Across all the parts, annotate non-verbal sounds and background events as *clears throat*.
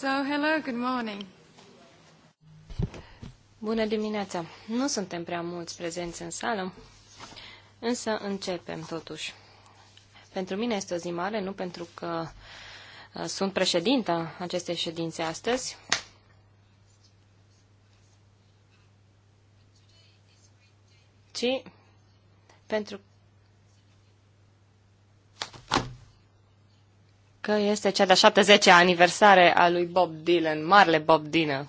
So, hello, good morning. Bună dimineața! Nu suntem prea mulți prezenți în sală, însă începem totuși. Pentru mine este o zi mare, nu pentru că uh, sunt președinta acestei ședințe astăzi, ci pentru că este cea de-a 70-a aniversare a lui Bob Dylan, marele Bob Dylan.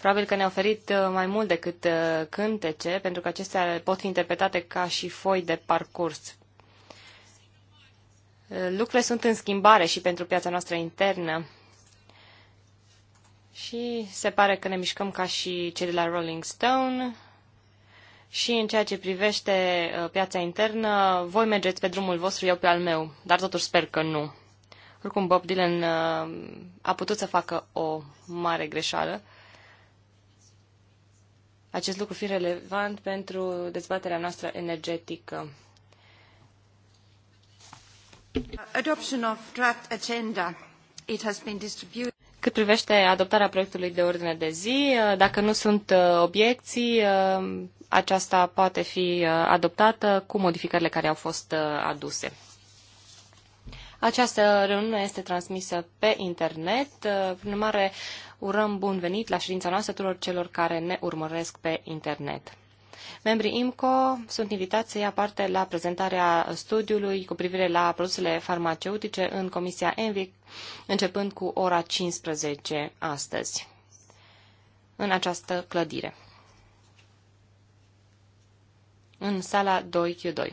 Probabil că ne-a oferit uh, mai mult decât uh, cântece, pentru că acestea pot fi interpretate ca și foi de parcurs. Uh, lucrurile sunt în schimbare și pentru piața noastră internă. Și se pare că ne mișcăm ca și cei de la Rolling Stone, și în ceea ce privește uh, piața internă, voi mergeți pe drumul vostru, eu pe al meu, dar totuși sper că nu. Oricum, Bob Dylan uh, a putut să facă o mare greșeală. Acest lucru fi relevant pentru dezbaterea noastră energetică. Adoption of draft agenda. It has been distributed. Cât privește adoptarea proiectului de ordine de zi, uh, dacă nu sunt uh, obiecții, uh, aceasta poate fi adoptată cu modificările care au fost aduse. Această reuniune este transmisă pe internet. Prin urmare, urăm bun venit la ședința noastră tuturor celor care ne urmăresc pe internet. Membrii IMCO sunt invitați să ia parte la prezentarea studiului cu privire la produsele farmaceutice în Comisia ENVI, începând cu ora 15 astăzi, în această clădire, în sala 2Q2.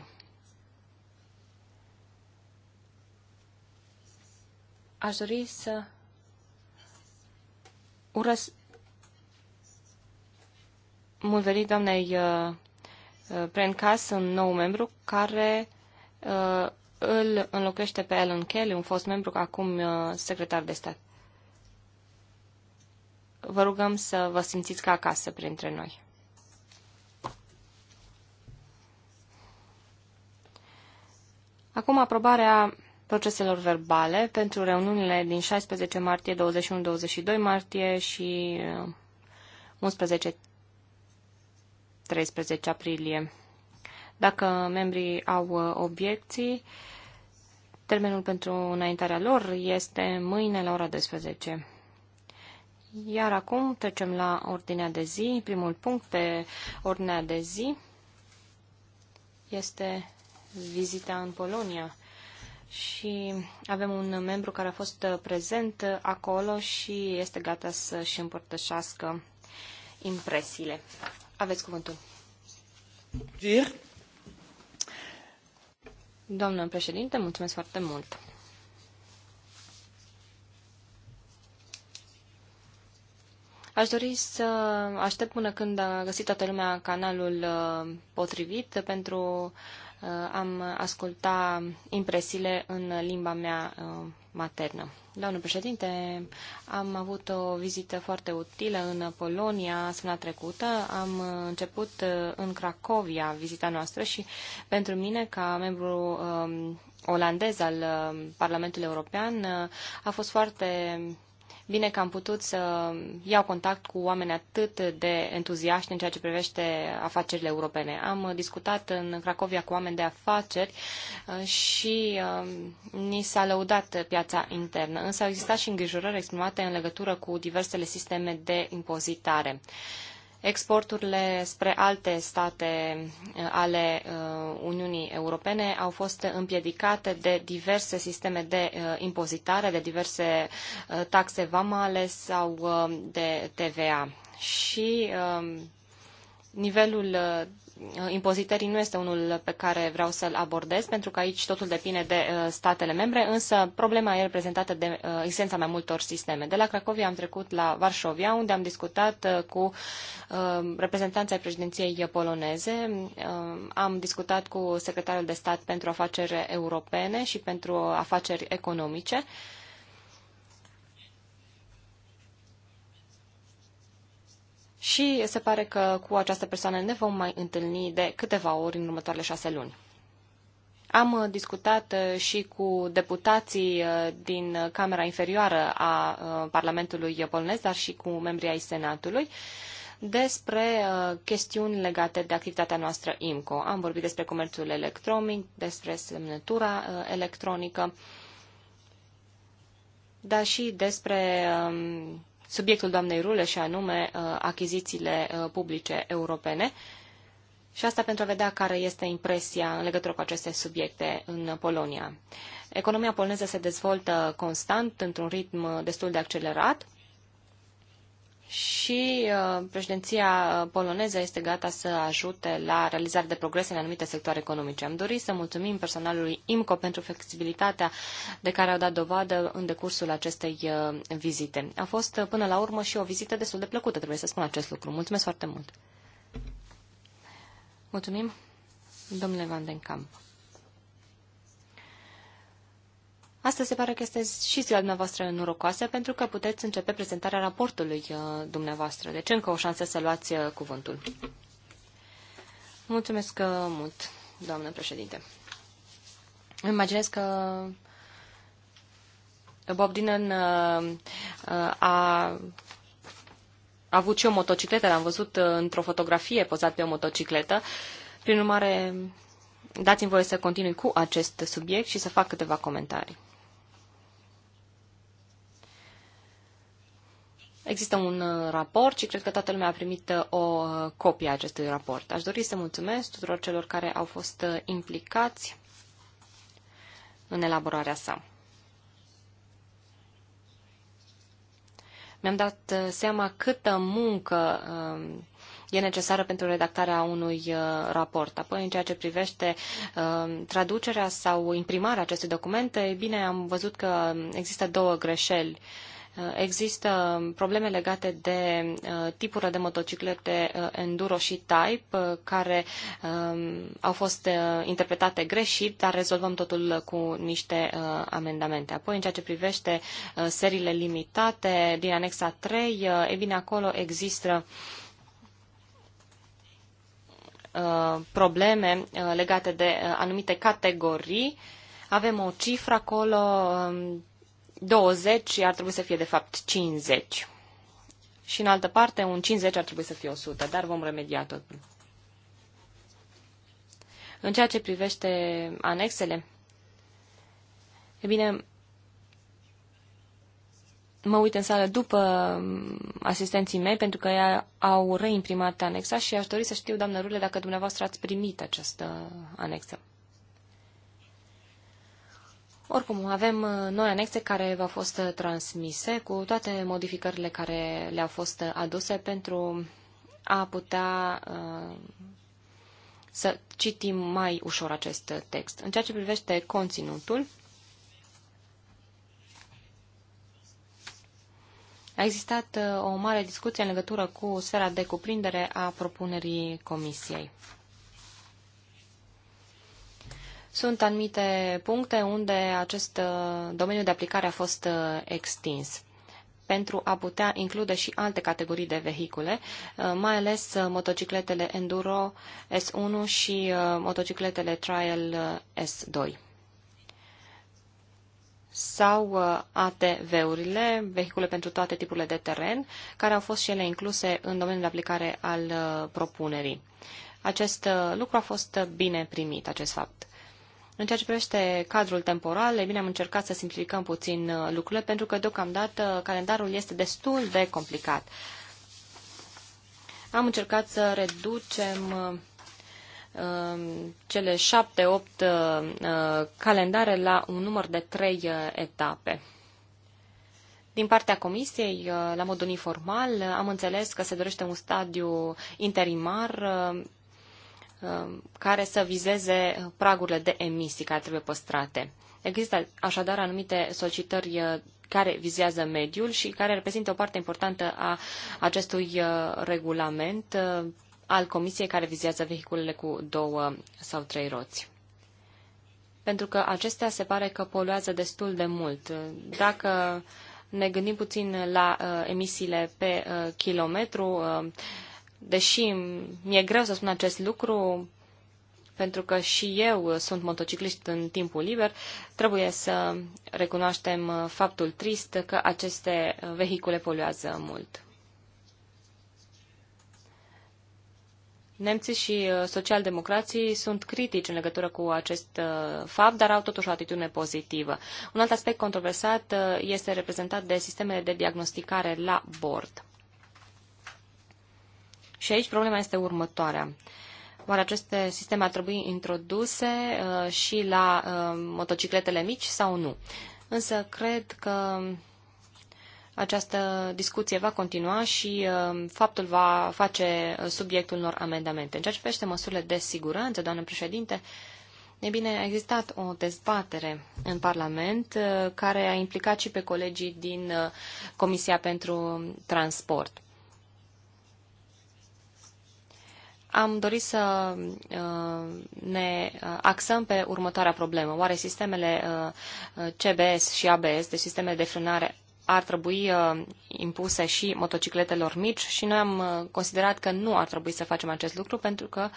Aș dori să urăsc mult venit doamnei uh, uh, Prencas, un nou membru, care uh, îl înlocuiește pe Alan Kelly, un fost membru, acum secretar de stat. Vă rugăm să vă simțiți ca acasă printre noi. Acum aprobarea proceselor verbale pentru reuniunile din 16 martie, 21-22 martie și 11 13 aprilie. Dacă membrii au uh, obiecții, termenul pentru înaintarea lor este mâine la ora 12. Iar acum trecem la ordinea de zi. Primul punct pe ordinea de zi este vizita în Polonia și avem un membru care a fost uh, prezent uh, acolo și este gata să-și împărtășească impresiile. Aveți cuvântul. Gir. Doamnă președinte, mulțumesc foarte mult. Aș dori să aștept până când a găsit toată lumea canalul uh, potrivit pentru uh, am asculta impresiile în limba mea uh, maternă. Doamnă președinte, am avut o vizită foarte utilă în Polonia săptămâna trecută. Am început uh, în Cracovia vizita noastră și pentru mine, ca membru um, olandez al uh, Parlamentului European, uh, a fost foarte Bine că am putut să iau contact cu oameni atât de entuziaști în ceea ce privește afacerile europene. Am discutat în Cracovia cu oameni de afaceri uh, și uh, ni s-a lăudat piața internă, însă au existat și îngrijorări exprimate în legătură cu diversele sisteme de impozitare. Exporturile spre alte state uh, ale uh, Uniunii Europene au fost împiedicate de diverse sisteme de uh, impozitare, de diverse taxe vamale sau de TVA. Și nivelul Uh, impozitării nu este unul pe care vreau să-l abordez, pentru că aici totul depinde de uh, statele membre, însă problema e reprezentată de uh, existența mai multor sisteme. De la Cracovia am trecut la Varșovia, unde am discutat cu reprezentanța ai președinției poloneze, am discutat cu secretarul de stat pentru afaceri europene și pentru afaceri economice, și se pare că cu această persoană ne vom mai întâlni de câteva ori în următoarele șase luni. Am uh, discutat uh, și cu deputații uh, din Camera Inferioară a Parlamentului polonez, dar și cu membrii ai Senatului, despre chestiuni legate de activitatea noastră IMCO. Am vorbit despre comerțul electronic, despre semnătura electronică, dar și despre um, subiectul doamnei Rule și anume uh, achizițiile uh, publice europene. Și asta pentru a vedea care este impresia în legătură cu aceste subiecte în Polonia. Economia poloneză se dezvoltă constant, într-un ritm uh, destul de accelerat și uh, președinția uh, poloneză este gata să ajute la realizarea de progrese în anumite sectoare economice. Am dorit să mulțumim personalului IMCO pentru flexibilitatea de care au dat dovadă în decursul acestei uh, vizite. A fost până la urmă și o vizită destul de plăcută, trebuie să spun acest lucru. Mulțumesc foarte mult! Mulțumim, domnule Van den Kamp. Astăzi se pare că este și ziua dumneavoastră norocoasă pentru că puteți începe prezentarea raportului uh, dumneavoastră. Deci încă o șansă să luați uh, cuvântul. Mulțumesc uh, mult, doamnă președinte. Îmi imaginez că Bob Dylan a a avut și o motocicletă, l-am văzut într-o fotografie pozat pe o motocicletă. Prin urmare, dați-mi voie să continui cu acest subiect și să fac câteva comentarii. Există un uh, raport și cred că toată lumea a primit uh, o uh, copie a acestui raport. Aș dori să mulțumesc tuturor celor care au fost implicați în elaborarea sa. Mi-am dat seama câtă muncă um, e necesară pentru redactarea unui raport. Apoi, în ceea ce privește um, traducerea sau imprimarea acestui document, e bine, am văzut că există două greșeli Uh, există probleme legate de uh, tipurile de motociclete uh, enduro și type care um, au fost interpretate greșit, dar rezolvăm totul cu niște amendamente. Apoi, în ceea ce privește seriile limitate din anexa 3, e bine, acolo există probleme legate de anumite categorii. Avem o cifră acolo um, 20 și ar trebui să fie de fapt 50. Și în altă parte, un 50 ar trebui să fie 100, dar vom remedia totul. În ceea ce privește anexele, e bine, mă uit în sală după asistenții mei, pentru că ei au reimprimat anexa și aș dori să știu, doamnă Rule, dacă dumneavoastră ați primit această anexă. Oricum, avem uh, noi anexe care v-au fost uh, transmise cu toate modificările care le-au fost uh, aduse pentru a putea uh, să citim mai ușor acest text. În ceea ce privește conținutul, a existat o mare discuție în legătură cu sfera de cuprindere a propunerii comisiei. Sunt anumite puncte unde acest uh, domeniu de aplicare a fost uh, extins pentru a putea include și alte categorii de vehicule, uh, mai ales motocicletele Enduro S1 și motocicletele Trial S2 sau ATV-urile, vehicule pentru toate tipurile de teren, care au fost și ele incluse în domeniul de aplicare al propunerii. Acest lucru a fost bine primit, acest fapt. În ceea ce privește cadrul temporal, e bine, am încercat să simplificăm puțin uh, lucrurile, pentru că deocamdată calendarul este destul de complicat. Am încercat să reducem uh, um, cele șapte-opt uh, calendare la un număr de trei etape. Din partea comisiei, la mod informal, am înțeles că se dorește un stadiu interimar Um, care să vizeze pragurile de emisii care trebuie păstrate. Există așadar anumite solicitări uh, care vizează mediul și care reprezintă o parte importantă a acestui uh, regulament uh, al comisiei care vizează vehiculele cu două sau trei roți. Pentru că acestea se pare că poluează destul de mult. Dacă ne gândim puțin la emisiile pe kilometru, deși mi-e greu să spun acest lucru, pentru că și eu sunt motociclist în timpul liber, trebuie să recunoaștem faptul trist că aceste vehicule poluează mult. Nemții și socialdemocrații sunt critici în legătură cu acest uh, fapt, dar au totuși o atitudine pozitivă. Un alt aspect controversat uh, este reprezentat de sistemele de diagnosticare la bord. Și aici problema este următoarea. Oare aceste sisteme ar trebui introduse uh, și la uh, motocicletele mici sau nu? Însă cred că această discuție va continua și uh, faptul va face subiectul unor amendamente. În ceea ce privește măsurile de siguranță, doamnă președinte, e bine, a existat o dezbatere în Parlament uh, care a implicat și pe colegii din uh, Comisia pentru Transport. am dorit să uh, ne uh, axăm pe următoarea problemă. Oare sistemele uh, CBS și ABS, de deci sisteme de frânare, ar trebui impuse și motocicletelor mici și noi am considerat că nu ar trebui să facem acest lucru pentru că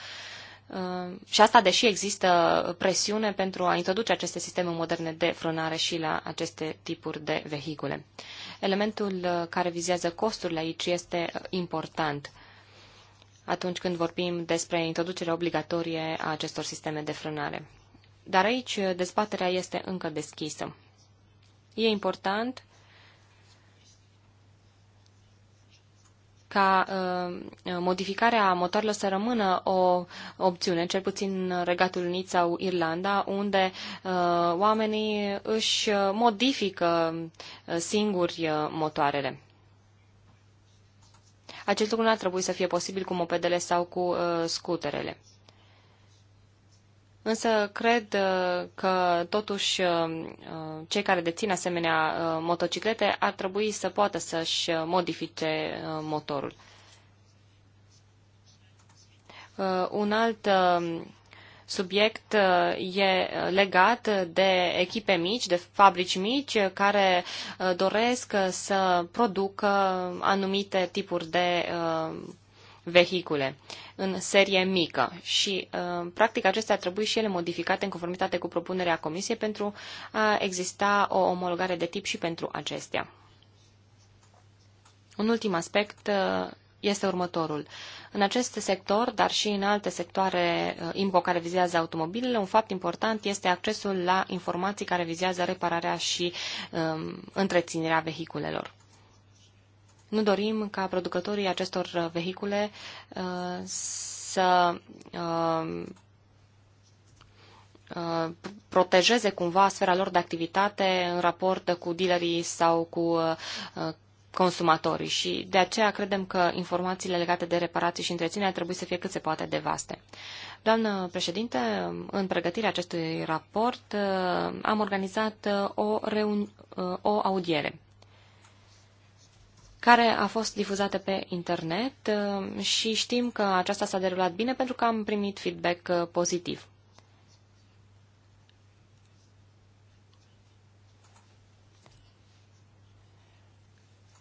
și asta deși există presiune pentru a introduce aceste sisteme moderne de frânare și la aceste tipuri de vehicule. Elementul care vizează costurile aici este important atunci când vorbim despre introducerea obligatorie a acestor sisteme de frânare. Dar aici dezbaterea este încă deschisă. E important ca uh, modificarea motorilor să rămână o opțiune, cel puțin în Regatul Unit sau Irlanda, unde uh, oamenii își modifică uh, singuri uh, motoarele. Acest lucru nu ar trebui să fie posibil cu mopedele sau cu uh, scuterele. Însă cred uh, că totuși uh, uh, cei care dețin asemenea motociclete ar trebui să poată să-și modifice motorul. Un alt subiect uh, e uh, legat de echipe mici, de fabrici mici uh, care doresc să producă anumite tipuri de vehicule în serie mică și, practic, acestea ar trebui și ele modificate în conformitate cu propunerea Comisiei pentru a exista o omologare de tip și pentru acestea. Un ultim aspect este următorul. În acest sector, dar și în alte sectoare uh, IMCO care vizează automobilele, un fapt important este accesul la informații care vizează repararea și um, întreținerea vehiculelor. Nu dorim ca producătorii acestor uh, vehicule uh, să um, uh, protejeze cumva sfera lor de activitate în raport cu dealerii sau cu uh, consumatorii și de aceea credem că informațiile legate de reparații și întreținere trebuie să fie cât se poate de vaste. Doamnă președinte, în pregătirea acestui raport uh, am organizat uh, o, uh, o audiere care a fost difuzată pe internet și știm că aceasta s-a derulat bine pentru că am primit feedback pozitiv.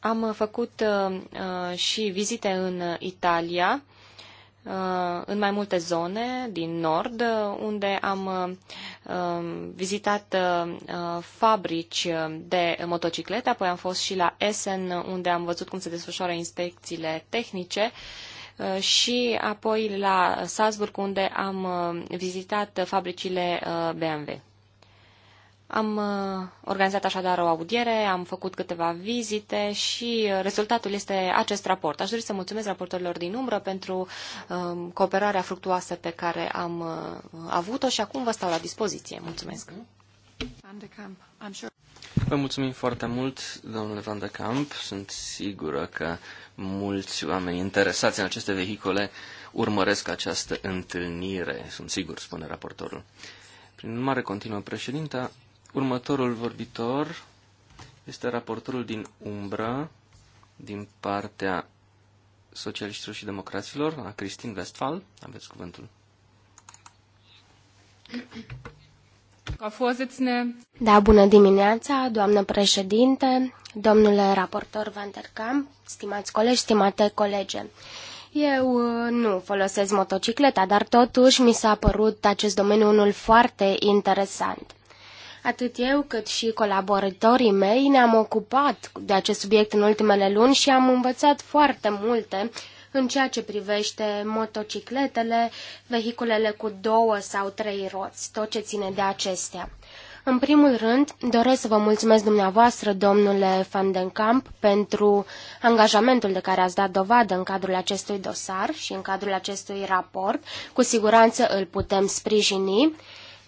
Am făcut uh, uh, și vizite în Italia, uh, în mai multe zone din nord, unde am vizitat fabrici de motociclete, apoi am fost și la Essen, unde am văzut cum se desfășoară inspecțiile tehnice și apoi la Salzburg, unde am vizitat fabricile BMW. Am uh, organizat așadar o audiere, am făcut câteva vizite și uh, rezultatul este acest raport. Aș dori să mulțumesc raportorilor din umbră pentru um, cooperarea fructuoasă pe care am uh, avut-o și acum vă stau la dispoziție. Mulțumesc! Vă mulțumim foarte mult, domnule Van de Camp. Sunt sigură că mulți oameni interesați în aceste vehicole urmăresc această întâlnire. Sunt sigur, spune raportorul. Prin urmare, continuă președinta, Următorul vorbitor este raportorul din umbră, din partea socialiștilor și democraților, a Cristin Westphal. Aveți cuvântul. Da, bună dimineața, doamnă președinte, domnule raportor Van der Kamp, stimați colegi, stimate colege. Eu uh, nu folosesc motocicleta, dar totuși mi s-a părut acest domeniu unul foarte interesant. Atât eu cât și colaboratorii mei ne-am ocupat de acest subiect în ultimele luni și am învățat foarte multe în ceea ce privește motocicletele, vehiculele cu două sau trei roți, tot ce ține de acestea. În primul rând, doresc să vă mulțumesc dumneavoastră, domnule Van den Kamp, pentru angajamentul de care ați dat dovadă în cadrul acestui dosar și în cadrul acestui raport. Cu siguranță îl putem sprijini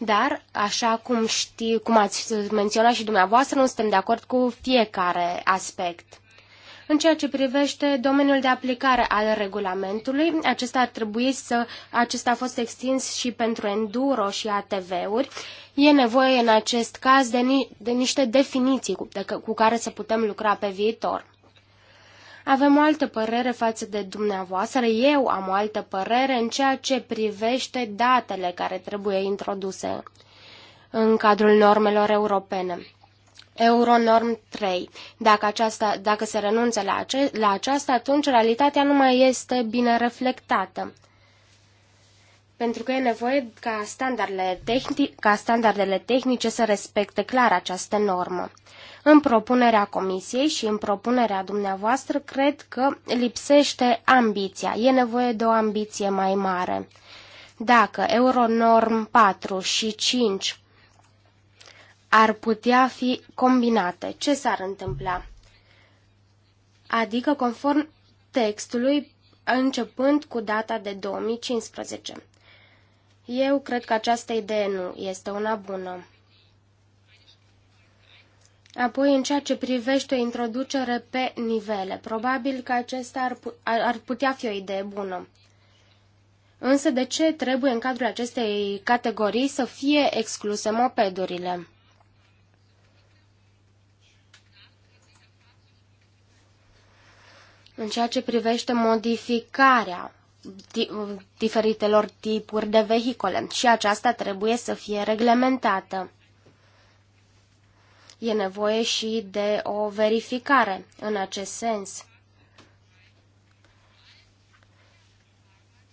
dar, așa cum, știi, cum ați menționat și dumneavoastră, nu suntem de acord cu fiecare aspect. În ceea ce privește domeniul de aplicare al regulamentului, acesta ar trebui să, acesta a fost extins și pentru enduro și ATV-uri. E nevoie în acest caz de, ni, de niște definiții cu, de, cu care să putem lucra pe viitor avem o altă părere față de dumneavoastră, eu am o altă părere în ceea ce privește datele care trebuie introduse în cadrul normelor europene. Euronorm 3. Dacă, aceasta, dacă se renunță la, ace, la aceasta, atunci realitatea nu mai este bine reflectată. Pentru că e nevoie ca standardele, tehnic, ca standardele tehnice să respecte clar această normă. În propunerea comisiei și în propunerea dumneavoastră cred că lipsește ambiția. E nevoie de o ambiție mai mare. Dacă Euronorm 4 și 5 ar putea fi combinate, ce s-ar întâmpla? Adică conform textului începând cu data de 2015. Eu cred că această idee nu este una bună. Apoi, în ceea ce privește o introducere pe nivele, probabil că acesta ar, ar putea fi o idee bună. Însă, de ce trebuie în cadrul acestei categorii să fie excluse mopedurile? În ceea ce privește modificarea diferitelor tipuri de vehicole, și aceasta trebuie să fie reglementată. E nevoie și de o verificare în acest sens.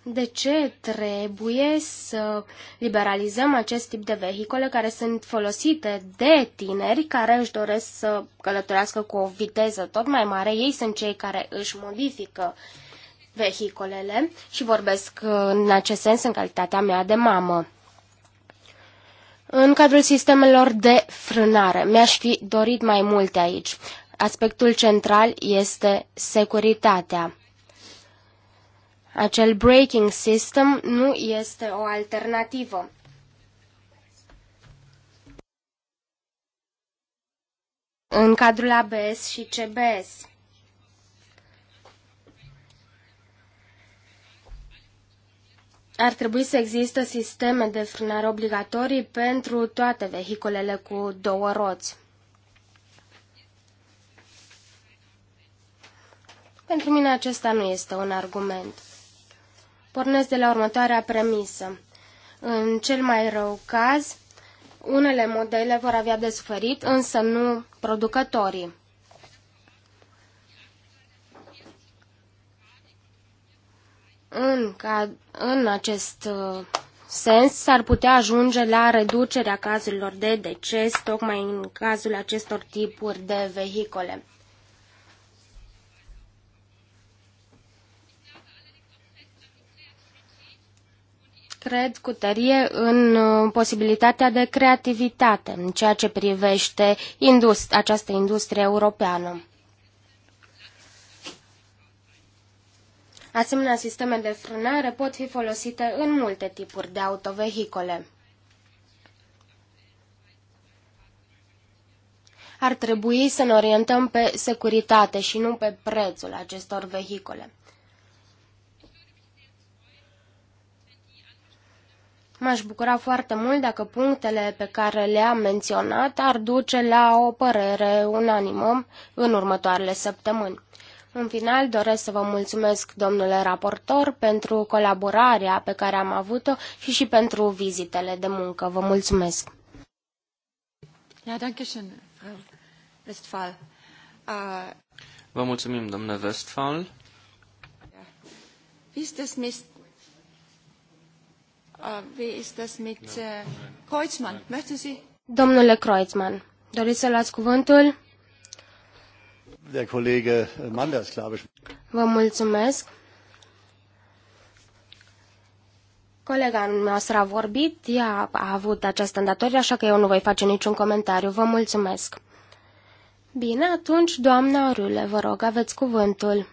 De ce trebuie să liberalizăm acest tip de vehicole care sunt folosite de tineri care își doresc să călătorească cu o viteză tot mai mare? Ei sunt cei care își modifică vehicolele și vorbesc în acest sens în calitatea mea de mamă. În cadrul sistemelor de frânare, mi-aș fi dorit mai multe aici. Aspectul central este securitatea. Acel braking system nu este o alternativă. În cadrul ABS și CBS. ar trebui să existe sisteme de frânare obligatorii pentru toate vehiculele cu două roți. Pentru mine acesta nu este un argument. Pornesc de la următoarea premisă. În cel mai rău caz, unele modele vor avea de suferit, însă nu producătorii. în, ca, în acest uh, sens s-ar putea ajunge la reducerea cazurilor de deces tocmai în cazul acestor tipuri de vehicole. cred cu tărie în uh, posibilitatea de creativitate în ceea ce privește indust- această industrie europeană. Asemenea, sisteme de frânare pot fi folosite în multe tipuri de autovehicole. Ar trebui să ne orientăm pe securitate și nu pe prețul acestor vehicole. M-aș bucura foarte mult dacă punctele pe care le-am menționat ar duce la o părere unanimă în următoarele săptămâni. În final, doresc să vă mulțumesc, domnule raportor, pentru colaborarea pe care am avut-o și și pentru vizitele de muncă. Vă mulțumesc! Ja, danke schön, Frau Westphal. Uh... Vă mulțumim, domnule Westphal. Wie ist das mit, uh, wie ist das mit uh, Kreuzmann? Möchten Sie? Domnule Kreuzmann, doriți să luați cuvântul? der Kollege Manders, glaube ich. Vă mulțumesc. Colega noastră a vorbit, ea a avut această îndatorie, așa că eu nu voi face niciun comentariu. Vă mulțumesc. Bine, atunci, doamna Rule, vă rog, aveți cuvântul.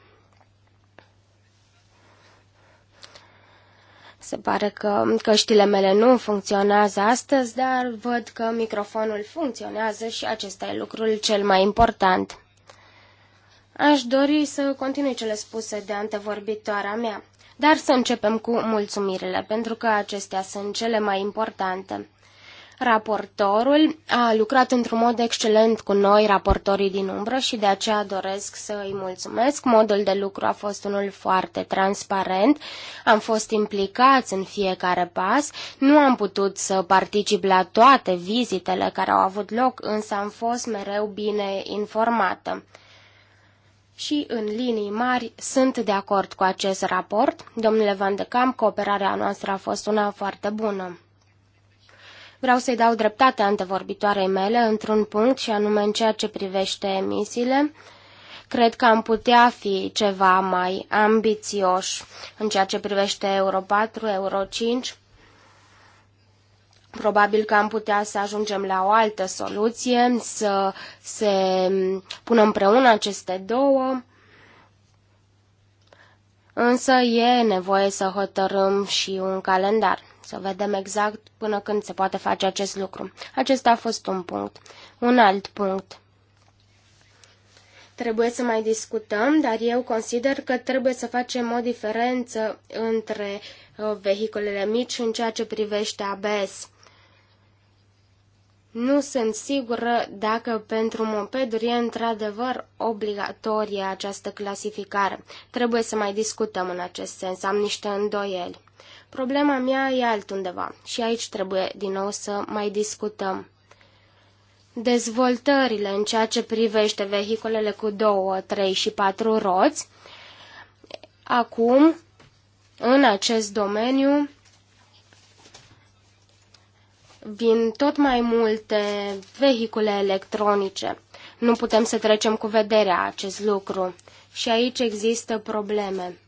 Se pare că căștile mele nu funcționează astăzi, dar văd că microfonul funcționează și acesta e lucrul cel mai important. Aș dori să continui cele spuse de antevorbitoarea mea, dar să începem cu mulțumirile, pentru că acestea sunt cele mai importante. Raportorul a lucrat într-un mod excelent cu noi, raportorii din umbră, și de aceea doresc să îi mulțumesc. Modul de lucru a fost unul foarte transparent. Am fost implicați în fiecare pas. Nu am putut să particip la toate vizitele care au avut loc, însă am fost mereu bine informată și, în linii mari, sunt de acord cu acest raport. Domnule Van de Camp, cooperarea noastră a fost una foarte bună. Vreau să-i dau dreptate antevorbitoarei mele într-un punct și anume în ceea ce privește emisiile. Cred că am putea fi ceva mai ambițioși în ceea ce privește Euro 4, Euro 5 Probabil că am putea să ajungem la o altă soluție, să se pună împreună aceste două. Însă e nevoie să hotărâm și un calendar, să vedem exact până când se poate face acest lucru. Acesta a fost un punct. Un alt punct. Trebuie să mai discutăm, dar eu consider că trebuie să facem o diferență între uh, vehiculele mici în ceea ce privește ABS. Nu sunt sigură dacă pentru mopeduri e într-adevăr obligatorie această clasificare. Trebuie să mai discutăm în acest sens, am niște îndoieli. Problema mea e altundeva și aici trebuie din nou să mai discutăm. Dezvoltările în ceea ce privește vehiculele cu două, trei și patru roți, acum, în acest domeniu, vin tot mai multe vehicule electronice. Nu putem să trecem cu vederea acest lucru. Și aici există probleme.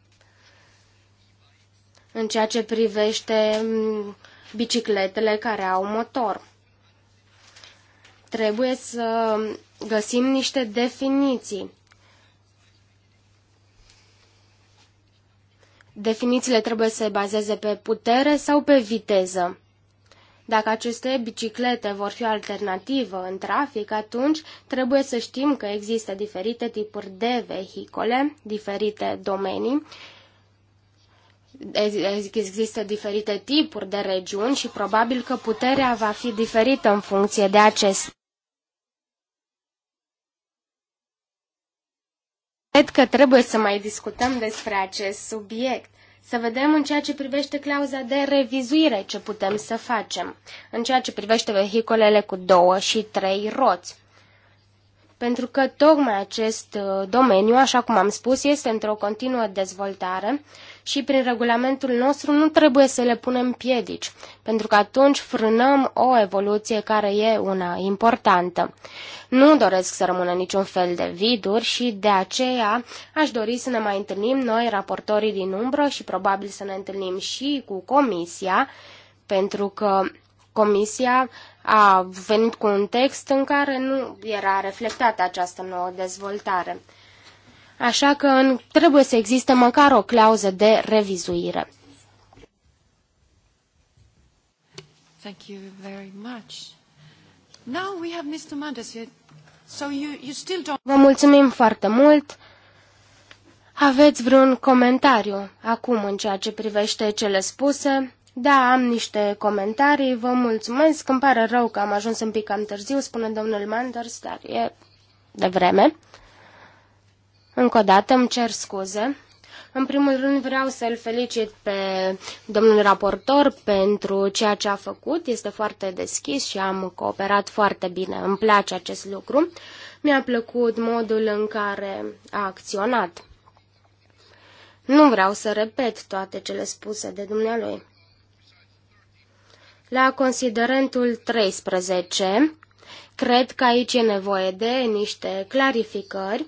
În ceea ce privește mm, bicicletele care au motor. Trebuie să găsim niște definiții. Definițiile trebuie să se bazeze pe putere sau pe viteză. Dacă aceste biciclete vor fi o alternativă în trafic, atunci trebuie să știm că există diferite tipuri de vehicole, diferite domenii, există diferite tipuri de regiuni și probabil că puterea va fi diferită în funcție de acest. Cred că trebuie să mai discutăm despre acest subiect. Să vedem în ceea ce privește clauza de revizuire ce putem să facem, în ceea ce privește vehicolele cu două și trei roți. Pentru că tocmai acest uh, domeniu, așa cum am spus, este într-o continuă dezvoltare și prin regulamentul nostru nu trebuie să le punem piedici, pentru că atunci frânăm o evoluție care e una importantă. Nu doresc să rămână niciun fel de viduri și de aceea aș dori să ne mai întâlnim noi, raportorii din umbră, și probabil să ne întâlnim și cu comisia, pentru că comisia a venit cu un text în care nu era reflectată această nouă dezvoltare. Așa că trebuie să existe măcar o clauză de revizuire. Thank you very much. Now we have Mr. here. So you, you still don't... Vă mulțumim foarte mult. Aveți vreun comentariu acum în ceea ce privește cele spuse? Da, am niște comentarii, vă mulțumesc. Îmi pare rău că am ajuns un pic cam târziu, spune domnul Manders, dar e de vreme. Încă o dată îmi cer scuze. În primul rând vreau să-l felicit pe domnul raportor pentru ceea ce a făcut. Este foarte deschis și am cooperat foarte bine. Îmi place acest lucru. Mi-a plăcut modul în care a acționat. Nu vreau să repet toate cele spuse de dumnealui. La considerentul 13, cred că aici e nevoie de niște clarificări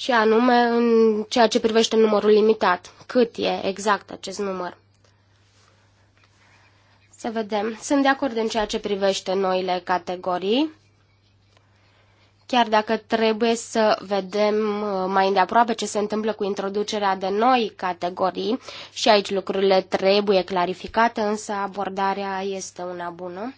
și anume în ceea ce privește numărul limitat. Cât e exact acest număr? Să vedem. Sunt de acord în ceea ce privește noile categorii, chiar dacă trebuie să vedem uh, mai îndeaproape ce se întâmplă cu introducerea de noi categorii și aici lucrurile trebuie clarificate, însă abordarea este una bună.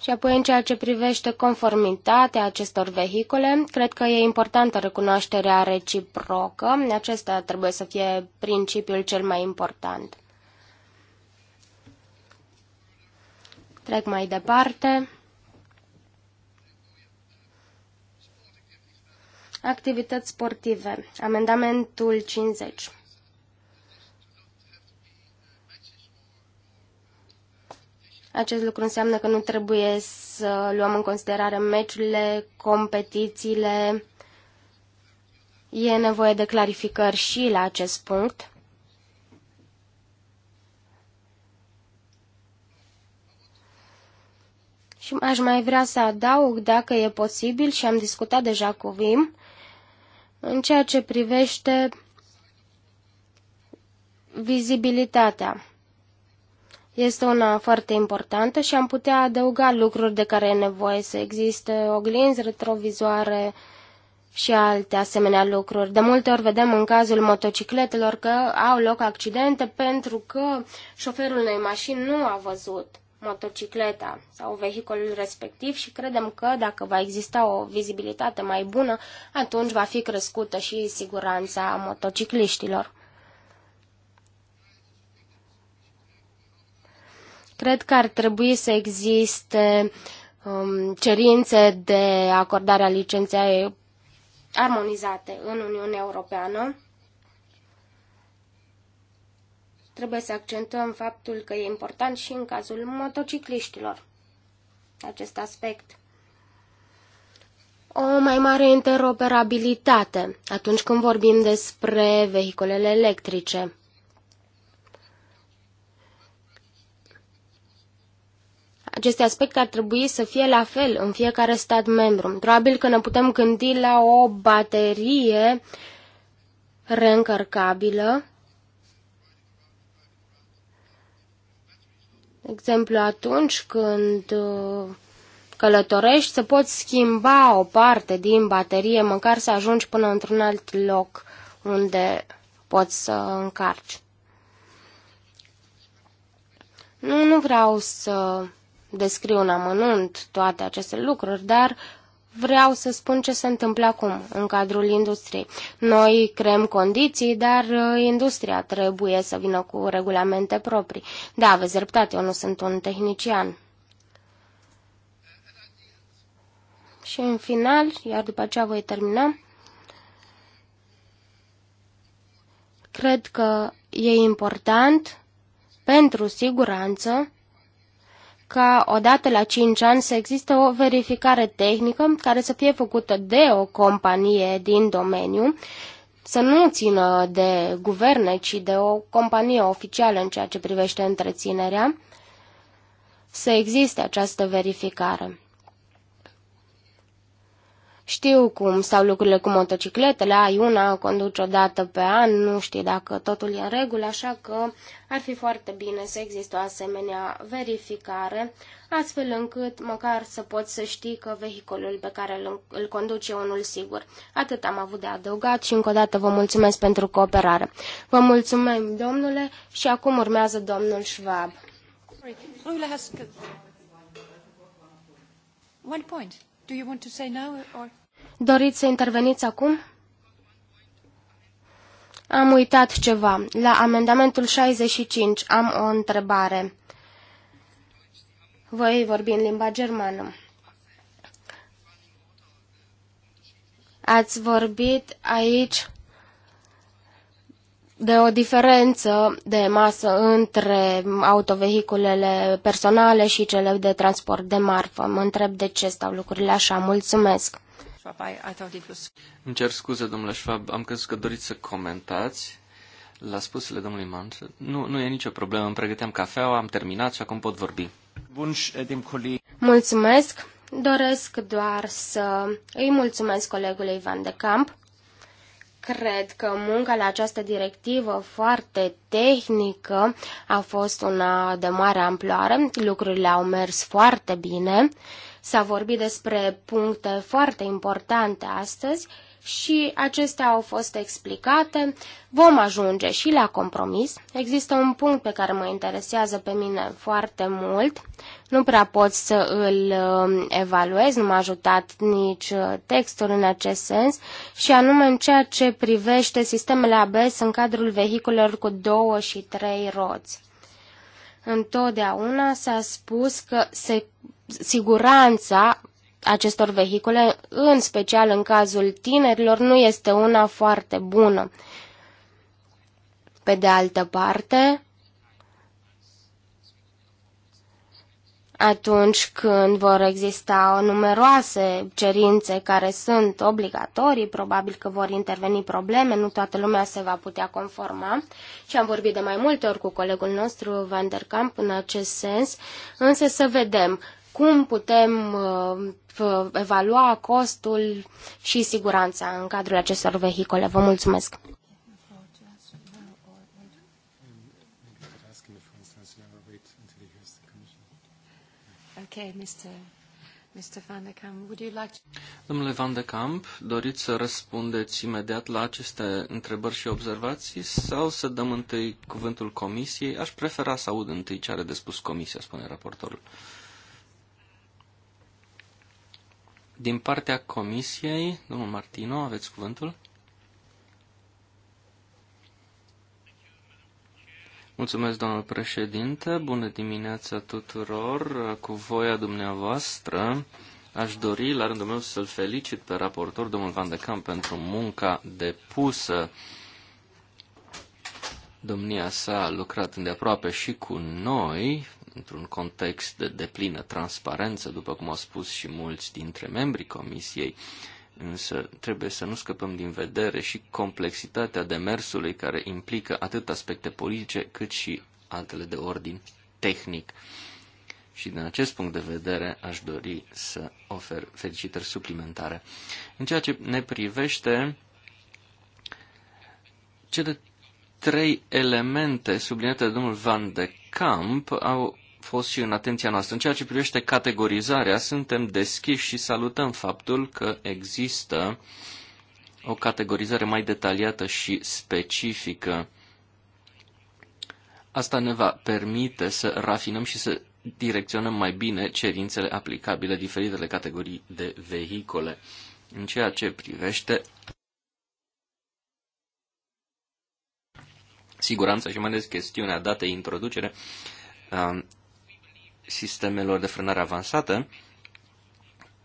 Și apoi, în ceea ce privește conformitatea acestor vehicule, cred că e importantă recunoașterea reciprocă. Acesta trebuie să fie principiul cel mai important. Trec mai departe. Activități sportive. Amendamentul 50. Acest lucru înseamnă că nu trebuie să luăm în considerare meciurile, competițiile. E nevoie de clarificări și la acest punct. Și aș mai vrea să adaug, dacă e posibil, și am discutat deja cu Vim, în ceea ce privește vizibilitatea este una foarte importantă și am putea adăuga lucruri de care e nevoie să existe oglinzi retrovizoare și alte asemenea lucruri. De multe ori vedem în cazul motocicletelor că au loc accidente pentru că șoferul unei mașini nu a văzut motocicleta sau vehiculul respectiv și credem că dacă va exista o vizibilitate mai bună, atunci va fi crescută și siguranța motocicliștilor. Cred că ar trebui să existe um, cerințe de acordare a licenței armonizate în Uniunea Europeană. Trebuie să accentuăm faptul că e important și în cazul motocicliștilor acest aspect o mai mare interoperabilitate atunci când vorbim despre vehiculele electrice. aceste aspecte ar trebui să fie la fel în fiecare stat membru. Probabil că ne putem gândi la o baterie reîncărcabilă. De exemplu, atunci când uh, călătorești, să poți schimba o parte din baterie, măcar să ajungi până într-un alt loc unde poți să încarci. Nu, nu vreau să descriu în amănunt toate aceste lucruri, dar vreau să spun ce se întâmplă acum în cadrul industriei. Noi creăm condiții, dar uh, industria trebuie să vină cu regulamente proprii. Da, aveți dreptate, eu nu sunt un tehnician. Și în final, iar după aceea voi termina, cred că e important pentru siguranță ca odată la 5 ani să existe o verificare tehnică care să fie făcută de o companie din domeniu, să nu țină de guverne, ci de o companie oficială în ceea ce privește întreținerea, să existe această verificare. Știu cum stau lucrurile cu motocicletele, ai una, conduci o dată pe an, nu știi dacă totul e în regulă, așa că ar fi foarte bine să există o asemenea verificare, astfel încât măcar să poți să știi că vehiculul pe care îl, îl conduci e unul sigur. Atât am avut de adăugat și încă o dată vă mulțumesc pentru cooperare. Vă mulțumim, domnule, și acum urmează domnul Schwab. One point. Do you want to say now or... Doriți să interveniți acum? Am uitat ceva. La amendamentul 65 am o întrebare. Voi vorbi în limba germană. Ați vorbit aici de o diferență de masă între autovehiculele personale și cele de transport de marfă. Mă întreb de ce stau lucrurile așa. Mulțumesc! Îmi cer scuze, domnule Schwab, am crezut că doriți să comentați la spusele domnului Mant. Nu, nu e nicio problemă, îmi pregăteam cafeaua, am terminat și acum pot vorbi. Eh, mulțumesc! Doresc doar să îi mulțumesc colegului Van de Camp Cred că munca la această directivă foarte tehnică a fost una de mare amploare. Lucrurile au mers foarte bine. S-a vorbit despre puncte foarte importante astăzi și acestea au fost explicate. Vom ajunge și la compromis. Există un punct pe care mă interesează pe mine foarte mult. Nu prea pot să îl um, evaluez, nu m-a ajutat nici uh, textul în acest sens, și anume în ceea ce privește sistemele ABS în cadrul vehiculelor cu două și trei roți. Întotdeauna s-a spus că se, siguranța acestor vehicule, în special în cazul tinerilor, nu este una foarte bună. Pe de altă parte, atunci când vor exista numeroase cerințe care sunt obligatorii, probabil că vor interveni probleme, nu toată lumea se va putea conforma și am vorbit de mai multe ori cu colegul nostru Van der Kamp în acest sens, însă să vedem cum putem uh, uh, evalua costul și siguranța în cadrul acestor vehicule? Vă mulțumesc! Okay, Mr. Mr. Van de would you like to... Domnule Van de Camp, doriți să răspundeți imediat la aceste întrebări și observații sau să dăm întâi cuvântul comisiei? Aș prefera să aud întâi ce are de spus comisia, spune raportorul. Uh, Din partea comisiei, domnul Martino, aveți cuvântul? Mulțumesc, domnul președinte. Bună dimineața tuturor. Cu voia dumneavoastră, aș dori, la rândul meu, să-l felicit pe raportor, domnul Van de Camp, pentru munca depusă. Domnia sa a lucrat îndeaproape și cu noi într-un context de deplină transparență, după cum au spus și mulți dintre membrii comisiei, însă trebuie să nu scăpăm din vedere și complexitatea demersului care implică atât aspecte politice cât și altele de ordin tehnic. Și din acest punct de vedere aș dori să ofer felicitări suplimentare. În ceea ce ne privește, cele trei elemente subliniate de domnul Van de Camp au fost și în atenția noastră. În ceea ce privește categorizarea, suntem deschiși și salutăm faptul că există o categorizare mai detaliată și specifică. Asta ne va permite să rafinăm și să direcționăm mai bine cerințele aplicabile diferitele categorii de vehicole. În ceea ce privește siguranța și mai ales chestiunea datei introducere, sistemelor de frânare avansată,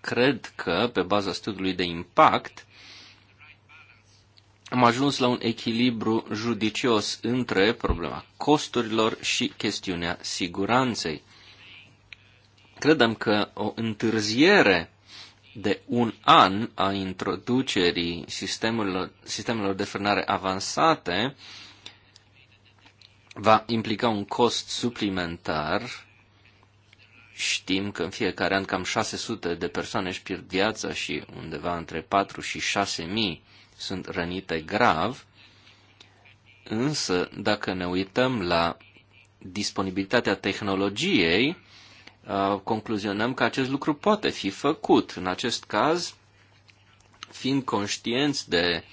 cred că, pe baza studiului de impact, am ajuns la un echilibru judicios între problema costurilor și chestiunea siguranței. Credem că o întârziere de un an a introducerii sistemelor, sistemelor de frânare avansate va implica un cost suplimentar Știm că în fiecare an cam 600 de persoane își pierd viața și undeva între 4 și 6 mii sunt rănite grav, însă dacă ne uităm la disponibilitatea tehnologiei, uh, concluzionăm că acest lucru poate fi făcut. În acest caz, fiind conștienți de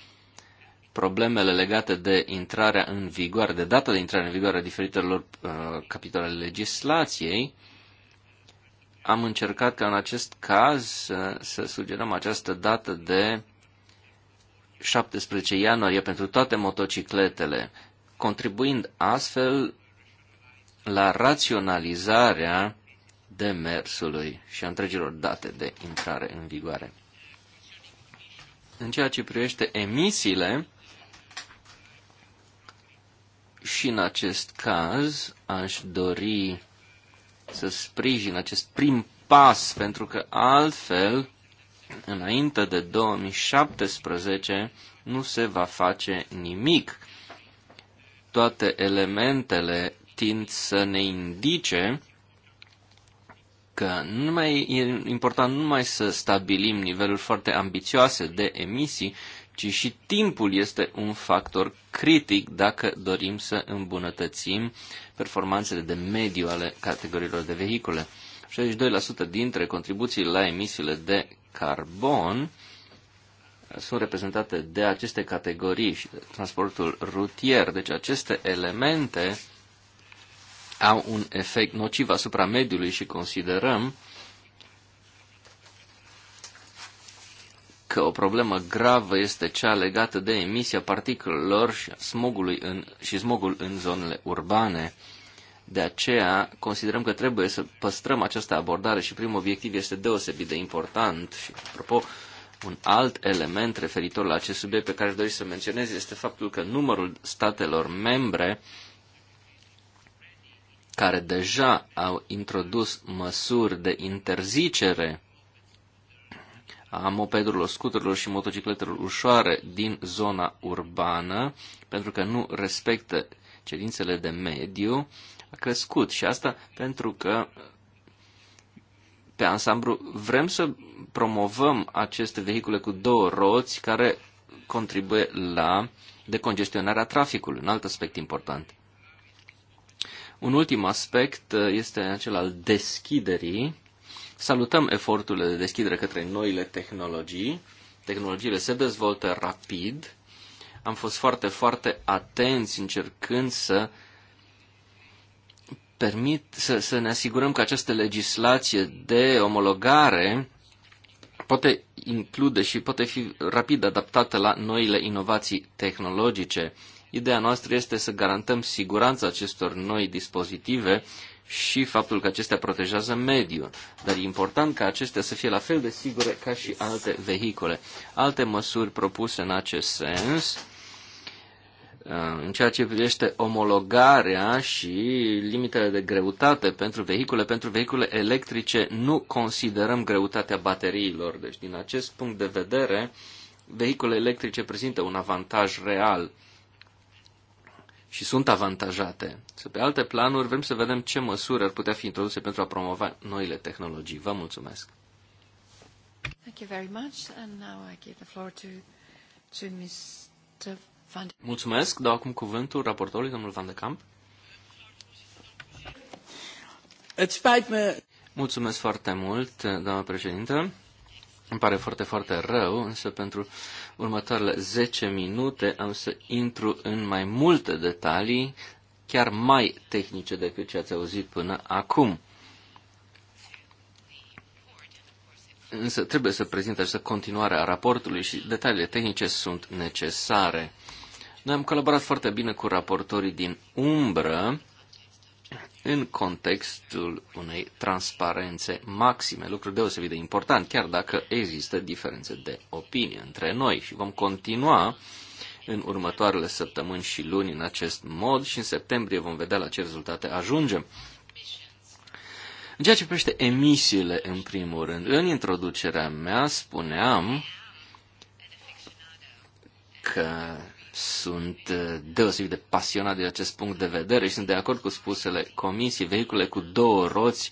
problemele legate de intrarea în vigoare, de data de intrare în vigoare a diferitelor uh, capitole legislației, am încercat ca în acest caz să, să sugerăm această dată de 17 ianuarie pentru toate motocicletele, contribuind astfel la raționalizarea demersului și a întregilor date de intrare în vigoare. În ceea ce privește emisiile, și în acest caz aș dori să sprijin acest prim pas, pentru că altfel, înainte de 2017, nu se va face nimic. Toate elementele tind să ne indice că nu mai e important numai să stabilim niveluri foarte ambițioase de emisii, ci și timpul este un factor critic dacă dorim să îmbunătățim performanțele de mediu ale categoriilor de vehicule. 62% dintre contribuțiile la emisiile de carbon sunt reprezentate de aceste categorii și de transportul rutier. Deci aceste elemente au un efect nociv asupra mediului și considerăm că o problemă gravă este cea legată de emisia particulelor și smogului în, și smogul în zonele urbane. De aceea considerăm că trebuie să păstrăm această abordare și primul obiectiv este deosebit de important și, apropo, un alt element referitor la acest subiect pe care aș dori să menționez este faptul că numărul statelor membre care deja au introdus măsuri de interzicere a mopedurilor, scuturilor și motocicletelor ușoare din zona urbană, pentru că nu respectă cerințele de mediu, a crescut și asta pentru că pe ansamblu vrem să promovăm aceste vehicule cu două roți care contribuie la decongestionarea traficului, un alt aspect important. Un ultim aspect este acel al deschiderii Salutăm eforturile de deschidere către noile tehnologii. Tehnologiile se dezvoltă rapid. Am fost foarte, foarte atenți încercând să permit să, să ne asigurăm că această legislație de omologare poate include și poate fi rapid adaptată la noile inovații tehnologice. Ideea noastră este să garantăm siguranța acestor noi dispozitive și faptul că acestea protejează mediul. Dar e important ca acestea să fie la fel de sigure ca și alte vehicule. Alte măsuri propuse în acest sens, uh, în ceea ce privește omologarea și limitele de greutate pentru vehicule, pentru vehicule electrice nu considerăm greutatea bateriilor. Deci, din acest punct de vedere, vehicule electrice prezintă un avantaj real și sunt avantajate. Să pe alte planuri vrem să vedem ce măsuri ar putea fi introduse pentru a promova noile tehnologii. Vă mulțumesc. Thank you very much and now I give the floor to to Mr. Van de... Mulțumesc. Dau acum cuvântul raportorului domnul Van de Camp. Îți spait Mulțumesc foarte mult, doamnă președintă. Îmi pare foarte, foarte rău, însă pentru următoarele 10 minute am să intru în mai multe detalii, chiar mai tehnice decât ce ați auzit până acum. Însă trebuie să prezint această continuare a raportului și detaliile tehnice sunt necesare. Noi am colaborat foarte bine cu raportorii din umbră în contextul unei transparențe maxime, lucru deosebit de important, chiar dacă există diferențe de opinie între noi și vom continua în următoarele săptămâni și luni în acest mod și în septembrie vom vedea la ce rezultate ajungem. În ceea ce privește emisiile, în primul rând, în introducerea mea spuneam că sunt uh, deosebit de pasionat de acest punct de vedere și sunt de acord cu spusele comisiei. Vehicule cu două roți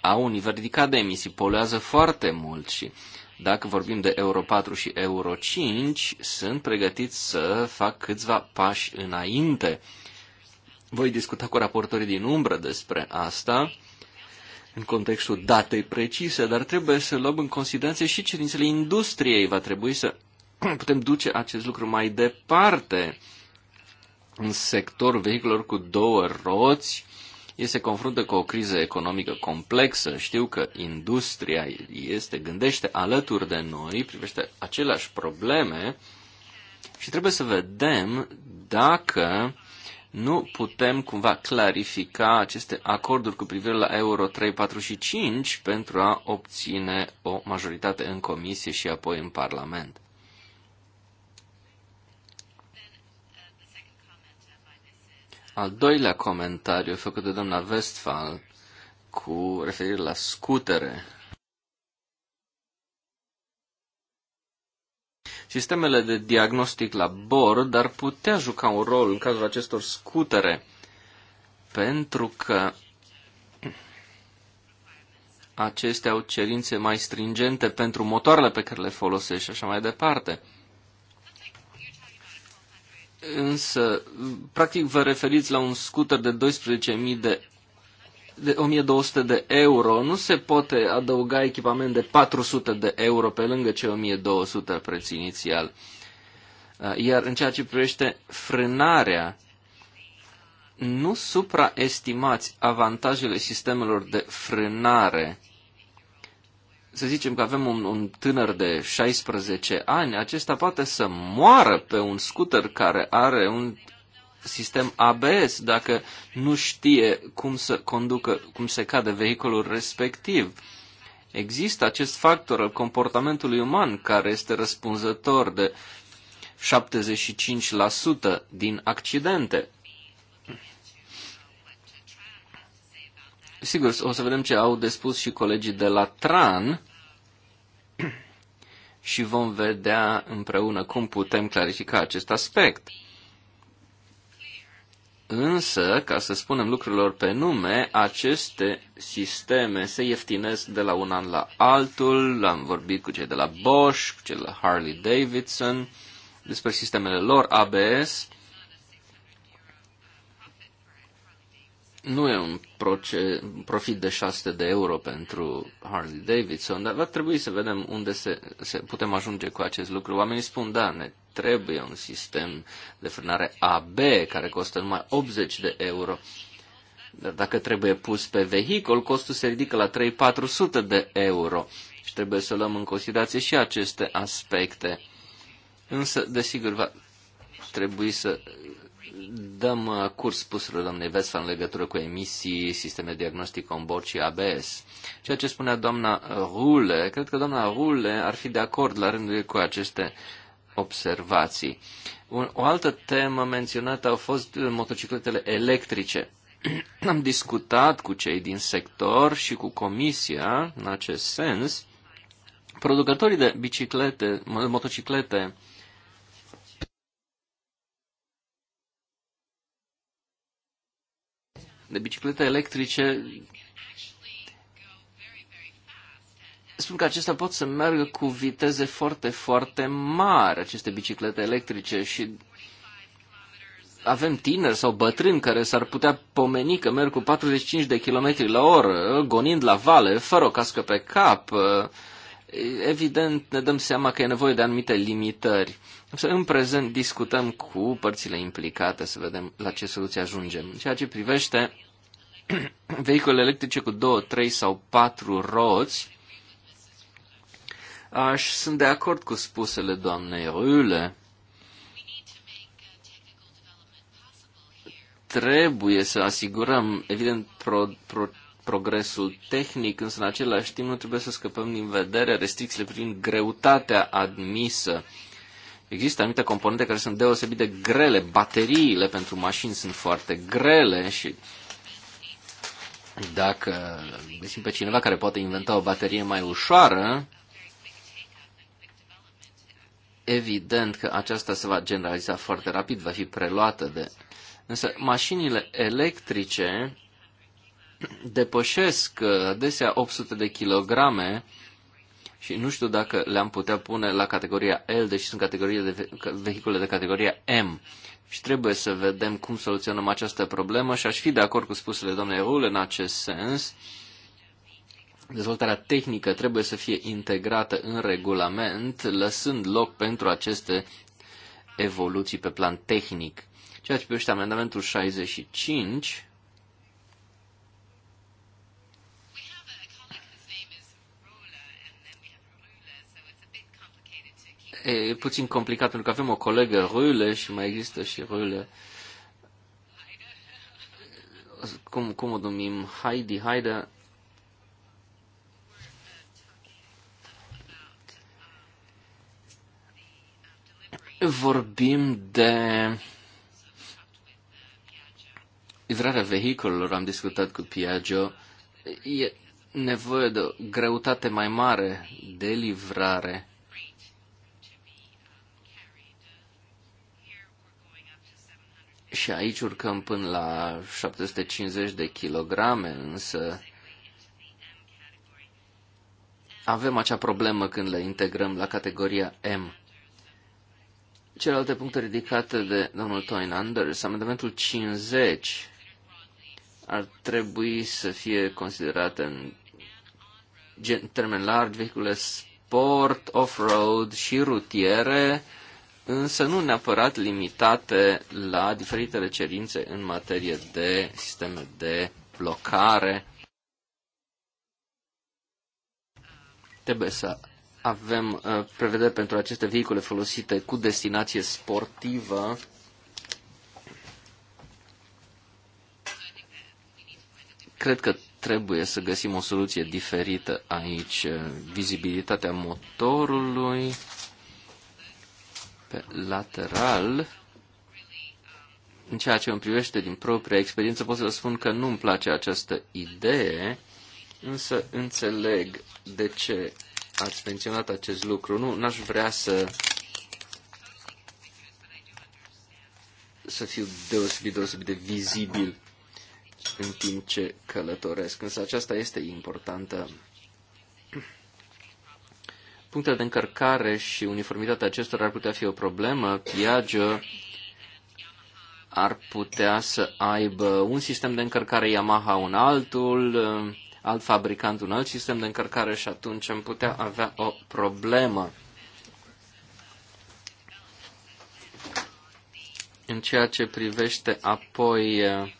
au un nivel ridicat de emisii, poluează foarte mult și dacă vorbim de Euro 4 și Euro 5, sunt pregătiți să fac câțiva pași înainte. Voi discuta cu raportorii din umbră despre asta în contextul datei precise, dar trebuie să luăm în considerație și cerințele industriei. Va trebui să *clears throat* putem duce acest lucru mai departe. În sectorul vehiculelor cu două roți, ei se confruntă cu o criză economică complexă. Știu că industria este, gândește alături de noi, privește aceleași probleme și trebuie să vedem dacă nu putem cumva clarifica aceste acorduri cu privire la Euro 3, 4 și 5 pentru a obține o majoritate în comisie și apoi în Parlament. Al doilea comentariu făcut de doamna Westphal cu referire la scutere. Sistemele de diagnostic la bord ar putea juca un rol în cazul acestor scutere, pentru că acestea au cerințe mai stringente pentru motoarele pe care le folosești și așa mai departe. Însă, practic vă referiți la un scooter de 12.000 de de 1200 de euro, nu se poate adăuga echipament de 400 de euro pe lângă cei 1200 preț inițial. Uh, iar în ceea ce privește frânarea, nu supraestimați avantajele sistemelor de frânare să zicem că avem un, un tânăr de 16 ani, acesta poate să moară pe un scooter care are un sistem ABS dacă nu știe cum să conducă, cum se cade vehiculul respectiv. Există acest factor al comportamentului uman care este răspunzător de 75% din accidente. Sigur, o să vedem ce au de spus și colegii de la TRAN și vom vedea împreună cum putem clarifica acest aspect. Însă, ca să spunem lucrurilor pe nume, aceste sisteme se ieftinesc de la un an la altul. Am vorbit cu cei de la Bosch, cu cei de la Harley Davidson despre sistemele lor ABS nu e un profit de 600 de euro pentru Harley Davidson, dar va trebui să vedem unde se, se putem ajunge cu acest lucru. Oamenii spun, da, ne trebuie un sistem de frânare AB care costă numai 80 de euro. Dar dacă trebuie pus pe vehicul, costul se ridică la 3-400 de euro și trebuie să luăm în considerație și aceste aspecte. Însă, desigur, va trebui să dăm uh, curs spuselor doamnei Vesfa în legătură cu emisii, sisteme diagnostic on board și ABS. Ceea ce spunea doamna Rule, cred că doamna Rule ar fi de acord la rândul ei cu aceste observații. O altă temă menționată au fost uh, motocicletele electrice. *clears throat* Am discutat cu cei din sector și cu comisia în acest sens. Producătorii de biciclete, motociclete de biciclete electrice spun că acestea pot să meargă cu viteze foarte, foarte mari, aceste biciclete electrice și avem tineri sau bătrâni care s-ar putea pomeni că merg cu 45 de km la oră, gonind la vale, fără o cască pe cap. Evident, ne dăm seama că e nevoie de anumite limitări. Să în prezent, discutăm cu părțile implicate să vedem la ce soluție ajungem. În ceea ce privește *clears throat* vehicule electrice cu 2, 3 sau 4 roți. Aș sunt de acord cu spusele doamnei Rule. Trebuie să asigurăm, evident, pro, pro, progresul tehnic, însă în același timp nu trebuie să scăpăm din vedere restricțiile privind greutatea admisă. Există anumite componente care sunt deosebit de grele, bateriile pentru mașini sunt foarte grele și dacă găsim pe cineva care poate inventa o baterie mai ușoară, evident că aceasta se va generaliza foarte rapid, va fi preluată de... Însă mașinile electrice depășesc uh, adesea 800 de kilograme și nu știu dacă le-am putea pune la categoria L, deși sunt categorie de vehicule de categoria M. Și trebuie să vedem cum soluționăm această problemă și aș fi de acord cu spusele doamnei Rul în acest sens. Dezvoltarea tehnică trebuie să fie integrată în regulament, lăsând loc pentru aceste evoluții pe plan tehnic. Ceea ce privește amendamentul 65, e puțin complicat pentru că avem o colegă Râle și mai există și Râle. Cum, cum o numim? Heidi, Haide. Vorbim de livrarea vehiculelor, am discutat cu Piaggio. E nevoie de o greutate mai mare de livrare Și aici urcăm până la 750 de kilograme, însă avem acea problemă când le integrăm la categoria M. Celelalte puncte ridicate de domnul Toynanders, amendamentul 50 ar trebui să fie considerat în termen larg vehicule sport, off-road și rutiere, însă nu neapărat limitate la diferitele cerințe în materie de sisteme de blocare. Trebuie să avem uh, prevedere pentru aceste vehicule folosite cu destinație sportivă. Cred că trebuie să găsim o soluție diferită aici. Uh, vizibilitatea motorului pe lateral, în ceea ce îmi privește din propria experiență, pot să vă spun că nu-mi place această idee, însă înțeleg de ce ați menționat acest lucru. Nu, n-aș vrea să să fiu deosebit, deosebit de vizibil în timp ce călătoresc, însă aceasta este importantă Punctele de încărcare și uniformitatea acestora ar putea fi o problemă. Piaggio ar putea să aibă un sistem de încărcare Yamaha, un altul, alt fabricant, un alt sistem de încărcare și atunci am putea avea o problemă. În ceea ce privește apoi eh,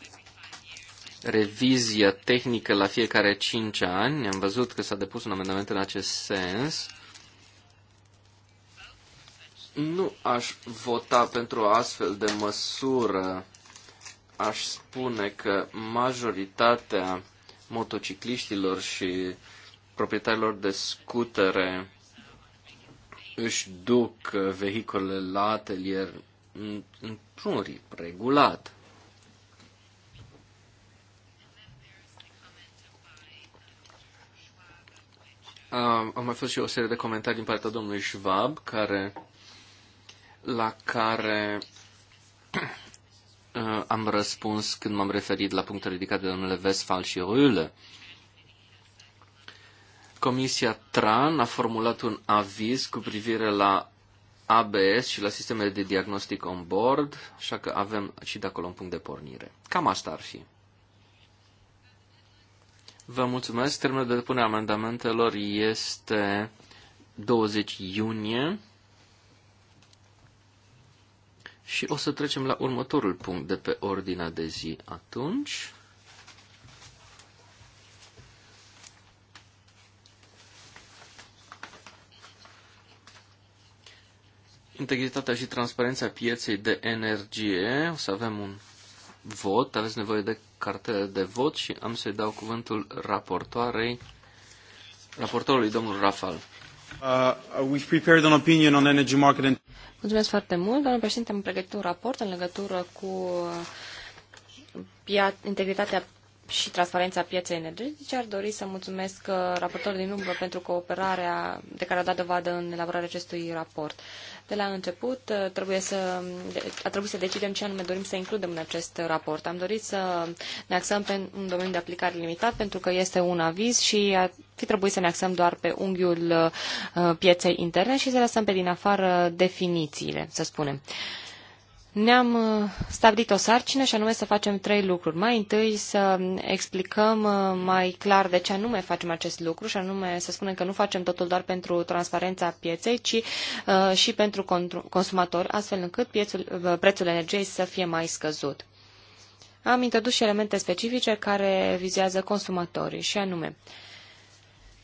revizia tehnică la fiecare 5 ani, am văzut că s-a depus un amendament în acest sens. Nu aș vota pentru o astfel de măsură. Aș spune că majoritatea motocicliștilor și proprietarilor de scutere își duc vehicolele la atelier într-un ritm regulat. Am mai fost și o serie de comentarii din partea domnului Schwab, care la care *clears throat* uh, am răspuns când m-am referit la punctul ridicat de domnule Vesfal și Rühle. Comisia TRAN a formulat un aviz cu privire la ABS și la sistemele de diagnostic on board, așa că avem și de acolo un punct de pornire. Cam asta ar fi. Vă mulțumesc. Termenul de depunere a amendamentelor este 20 iunie și o să trecem la următorul punct de pe ordinea de zi atunci. Integritatea și transparența pieței de energie. O să avem un vot. Aveți nevoie de cartele de vot și am să-i dau cuvântul raportoarei, raportorului domnul Rafal. Uh, we've prepared an opinion on energy market and... Mulțumesc foarte mult. Domnul președinte, am pregătit un raport în legătură cu integritatea și transparența pieței energetice, ar dori să mulțumesc uh, raportorului din umbră pentru cooperarea de care a dat dovadă în elaborarea acestui raport. De la început uh, trebuie să, a trebuit să decidem ce anume dorim să includem în acest raport. Am dorit să ne axăm pe un domeniu de aplicare limitat pentru că este un aviz și a fi trebuit să ne axăm doar pe unghiul uh, pieței interne și să lăsăm pe din afară definițiile, să spunem ne-am uh, stabilit o sarcină și anume să facem trei lucruri. Mai întâi să explicăm uh, mai clar de ce anume facem acest lucru și anume să spunem că nu facem totul doar pentru transparența pieței, ci uh, și pentru consumatori, astfel încât piețul, uh, prețul energiei să fie mai scăzut. Am introdus și elemente specifice care vizează consumatorii și anume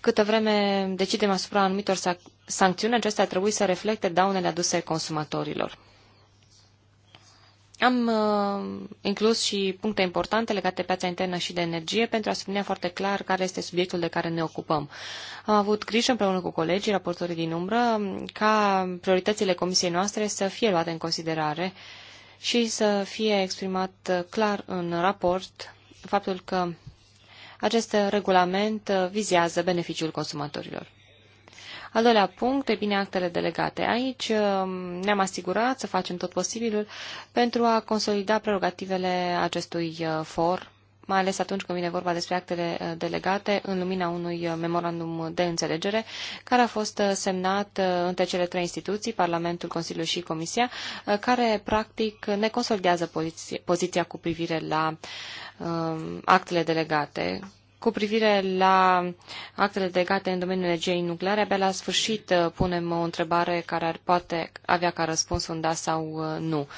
câtă vreme decidem asupra anumitor sancțiuni, acestea trebuie să reflecte daunele aduse consumatorilor. Am uh, inclus și puncte importante legate de piața internă și de energie pentru a spune foarte clar care este subiectul de care ne ocupăm. Am avut grijă împreună cu colegii, raportorii din umbră, ca prioritățile comisiei noastre să fie luate în considerare și să fie exprimat clar în raport faptul că acest regulament vizează beneficiul consumatorilor. Al doilea punct, e bine, actele delegate. Aici uh, ne-am asigurat să facem tot posibilul pentru a consolida prerogativele acestui uh, for mai ales atunci când vine vorba despre actele uh, delegate, în lumina unui memorandum de înțelegere care a fost semnat între cele trei instituții, Parlamentul, Consiliul și Comisia, care practic ne consolidează poziția, cu privire la actele delegate cu privire la actele legate în domeniul energiei nucleare, abia la sfârșit uh, punem o întrebare care ar poate avea ca răspuns un da sau uh, nu.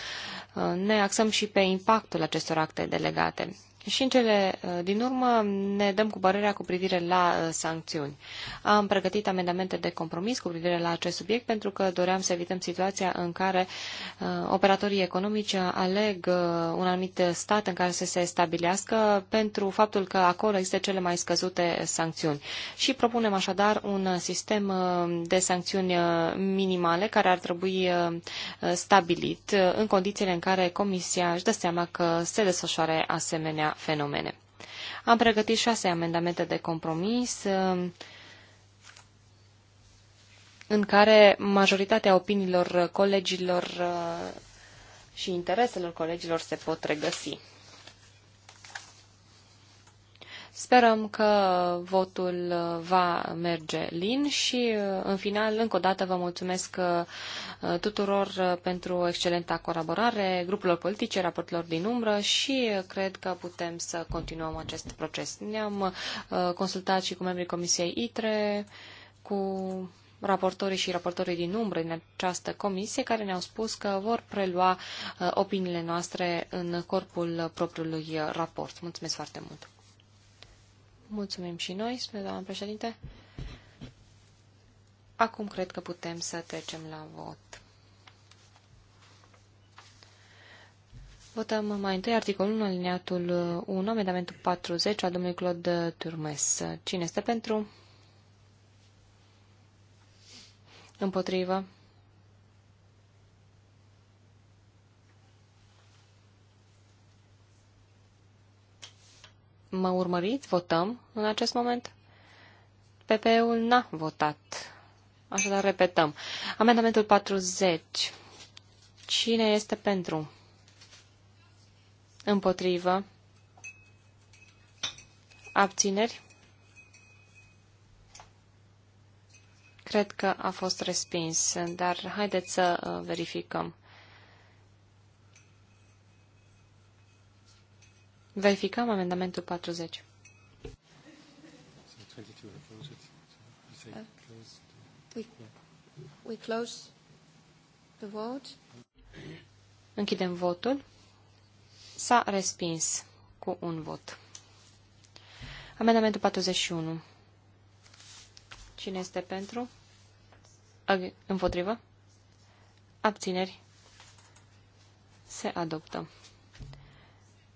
Uh, ne axăm și pe impactul acestor acte delegate. Și în cele uh, din urmă ne dăm cu părerea cu privire la uh, sancțiuni. Am pregătit amendamente de compromis cu privire la acest subiect pentru că doream să evităm situația în care uh, operatorii economici aleg un anumit stat în care să se stabilească pentru faptul că acolo există cele mai scăzute sancțiuni. Și propunem așadar un sistem de sancțiuni minimale care ar trebui stabilit în condițiile în care Comisia își dă seama că se desfășoare asemenea fenomene. Am pregătit șase amendamente de compromis uh, în care majoritatea opiniilor colegilor uh, și intereselor colegilor se pot regăsi. Sperăm că votul uh, va merge lin și, uh, în final, încă o dată vă mulțumesc uh, tuturor pentru excelenta colaborare, grupurilor politice, raportelor din umbră și cred că putem să continuăm acest proces. Ne-am consultat și cu membrii Comisiei ITRE, cu raportorii și raportorii din umbră din această comisie, care ne-au spus că vor prelua opiniile noastre în corpul propriului raport. Mulțumesc foarte mult! Mulțumim și noi, spune doamna președinte. Acum cred că putem să trecem la vot. Votăm mai întâi articolul 1, alineatul 1, amendamentul 40 al domnului Claude Turmes. Cine este pentru? Împotrivă? Mă urmăriți? Votăm în acest moment? pp ul n-a votat. Așadar, repetăm. Amendamentul 40. Cine este pentru? Împotrivă. Abțineri? Cred că a fost respins, dar haideți să uh, verificăm. Verificăm amendamentul 40. Uh, we, close the vote. Închidem votul. S-a respins cu un vot. Amendamentul 41. Cine este pentru? Împotrivă? Abțineri? Se adoptă.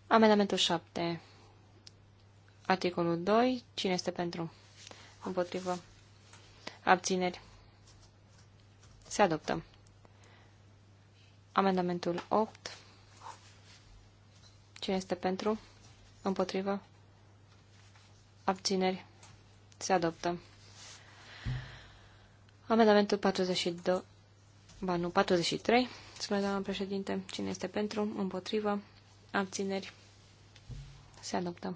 Amendamentul 7. Articolul 2. Cine este pentru? Împotrivă. Abțineri. Se adoptă. Amendamentul 8. Cine este pentru? Împotrivă. Abțineri. Se adoptă. Amendamentul 42. Ba nu, 43. Spune doamna președinte. Cine este pentru? Împotrivă. Abțineri se adoptă.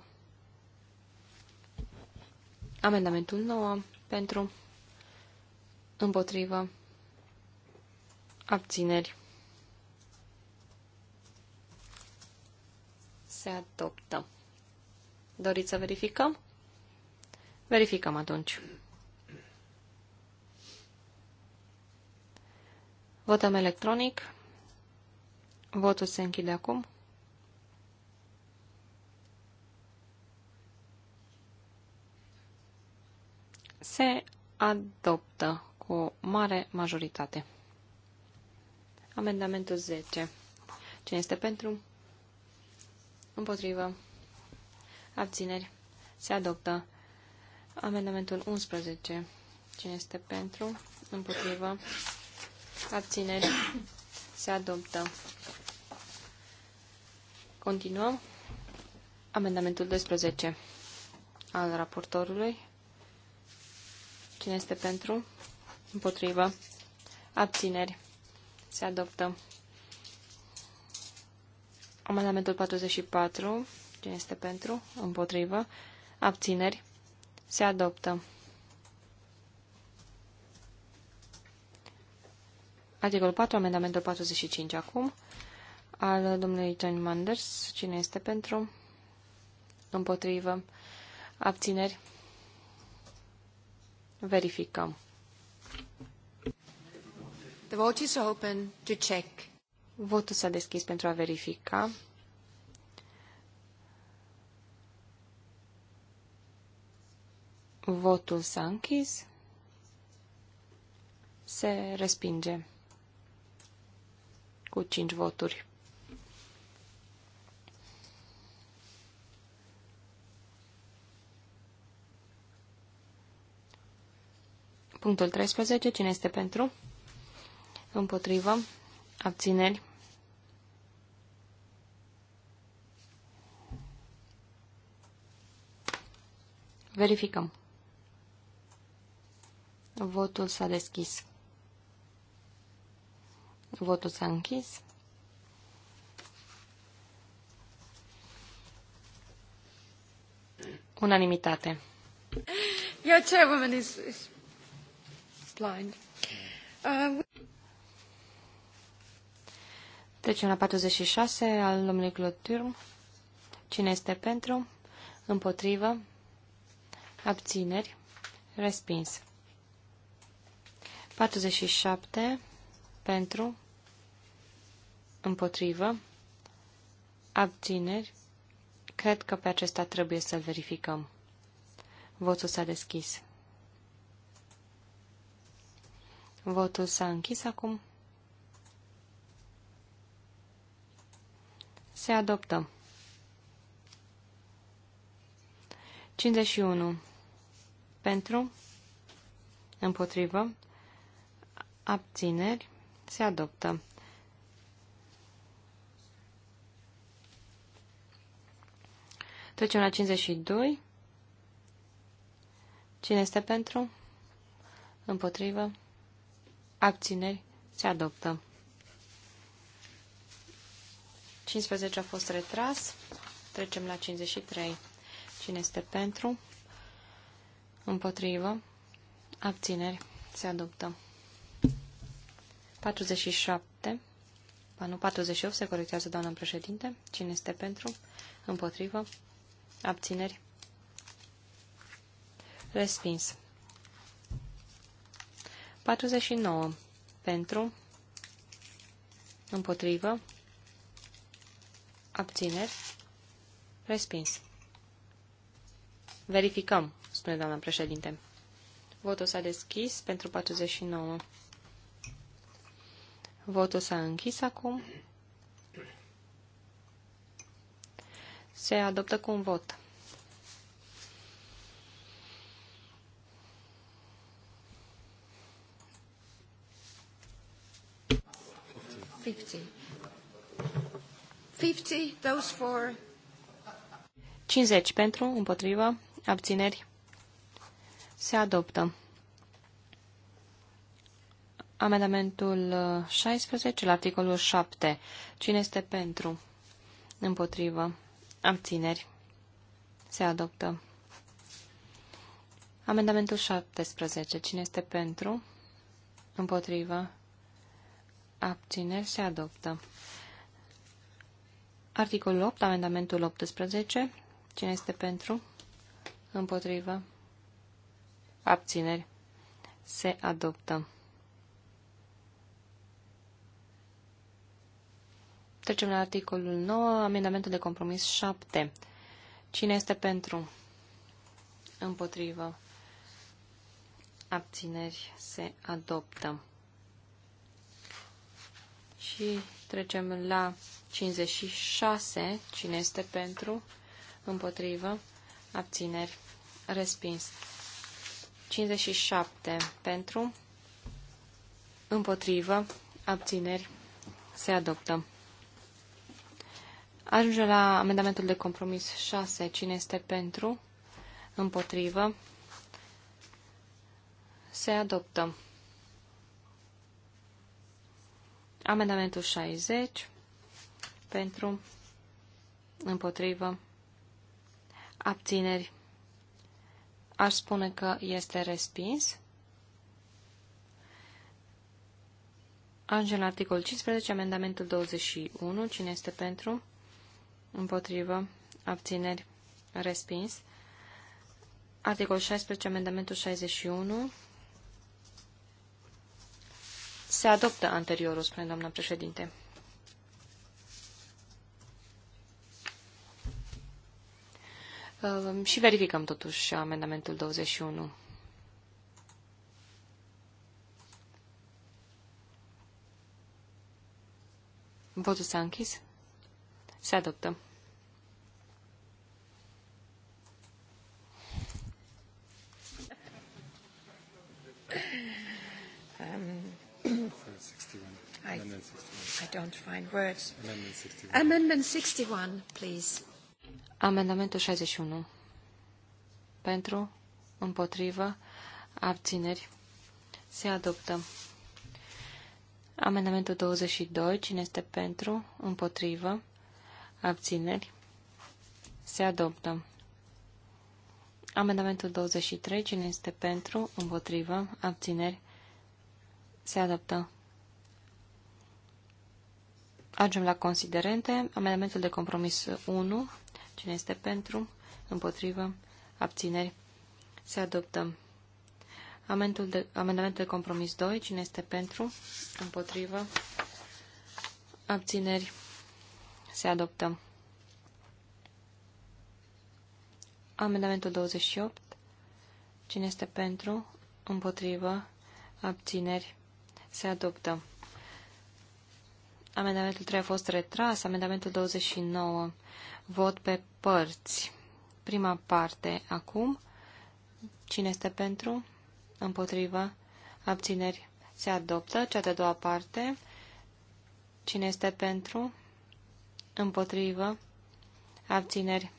Amendamentul 9 pentru împotrivă abțineri se adoptă. Doriți să verificăm? Verificăm atunci. Votăm electronic. Votul se închide acum. se adoptă cu o mare majoritate. Amendamentul 10. Cine este pentru? Împotrivă. Abțineri. Se adoptă. Amendamentul 11. Cine este pentru? Împotrivă. Abțineri. Se adoptă. Continuăm. Amendamentul 12 al raportorului. Cine este pentru? Împotrivă. Abțineri. Se adoptă. Amendamentul 44. Cine este pentru? Împotrivă. Abțineri. Se adoptă. Articolul 4, amendamentul 45 acum, al domnului John Manders. Cine este pentru? Împotrivă. Abțineri. Verificăm. The vote is open to check. Votul s-a deschis pentru a verifica. Votul s-a închis. Se respinge cu 5 voturi Punctul 13. Cine este pentru? Împotrivă. Abțineri. Verificăm. Votul s-a deschis. Votul s-a închis. Unanimitate. Eu chairwoman is, blind. Uh, trecem la 46 al domnului Cloturm. Cine este pentru? Împotrivă? Abțineri? Respins. 47 pentru, împotrivă, abțineri. Cred că pe acesta trebuie să-l verificăm. Votul s-a deschis. Votul s-a închis acum. Se adoptă. 51. Pentru, împotrivă, abțineri, se adoptă. Trecem la 52. Cine este pentru? Împotrivă abțineri, se adoptă. 15 a fost retras. Trecem la 53. Cine este pentru? Împotrivă. Abțineri. Se adoptă. 47. Ba nu, 48. Se corectează doamna președinte. Cine este pentru? Împotrivă. Abțineri. Respins. 49 pentru, împotrivă, abțineri, respins. Verificăm, spune doamna președinte. Votul s-a deschis pentru 49. Votul s-a închis acum. Se adoptă cu un vot. 50. 50, those 50 pentru, împotrivă, abțineri, se adoptă. Amendamentul 16, uh, la articolul 7. Cine este pentru? Împotrivă. Abțineri. Se adoptă. Amendamentul 17. Cine este pentru? Împotrivă abțineri, se adoptă. Articolul 8, amendamentul 18. Cine este pentru? Împotrivă. Abțineri. Se adoptă. Trecem la articolul 9, amendamentul de compromis 7. Cine este pentru? Împotrivă. Abțineri. Se adoptă. Și trecem la 56. Cine este pentru? Împotrivă. Abțineri. Respins. 57. Pentru. Împotrivă. Abțineri. Se adoptă. Ajunge la amendamentul de compromis 6. Cine este pentru? Împotrivă. Se adoptă. Amendamentul 60 pentru, împotrivă, abțineri. Aș spune că este respins. Angel articol 15, amendamentul 21. Cine este pentru? Împotrivă. Abțineri. Respins. Articol 16, amendamentul 61. Se adoptă anteriorul, spune doamna președinte. Uh, și verificăm totuși amendamentul 21. Votul s-a închis. Se adoptă. I, I don't find words. Amendment 61. Amendment 61, please. Amendamentul 61. Pentru, împotrivă, abțineri. Se adoptă. Amendamentul 22. Cine este pentru, împotrivă, abțineri. Se adoptă. Amendamentul 23. Cine este pentru, împotrivă, abțineri. Se adoptă. Ajungem la considerente. Amendamentul de compromis 1. Cine este pentru? Împotrivă? Abțineri? Se adoptă. Amendamentul de, amendamentul de compromis 2. Cine este pentru? Împotrivă? Abțineri? Se adoptă. Amendamentul 28. Cine este pentru? Împotrivă? Abțineri? Se adoptă. Amendamentul 3 a fost retras. Amendamentul 29. Vot pe părți. Prima parte acum. Cine este pentru? Împotrivă? Abțineri? Se adoptă. Cea de-a doua parte. Cine este pentru? Împotrivă? Abțineri?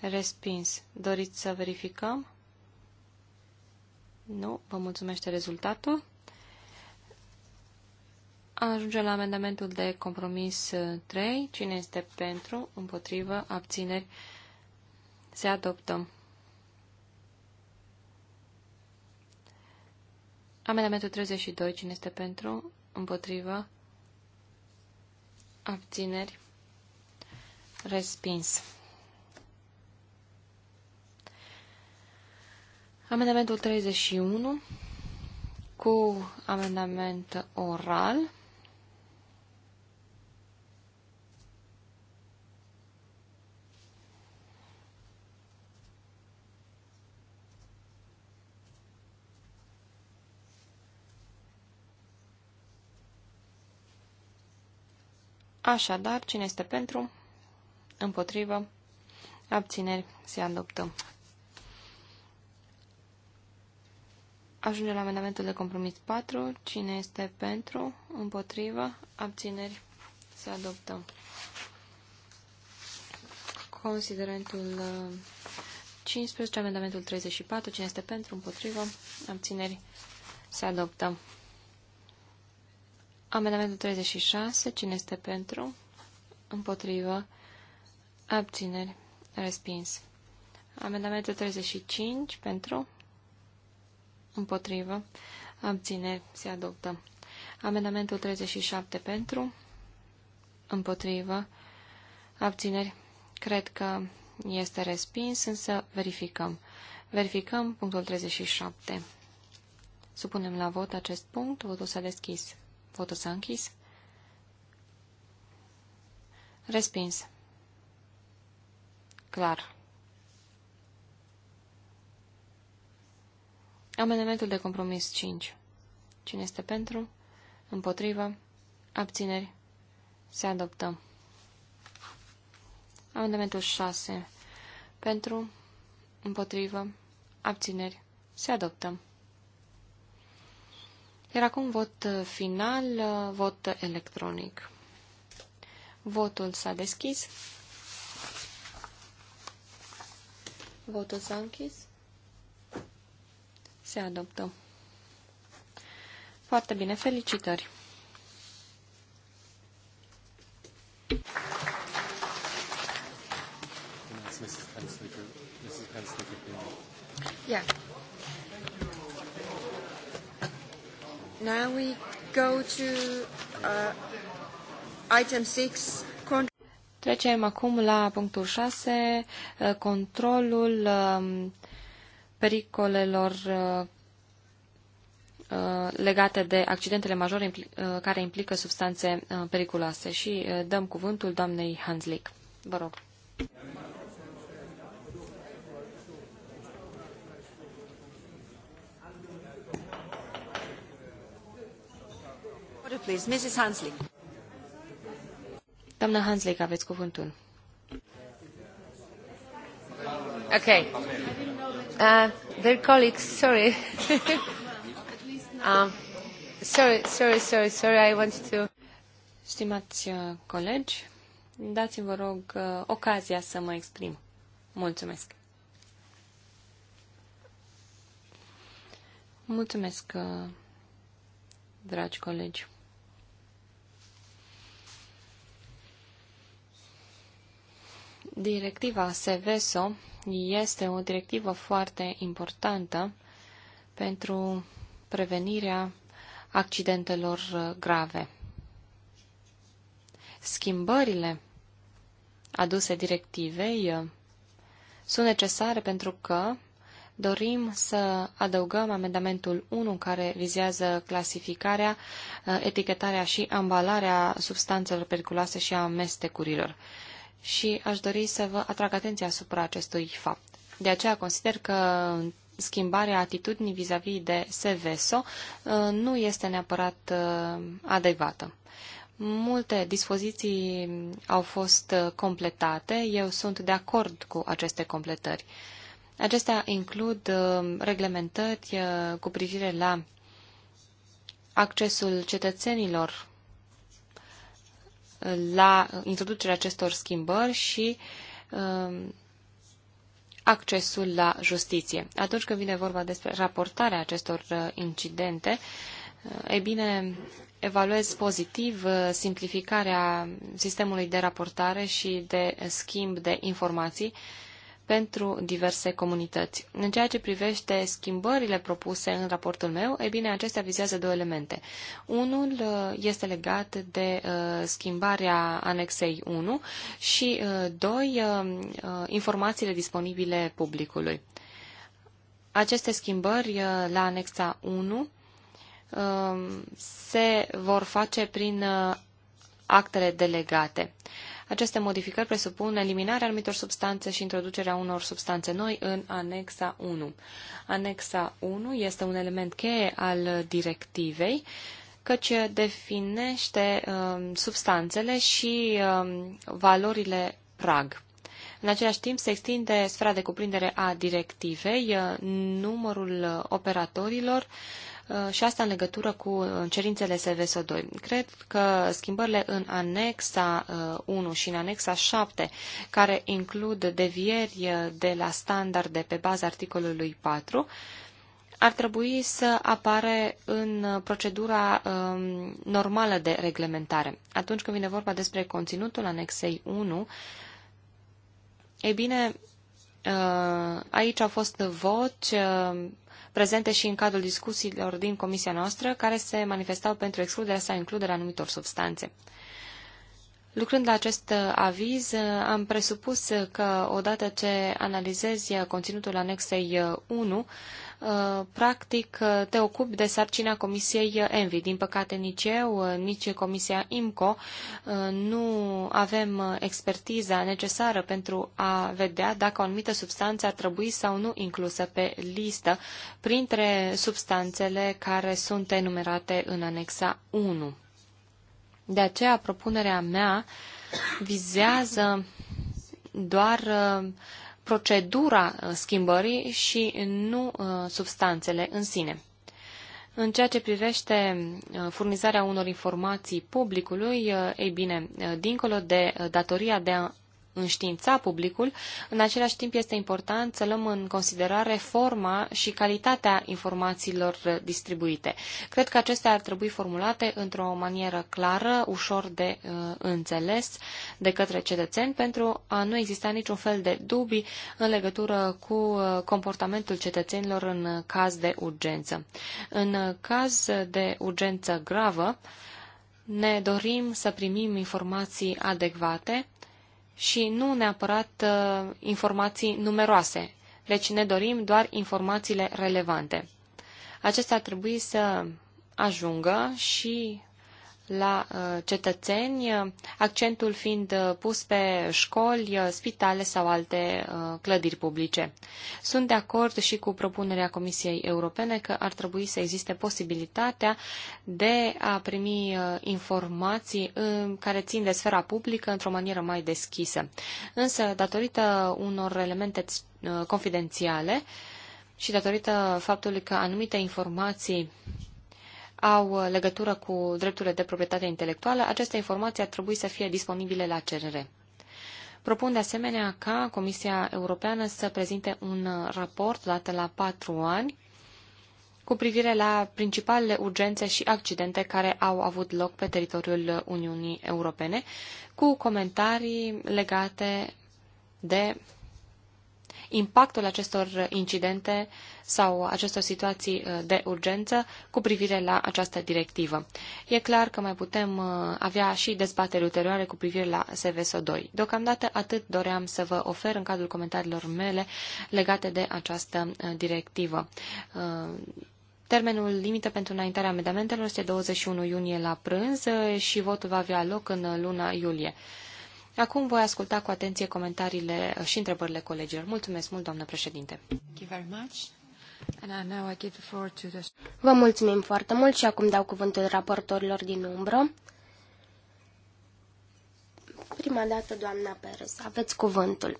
Respins. Doriți să verificăm? Nu. Vă mulțumește rezultatul. Ajungem la amendamentul de compromis 3. Uh, Cine este pentru, împotrivă, abțineri, se adoptă. Amendamentul 32. Cine este pentru, împotrivă, abțineri, respins. Amendamentul 31 cu amendament oral Așadar, cine este pentru? Împotrivă. Abțineri. Se adoptă. Ajunge la amendamentul de compromis 4. Cine este pentru? Împotrivă. Abțineri. Se adoptă. Considerentul 15, uh, amendamentul 34. Cine este pentru? Împotrivă. Abțineri. Se adoptă. Amendamentul 36. Cine este pentru? Împotrivă. Abțineri. Respins. Amendamentul 35. Pentru? Împotrivă. Abțineri. Se adoptă. Amendamentul 37. Pentru? Împotrivă. Abțineri. Cred că este respins, însă verificăm. Verificăm punctul 37. Supunem la vot acest punct. Votul s-a deschis. Votul s-a închis. Respins. Clar. Amendamentul de compromis 5. Cine este pentru? Împotrivă? Abțineri? Se adoptă. Amendamentul 6. Pentru? Împotrivă? Abțineri? Se adoptă. Iar acum vot final, vot electronic. Votul s-a deschis. Votul s-a închis. Se adoptă. Foarte bine, felicitări! Yeah. Now we go to uh, item 6. Trecem acum la punctul 6, uh, controlul um, pericolelor uh, uh, legate de accidentele majore care implică substanțe periculoase și dăm cuvântul doamnei Hanslick. Vă rog. please. Mrs. Hansling. Doamna Hanslick, aveți cuvântul. Okay. Uh, their colleagues, sorry. *laughs* um, sorry, sorry, sorry, sorry, I wanted to... Stimați uh, colegi, dați-mi, vă rog, uh, ocazia să mă exprim. Mulțumesc. Mulțumesc, uh, dragi colegi. Directiva SEVESO este o directivă foarte importantă pentru prevenirea accidentelor uh, grave. Schimbările aduse directivei uh, sunt necesare pentru că dorim să adăugăm amendamentul 1 care vizează clasificarea, uh, etichetarea și ambalarea substanțelor periculoase și a amestecurilor și aș dori să vă atrag atenția asupra acestui fapt. De aceea consider că schimbarea atitudinii vis-a-vis -vis de SVSO uh, nu este neapărat uh, adecvată. Multe dispoziții au fost uh, completate, eu sunt de acord cu aceste completări. Acestea includ reglementări cu privire la accesul cetățenilor la introducerea acestor schimbări și um, accesul la justiție. Atunci când vine vorba despre raportarea acestor uh, incidente, uh, e bine, evaluez pozitiv uh, simplificarea sistemului de raportare și de schimb de informații, pentru diverse comunități. În ceea ce privește schimbările propuse în raportul meu, e bine, acestea vizează două elemente. Unul uh, este legat de uh, schimbarea anexei 1 și, uh, doi, informațiile disponibile publicului. Aceste schimbări la anexa 1 se vor face prin actele delegate. Aceste modificări presupun eliminarea anumitor substanțe și introducerea unor substanțe noi în anexa 1. Anexa 1 este un element cheie al directivei căci definește um, substanțele și um, valorile prag. În același timp, se extinde sfera de cuprindere a directivei, uh, numărul uh, operatorilor, uh, Uh, și asta în legătură cu uh, cerințele SVSO2. Cred că schimbările în anexa 1 uh, și în anexa 7, care includ devieri de la standarde pe baza articolului 4, ar trebui să apare în procedura um, normală de reglementare. Atunci când vine vorba despre conținutul anexei 1, e bine, uh, aici au fost voci uh, prezente și în cadrul discuțiilor din comisia noastră, care se manifestau pentru excluderea sau includerea anumitor substanțe. Lucrând la acest uh, aviz, uh, am presupus uh, că odată ce analizezi conținutul anexei 1, practic te ocupi de sarcina Comisiei Envi. Din păcate nici eu, nici Comisia IMCO nu avem expertiza necesară pentru a vedea dacă o anumită substanță ar trebui sau nu inclusă pe listă printre substanțele care sunt enumerate în anexa 1. De aceea, propunerea mea vizează doar uh, procedura uh, schimbării și nu uh, substanțele în sine. În ceea ce privește furnizarea unor informații publicului, ei bine, dincolo de datoria de a înștiința publicul, în același timp este important să luăm în considerare forma și calitatea informațiilor distribuite. Cred că acestea ar trebui formulate într-o manieră clară, ușor de uh, înțeles de către cetățeni, pentru a nu exista niciun fel de dubii în legătură cu uh, comportamentul cetățenilor în caz de urgență. În caz de urgență gravă, ne dorim să primim informații adecvate, și nu neapărat uh, informații numeroase. Deci ne dorim doar informațiile relevante. Acestea ar trebui să ajungă și la uh, cetățeni, uh, accentul fiind uh, pus pe școli, spitale sau alte clădiri publice. Sunt de acord și cu propunerea Comisiei Europene că ar trebui să existe posibilitatea de a primi informații care țin de sfera publică într-o manieră mai deschisă. Însă, datorită unor elemente confidențiale și datorită faptului că anumite informații au uh, legătură cu drepturile de proprietate intelectuală, aceste informații ar trebui să fie disponibile la cerere. Propun de asemenea ca Comisia Europeană să prezinte un uh, raport dat la patru ani cu privire la principalele urgențe și accidente care au avut loc pe teritoriul Uniunii Europene, cu comentarii legate de impactul acestor incidente sau acestor situații uh, de urgență cu privire la această directivă. E clar că mai putem uh, avea și dezbateri ulterioare cu privire la SVSO2. Deocamdată atât doream să vă ofer în cadrul comentariilor mele legate de această uh, directivă. Termenul limită pentru înaintarea amendamentelor este 21 iunie la prânz și votul va avea loc în luna iulie. Acum voi asculta cu atenție comentariile și întrebările colegilor. Mulțumesc mult, doamnă președinte. Vă mulțumim foarte mult și acum dau cuvântul raportorilor din umbră. Prima dată, doamna Perez, aveți cuvântul.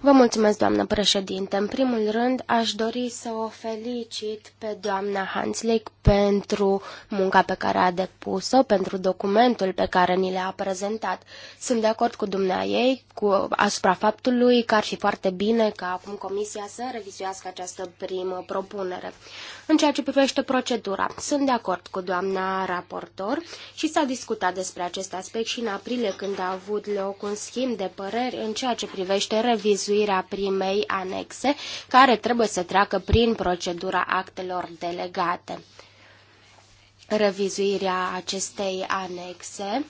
Vă mulțumesc, doamnă președinte. În primul rând, aș dori să o felicit pe doamna Hanslick pentru munca pe care a depus-o, pentru documentul pe care ni le-a prezentat. Sunt de acord cu dumnea ei cu, asupra faptului că ar fi foarte bine ca acum Comisia să revizuiască această primă propunere. În ceea ce privește procedura, sunt de acord cu doamna raportor și s-a discutat despre acest aspect și în aprilie când a avut loc un schimb de păreri în ceea ce privește revizuirea primei anexe, care trebuie să treacă prin procedura actelor delegate. Revizuirea acestei anexe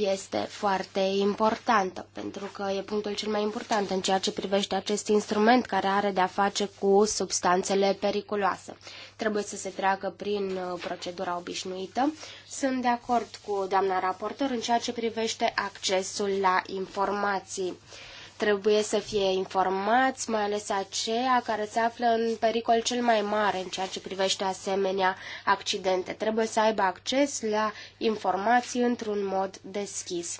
este foarte importantă, pentru că e punctul cel mai important în ceea ce privește acest instrument care are de-a face cu substanțele periculoase. Trebuie să se treacă prin uh, procedura obișnuită. Sunt de acord cu doamna raportor în ceea ce privește accesul la informații. Trebuie să fie informați, mai ales aceia care se află în pericol cel mai mare în ceea ce privește asemenea accidente. Trebuie să aibă acces la informații într-un mod deschis.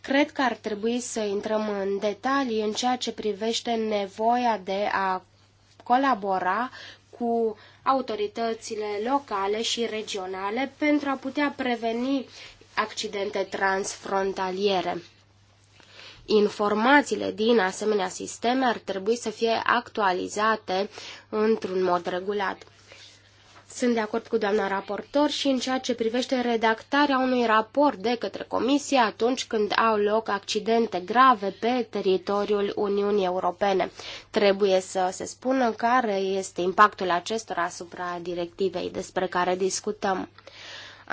Cred că ar trebui să intrăm în detalii în ceea ce privește nevoia de a colabora cu autoritățile locale și regionale pentru a putea preveni accidente transfrontaliere informațiile din asemenea sisteme ar trebui să fie actualizate într-un mod regulat. Sunt de acord cu doamna raportor și în ceea ce privește redactarea unui raport de către Comisie atunci când au loc accidente grave pe teritoriul Uniunii Europene. Trebuie să se spună care este impactul acestora asupra directivei despre care discutăm.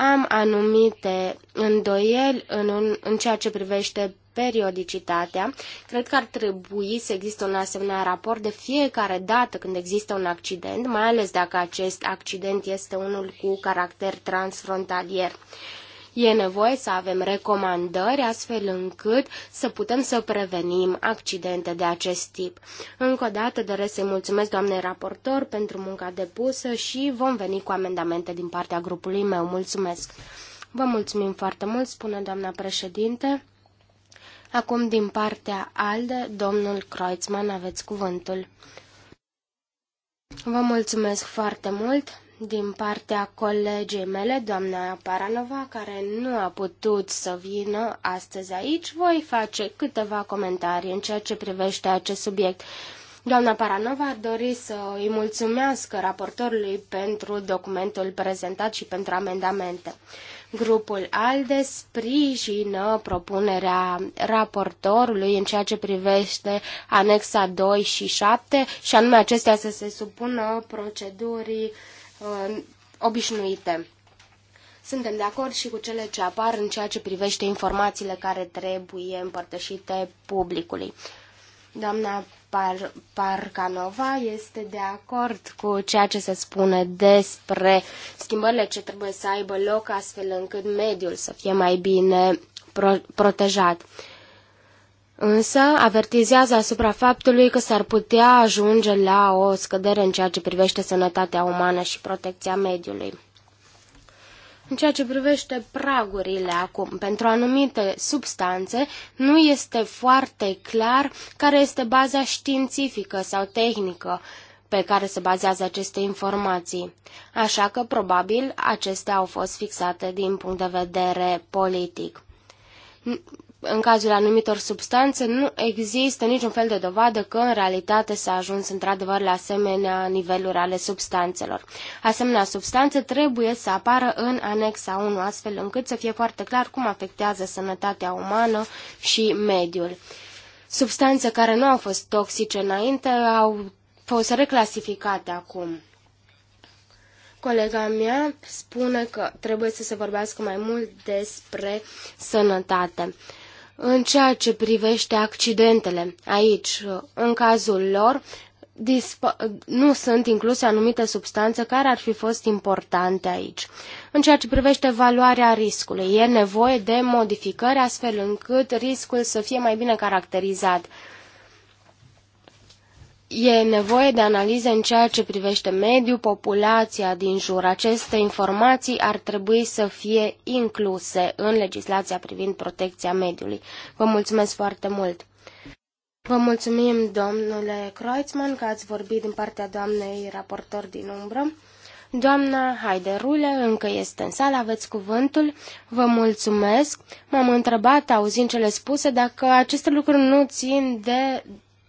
Am anumite îndoieli în, un, în ceea ce privește periodicitatea. Cred că ar trebui să existe un asemenea raport de fiecare dată când există un accident, mai ales dacă acest accident este unul cu caracter transfrontalier. E nevoie să avem recomandări astfel încât să putem să prevenim accidente de acest tip. Încă o dată doresc să-i mulțumesc doamnei raportor pentru munca depusă și vom veni cu amendamente din partea grupului meu. Mulțumesc! Vă mulțumim foarte mult, spune doamna președinte. Acum, din partea ALDE, domnul Kreutzmann, aveți cuvântul. Vă mulțumesc foarte mult din partea colegei mele, doamna Paranova, care nu a putut să vină astăzi aici, voi face câteva comentarii în ceea ce privește acest subiect. Doamna Paranova a dori să îi mulțumească raportorului pentru documentul prezentat și pentru amendamente. Grupul ALDE sprijină propunerea raportorului în ceea ce privește anexa 2 și 7 și anume acestea să se supună procedurii uh, obișnuite. Suntem de acord și cu cele ce apar în ceea ce privește informațiile care trebuie împărtășite publicului. Doamna Par, Parcanova este de acord cu ceea ce se spune despre schimbările ce trebuie să aibă loc astfel încât mediul să fie mai bine pro, protejat. Însă avertizează asupra faptului că s-ar putea ajunge la o scădere în ceea ce privește sănătatea umană și protecția mediului. În ceea ce privește pragurile acum, pentru anumite substanțe, nu este foarte clar care este baza științifică sau tehnică pe care se bazează aceste informații. Așa că, probabil, acestea au fost fixate din punct de vedere politic în cazul anumitor substanțe nu există niciun fel de dovadă că în realitate s-a ajuns într-adevăr la asemenea niveluri ale substanțelor. Asemenea substanțe trebuie să apară în anexa 1, astfel încât să fie foarte clar cum afectează sănătatea umană și mediul. Substanțe care nu au fost toxice înainte au fost reclasificate acum. Colega mea spune că trebuie să se vorbească mai mult despre sănătate. În ceea ce privește accidentele, aici, în cazul lor, nu sunt incluse anumite substanțe care ar fi fost importante aici. În ceea ce privește valoarea riscului, e nevoie de modificări astfel încât riscul să fie mai bine caracterizat E nevoie de analize în ceea ce privește mediul, populația din jur. Aceste informații ar trebui să fie incluse în legislația privind protecția mediului. Vă mulțumesc foarte mult! Vă mulțumim, domnule Kreutzmann, că ați vorbit din partea doamnei raportor din umbră. Doamna Haiderule încă este în sală, aveți cuvântul. Vă mulțumesc. M-am întrebat, auzind cele spuse, dacă aceste lucruri nu țin de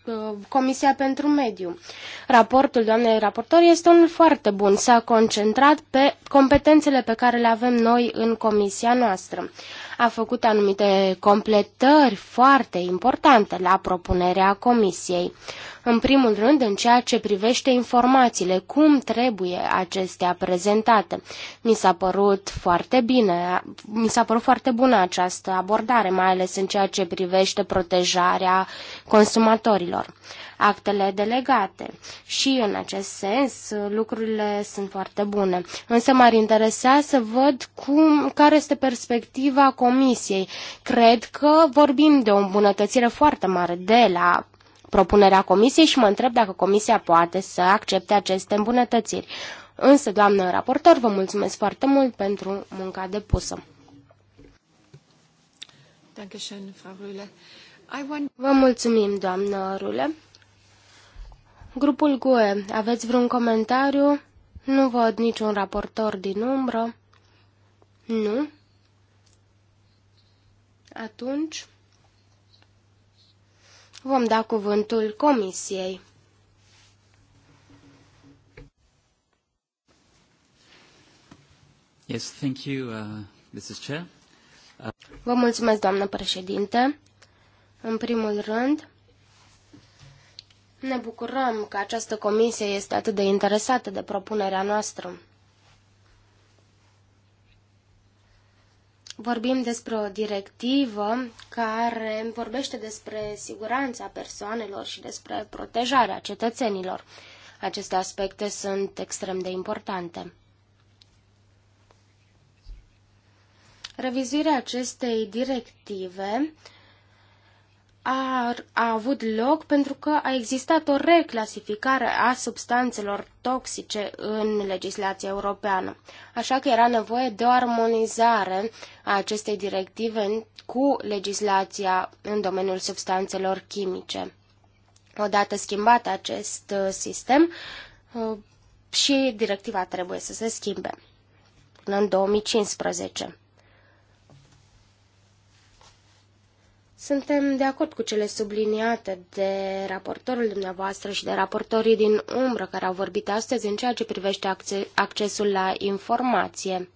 Uh, comisia pentru Mediu. Raportul doamnei raportor este unul foarte bun. S-a concentrat pe competențele pe care le avem noi în comisia noastră. A făcut anumite completări foarte importante la propunerea comisiei. În primul rând, în ceea ce privește informațiile, cum trebuie acestea prezentate. Mi s-a părut foarte bine, mi s-a părut foarte bună această abordare, mai ales în ceea ce privește protejarea consumatorilor. Actele delegate. Și în acest sens, lucrurile sunt foarte bune. Însă m-ar interesa să văd cum, care este perspectiva Comisiei. Cred că vorbim de o îmbunătățire foarte mare de la propunerea comisiei și mă întreb dacă comisia poate să accepte aceste îmbunătățiri. Însă, doamnă raportor, vă mulțumesc foarte mult pentru munca depusă. Vă mulțumim, doamnă Rule. Grupul GUE, aveți vreun comentariu? Nu văd niciun raportor din umbră. Nu? Atunci... Vom da cuvântul Comisiei. Yes, thank you, uh, Mrs. Chair. Uh... Vă mulțumesc, doamnă președinte. În primul rând, ne bucurăm că această comisie este atât de interesată de propunerea noastră. vorbim despre o directivă care vorbește despre siguranța persoanelor și despre protejarea cetățenilor. Aceste aspecte sunt extrem de importante. Revizuirea acestei directive a, a avut loc pentru că a existat o reclasificare a substanțelor toxice în legislația europeană. Așa că era nevoie de o armonizare a acestei directive cu legislația în domeniul substanțelor chimice. Odată schimbat acest uh, sistem, uh, și directiva trebuie să se schimbe în 2015. Suntem de acord cu cele subliniate de raportorul dumneavoastră și de raportorii din umbră care au vorbit astăzi în ceea ce privește accesul la informație.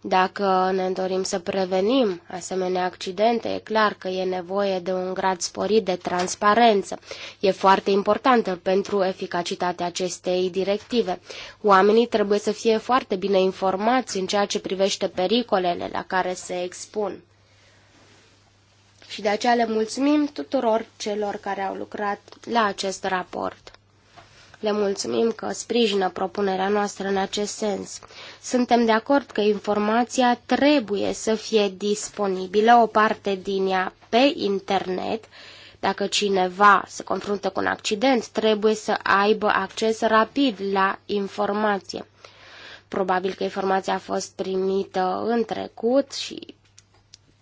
Dacă ne dorim să prevenim asemenea accidente, e clar că e nevoie de un grad sporit de transparență. E foarte importantă pentru eficacitatea acestei directive. Oamenii trebuie să fie foarte bine informați în ceea ce privește pericolele la care se expun și de aceea le mulțumim tuturor celor care au lucrat la acest raport. Le mulțumim că sprijină propunerea noastră în acest sens. Suntem de acord că informația trebuie să fie disponibilă, o parte din ea, pe internet. Dacă cineva se confruntă cu un accident, trebuie să aibă acces rapid la informație. Probabil că informația a fost primită în trecut și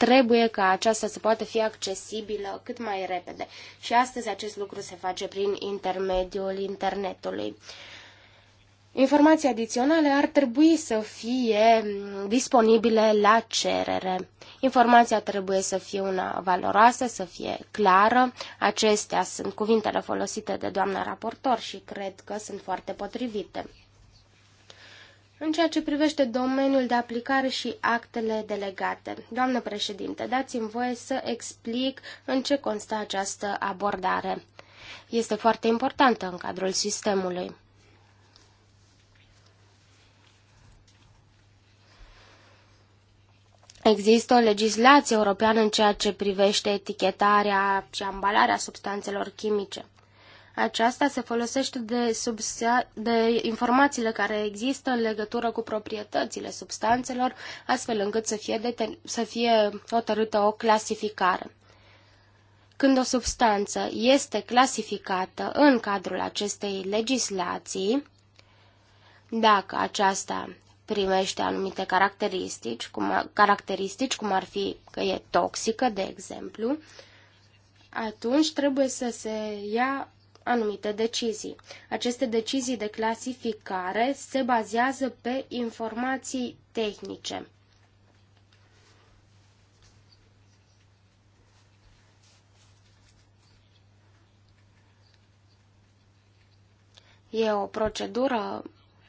trebuie ca aceasta să poată fi accesibilă cât mai repede. Și astăzi acest lucru se face prin intermediul internetului. Informații adiționale ar trebui să fie disponibile la cerere. Informația trebuie să fie una valoroasă, să fie clară. Acestea sunt cuvintele folosite de doamna raportor și cred că sunt foarte potrivite. În ceea ce privește domeniul de aplicare și actele delegate, doamnă președinte, dați-mi voie să explic în ce constă această abordare. Este foarte importantă în cadrul sistemului. Există o legislație europeană în ceea ce privește etichetarea și ambalarea substanțelor chimice. Aceasta se folosește de, de informațiile care există în legătură cu proprietățile substanțelor, astfel încât să fie, să fie hotărâtă o clasificare. Când o substanță este clasificată în cadrul acestei legislații, dacă aceasta primește anumite caracteristici, cum, caracteristici, cum ar fi că e toxică, de exemplu, atunci trebuie să se ia anumite decizii. Aceste decizii de clasificare se bazează pe informații tehnice. E o procedură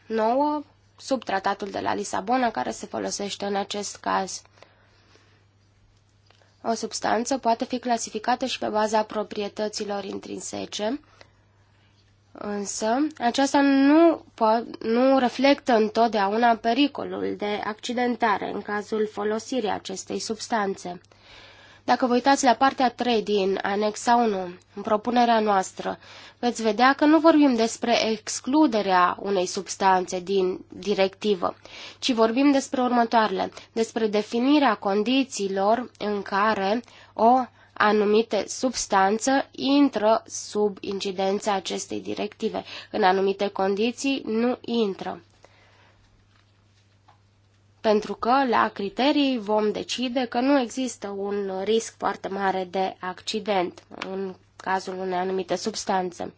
nouă sub tratatul de la Lisabona care se folosește în acest caz. O substanță poate fi clasificată și pe baza proprietăților intrinsece, Însă, aceasta nu, po- nu reflectă întotdeauna pericolul de accidentare în cazul folosirii acestei substanțe. Dacă vă uitați la partea 3 din anexa 1, în propunerea noastră, veți vedea că nu vorbim despre excluderea unei substanțe din directivă, ci vorbim despre următoarele, despre definirea condițiilor în care o anumite substanță intră sub incidența acestei directive. În anumite condiții nu intră. Pentru că la criterii vom decide că nu există un risc foarte mare de accident în cazul unei anumite substanțe.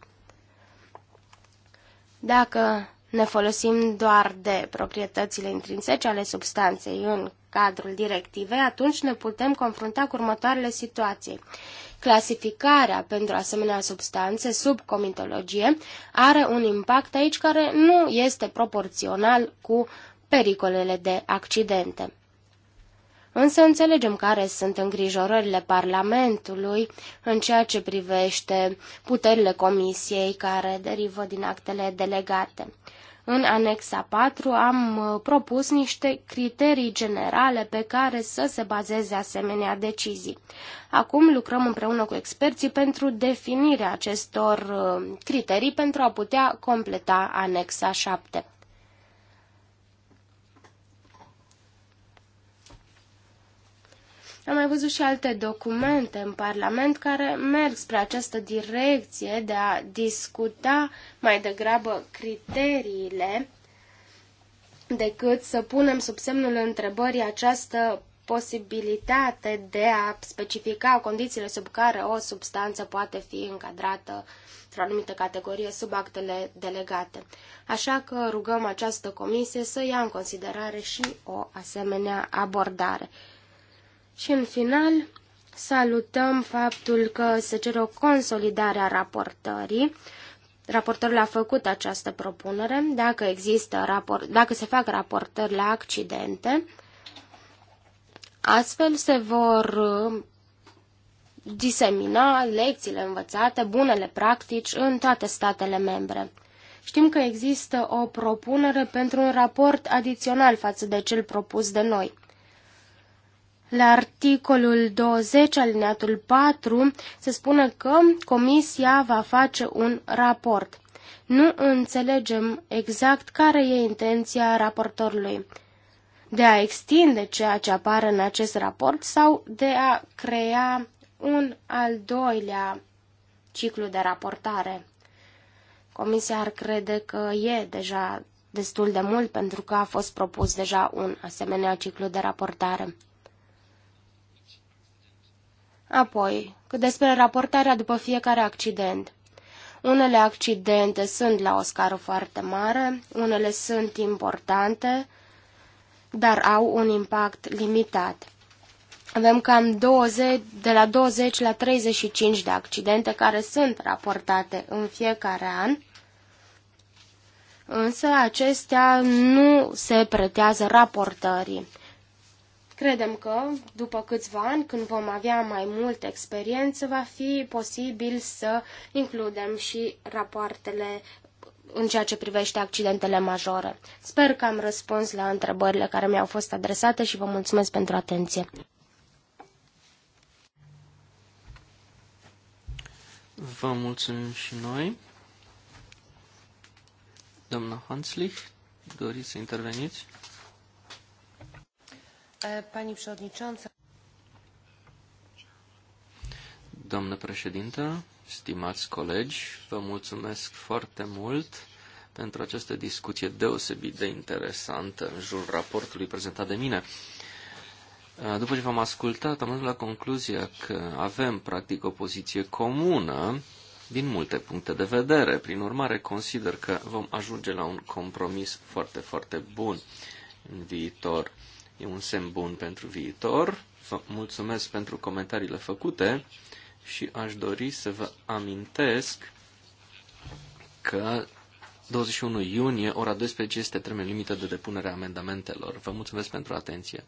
Dacă ne folosim doar de proprietățile intrinsece ale substanței în cadrul directivei, atunci ne putem confrunta cu următoarele situații. Clasificarea pentru asemenea substanțe sub comitologie are un impact aici care nu este proporțional cu pericolele de accidente. Însă înțelegem care sunt îngrijorările Parlamentului în ceea ce privește puterile Comisiei care derivă din actele delegate. În anexa 4 am uh, propus niște criterii generale pe care să se bazeze asemenea decizii. Acum lucrăm împreună cu experții pentru definirea acestor uh, criterii pentru a putea completa anexa 7. Am mai văzut și alte documente în Parlament care merg spre această direcție de a discuta mai degrabă criteriile decât să punem sub semnul întrebării această posibilitate de a specifica condițiile sub care o substanță poate fi încadrată într-o anumită categorie sub actele delegate. Așa că rugăm această comisie să ia în considerare și o asemenea abordare. Și în final, salutăm faptul că se cere o consolidare a raportării. Raportorul a făcut această propunere, dacă, există raport, dacă se fac raportări la accidente, astfel se vor uh, disemina lecțiile învățate, bunele practici în toate statele membre. Știm că există o propunere pentru un raport adițional față de cel propus de noi. La articolul 20, alineatul 4, se spune că Comisia va face un raport. Nu înțelegem exact care e intenția raportorului. De a extinde ceea ce apare în acest raport sau de a crea un al doilea ciclu de raportare. Comisia ar crede că e deja destul de mult pentru că a fost propus deja un asemenea ciclu de raportare. Apoi, despre raportarea după fiecare accident. Unele accidente sunt la o scară foarte mare, unele sunt importante, dar au un impact limitat. Avem cam 20, de la 20 la 35 de accidente care sunt raportate în fiecare an, însă acestea nu se pretează raportării. Credem că, după câțiva ani, când vom avea mai multă experiență, va fi posibil să includem și rapoartele în ceea ce privește accidentele majore. Sper că am răspuns la întrebările care mi-au fost adresate și vă mulțumesc pentru atenție. Vă mulțumim și noi. Doamna Hanslich, doriți să interveniți? Pani Przewodnicząca. Doamnă președintă, stimați colegi, vă mulțumesc foarte mult pentru această discuție deosebit de interesantă în jurul raportului prezentat de mine. După ce v-am ascultat, am ajuns la concluzia că avem, practic, o poziție comună din multe puncte de vedere. Prin urmare, consider că vom ajunge la un compromis foarte, foarte bun în viitor. E un semn bun pentru viitor. Vă mulțumesc pentru comentariile făcute și aș dori să vă amintesc că 21 iunie, ora 12, este termen limită de depunere a amendamentelor. Vă mulțumesc pentru atenție.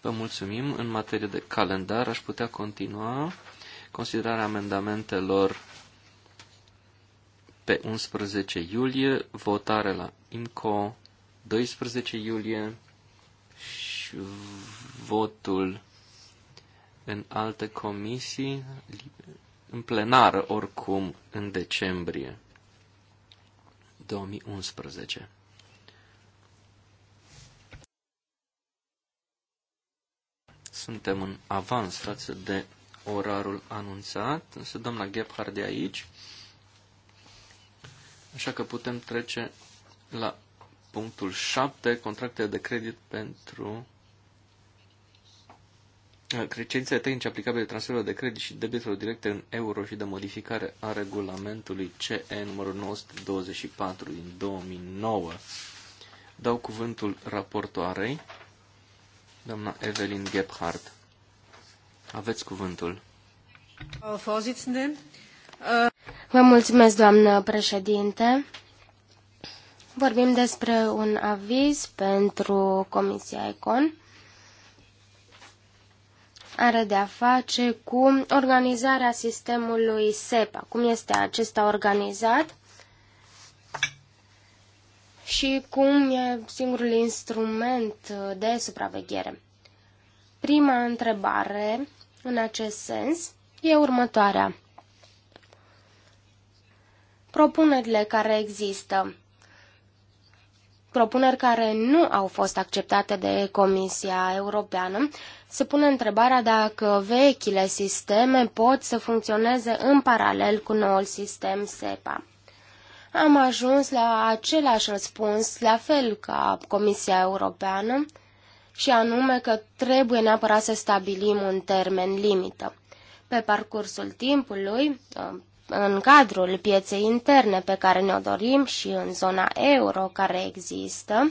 Vă mulțumim. În materie de calendar aș putea continua considerarea amendamentelor pe 11 iulie, votare la IMCO 12 iulie, votul în alte comisii, în plenară oricum, în decembrie 2011. Suntem în avans față de orarul anunțat, însă doamna Gebhard de aici, așa că putem trece la punctul 7, contracte de credit pentru cerințele tehnice aplicabile transferurilor de credit și debitelor directe în euro și de modificare a regulamentului CE numărul 924 din 2009. Dau cuvântul raportoarei, doamna Evelyn Gebhardt. Aveți cuvântul. Vă mulțumesc, doamnă președinte. Vorbim despre un aviz pentru Comisia Econ are de-a face cu organizarea sistemului SEPA, cum este acesta organizat și cum e singurul instrument de supraveghere. Prima întrebare în acest sens e următoarea. Propunerile care există propuneri care nu au fost acceptate de Comisia Europeană se pune întrebarea dacă vechile sisteme pot să funcționeze în paralel cu noul sistem SEPA. Am ajuns la același răspuns, la fel ca Comisia Europeană, și anume că trebuie neapărat să stabilim un termen limită. Pe parcursul timpului, în cadrul pieței interne pe care ne-o dorim și în zona euro care există,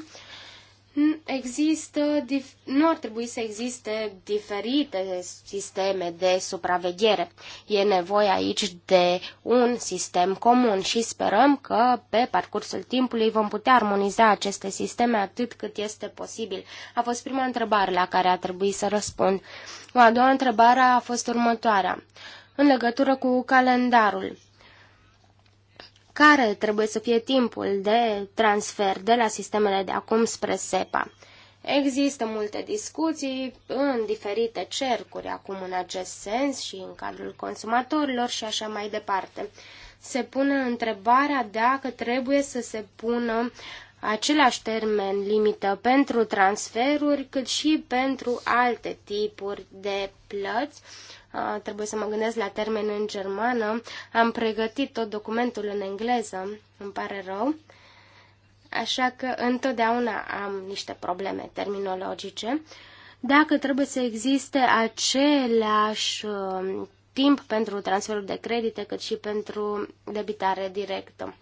există, nu ar trebui să existe diferite sisteme de supraveghere. E nevoie aici de un sistem comun și sperăm că pe parcursul timpului vom putea armoniza aceste sisteme atât cât este posibil. A fost prima întrebare la care a trebuit să răspund. O a doua întrebare a fost următoarea, în legătură cu calendarul care trebuie să fie timpul de transfer de la sistemele de acum spre SEPA. Există multe discuții în diferite cercuri acum în acest sens și în cadrul consumatorilor și așa mai departe. Se pune întrebarea dacă trebuie să se pună același termen limită pentru transferuri cât și pentru alte tipuri de plăți trebuie să mă gândesc la termen în germană. Am pregătit tot documentul în engleză, îmi pare rău. Așa că întotdeauna am niște probleme terminologice. Dacă trebuie să existe același timp pentru transferul de credite, cât și pentru debitare directă.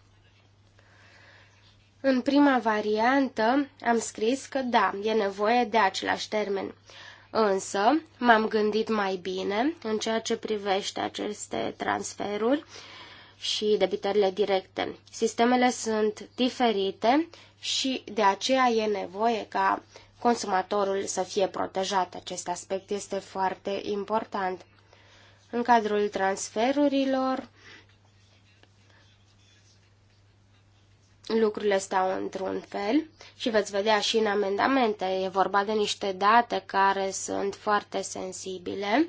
În prima variantă am scris că da, e nevoie de același termen. Însă, m-am gândit mai bine în ceea ce privește aceste transferuri și debitările directe. Sistemele sunt diferite și de aceea e nevoie ca consumatorul să fie protejat. Acest aspect este foarte important. În cadrul transferurilor, lucrurile stau într-un fel și veți vedea și în amendamente. E vorba de niște date care sunt foarte sensibile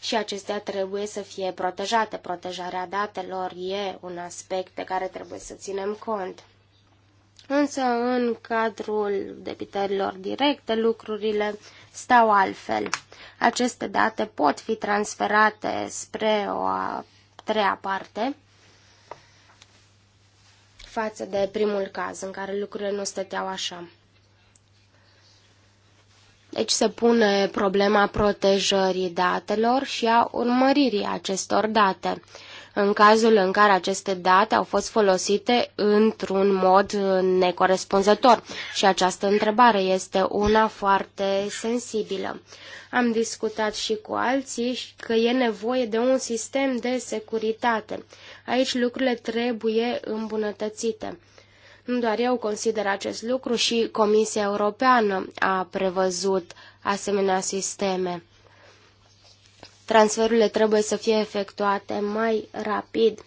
și acestea trebuie să fie protejate. Protejarea datelor e un aspect de care trebuie să ținem cont. Însă în cadrul debitărilor directe lucrurile stau altfel. Aceste date pot fi transferate spre o a treia parte față de primul caz în care lucrurile nu stăteau așa. Deci se pune problema protejării datelor și a urmăririi acestor date. În cazul în care aceste date au fost folosite într-un mod necorespunzător. Și această întrebare este una foarte sensibilă. Am discutat și cu alții că e nevoie de un sistem de securitate Aici lucrurile trebuie îmbunătățite. Nu doar eu consider acest lucru și Comisia Europeană a prevăzut asemenea sisteme. Transferurile trebuie să fie efectuate mai rapid.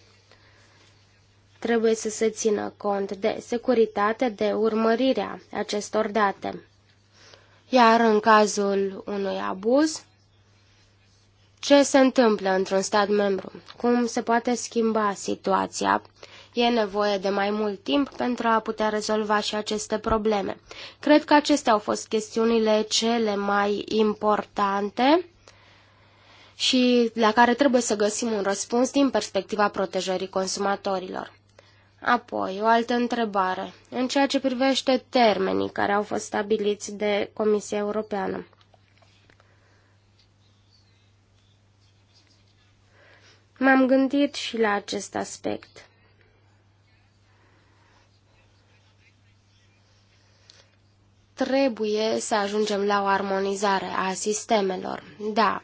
Trebuie să se țină cont de securitate, de urmărirea acestor date. Iar în cazul unui abuz, ce se întâmplă într-un stat membru, cum se poate schimba situația. E nevoie de mai mult timp pentru a putea rezolva și aceste probleme. Cred că acestea au fost chestiunile cele mai importante și la care trebuie să găsim un răspuns din perspectiva protejării consumatorilor. Apoi, o altă întrebare, în ceea ce privește termenii care au fost stabiliți de Comisia Europeană. M-am gândit și la acest aspect. Trebuie să ajungem la o armonizare a sistemelor, da,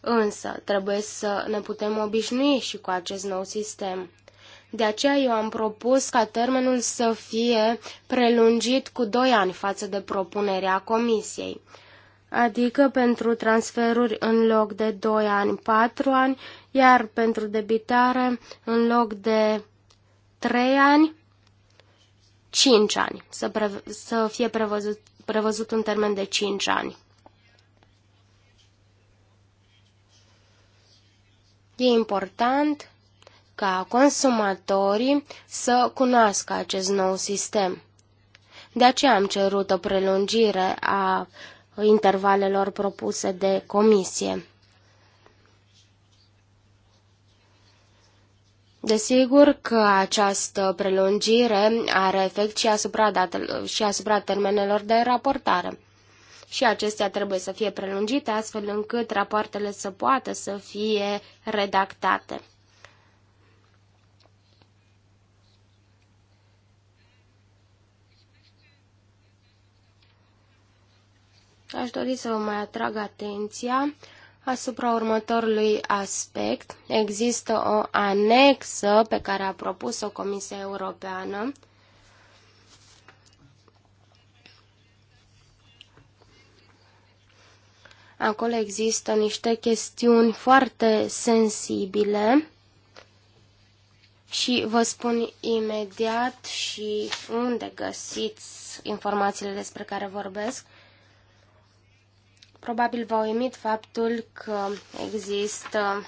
însă trebuie să ne putem obișnui și cu acest nou sistem. De aceea eu am propus ca termenul să fie prelungit cu doi ani față de propunerea comisiei, adică pentru transferuri în loc de 2 ani, 4 ani iar pentru debitare, în loc de 3 ani, 5 ani, să, pre- să fie prevăzut, prevăzut un termen de 5 ani. E important ca consumatorii să cunoască acest nou sistem. De aceea am cerut o prelungire a intervalelor propuse de comisie. Desigur că această prelungire are efect și asupra, datelor, și asupra termenelor de raportare. Și acestea trebuie să fie prelungite astfel încât rapoartele să poată să fie redactate. Aș dori să vă mai atrag atenția Asupra următorului aspect, există o anexă pe care a propus-o Comisia Europeană Acolo există niște chestiuni foarte sensibile și vă spun imediat și unde găsiți informațiile despre care vorbesc. Probabil v-a uimit faptul că există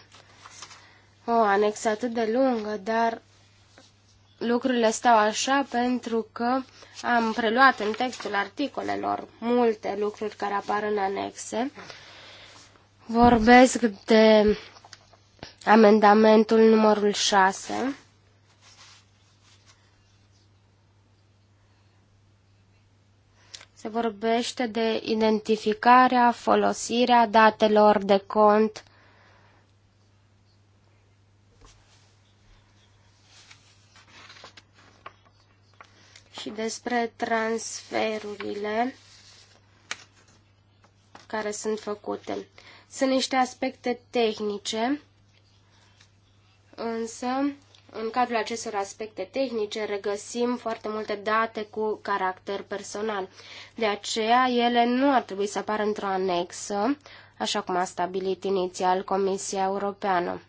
o anexă atât de lungă, dar lucrurile stau așa pentru că am preluat în textul articolelor multe lucruri care apar în anexe. Vorbesc de amendamentul numărul 6, Se vorbește de identificarea, folosirea datelor de cont. Și despre transferurile care sunt făcute. Sunt niște aspecte tehnice, însă în cadrul acestor aspecte tehnice regăsim foarte multe date cu caracter personal. De aceea, ele nu ar trebui să apară într-o anexă, așa cum a stabilit inițial Comisia Europeană.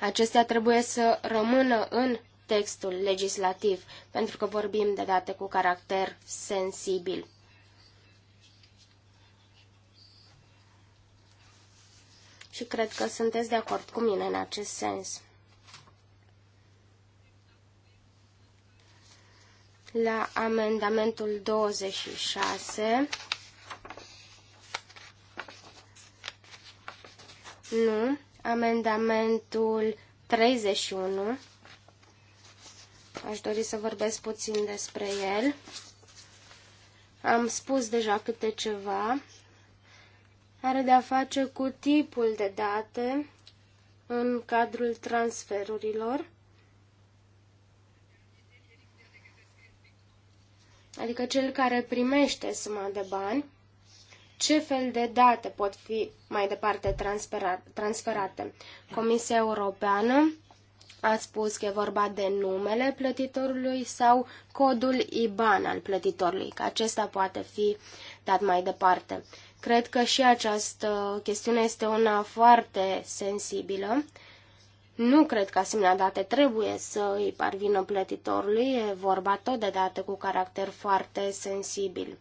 Acestea trebuie să rămână în textul legislativ, pentru că vorbim de date cu caracter sensibil. Și cred că sunteți de acord cu mine în acest sens. la amendamentul 26. Nu. Amendamentul 31. Aș dori să vorbesc puțin despre el. Am spus deja câte ceva. Are de-a face cu tipul de date în cadrul transferurilor. adică cel care primește suma de bani, ce fel de date pot fi mai departe transferate. Comisia Europeană a spus că e vorba de numele plătitorului sau codul IBAN al plătitorului, că acesta poate fi dat mai departe. Cred că și această chestiune este una foarte sensibilă nu cred că asemenea date trebuie să îi parvină plătitorului, e vorba tot de date cu caracter foarte sensibil.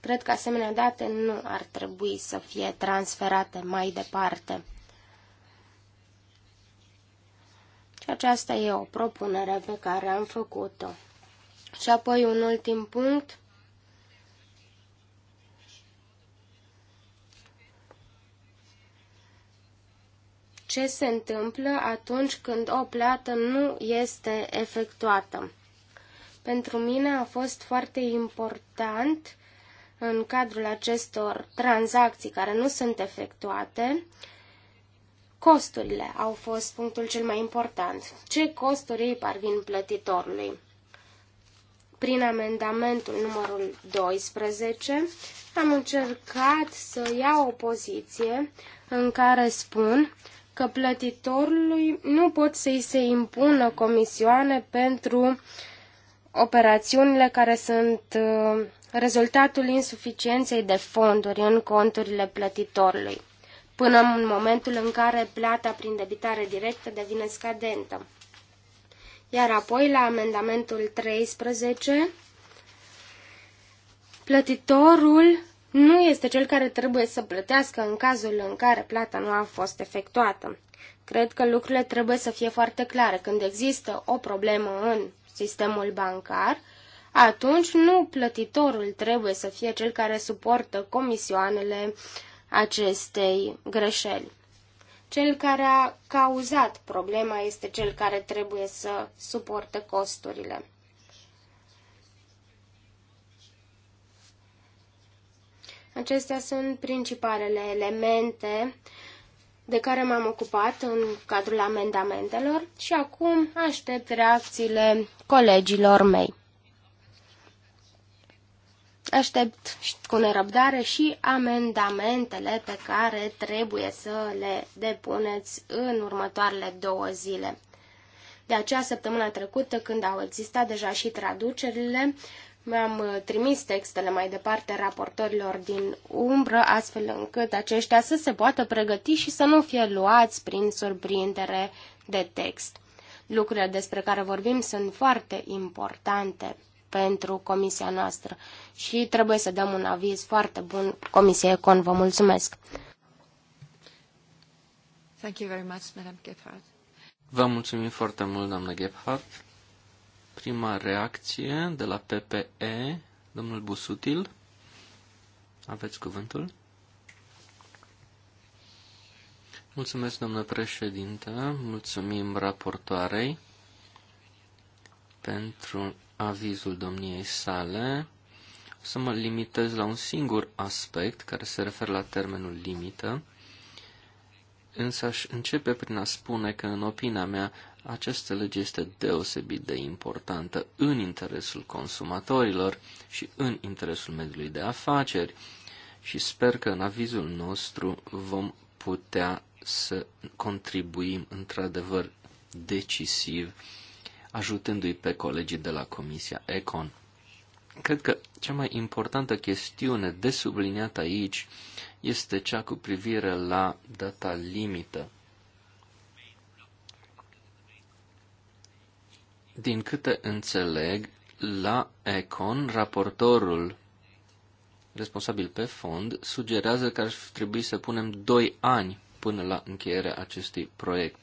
Cred că asemenea date nu ar trebui să fie transferate mai departe. Și aceasta e o propunere pe care am făcut-o. Și apoi un ultim punct ce se întâmplă atunci când o plată nu este efectuată. Pentru mine a fost foarte important în cadrul acestor tranzacții care nu sunt efectuate, costurile au fost punctul cel mai important. Ce costuri îi parvin plătitorului? Prin amendamentul numărul 12 am încercat să iau o poziție în care spun că plătitorului nu pot să-i se impună comisioane pentru operațiunile care sunt uh, rezultatul insuficienței de fonduri în conturile plătitorului, până în momentul în care plata prin debitare directă devine scadentă. Iar apoi, la amendamentul 13, plătitorul nu este cel care trebuie să plătească în cazul în care plata nu a fost efectuată. Cred că lucrurile trebuie să fie foarte clare. Când există o problemă în sistemul bancar, atunci nu plătitorul trebuie să fie cel care suportă comisioanele acestei greșeli. Cel care a cauzat problema este cel care trebuie să suporte costurile. Acestea sunt principalele elemente de care m-am ocupat în cadrul amendamentelor și acum aștept reacțiile colegilor mei. Aștept cu nerăbdare și amendamentele pe care trebuie să le depuneți în următoarele două zile. De aceea, săptămâna trecută, când au existat deja și traducerile, mi-am uh, trimis textele mai departe raportorilor din umbră, astfel încât aceștia să se poată pregăti și să nu fie luați prin surprindere de text. Lucrurile despre care vorbim sunt foarte importante pentru comisia noastră și trebuie să dăm un aviz foarte bun Comisiei Econ. Vă mulțumesc! Thank you very much, Madam Gephardt. Vă mulțumim foarte mult, doamnă Gebhardt. Prima reacție de la PPE, domnul Busutil. Aveți cuvântul? Mulțumesc, domnule președinte, mulțumim raportoarei pentru avizul domniei sale. O să mă limitez la un singur aspect care se referă la termenul limită însă aș începe prin a spune că, în opinia mea, această lege este deosebit de importantă în interesul consumatorilor și în interesul mediului de afaceri și sper că în avizul nostru vom putea să contribuim într-adevăr decisiv ajutându-i pe colegii de la Comisia Econ. Cred că cea mai importantă chestiune de subliniat aici este cea cu privire la data limită. Din câte înțeleg, la Econ, raportorul responsabil pe fond sugerează că ar trebui să punem 2 ani până la încheierea acestui proiect.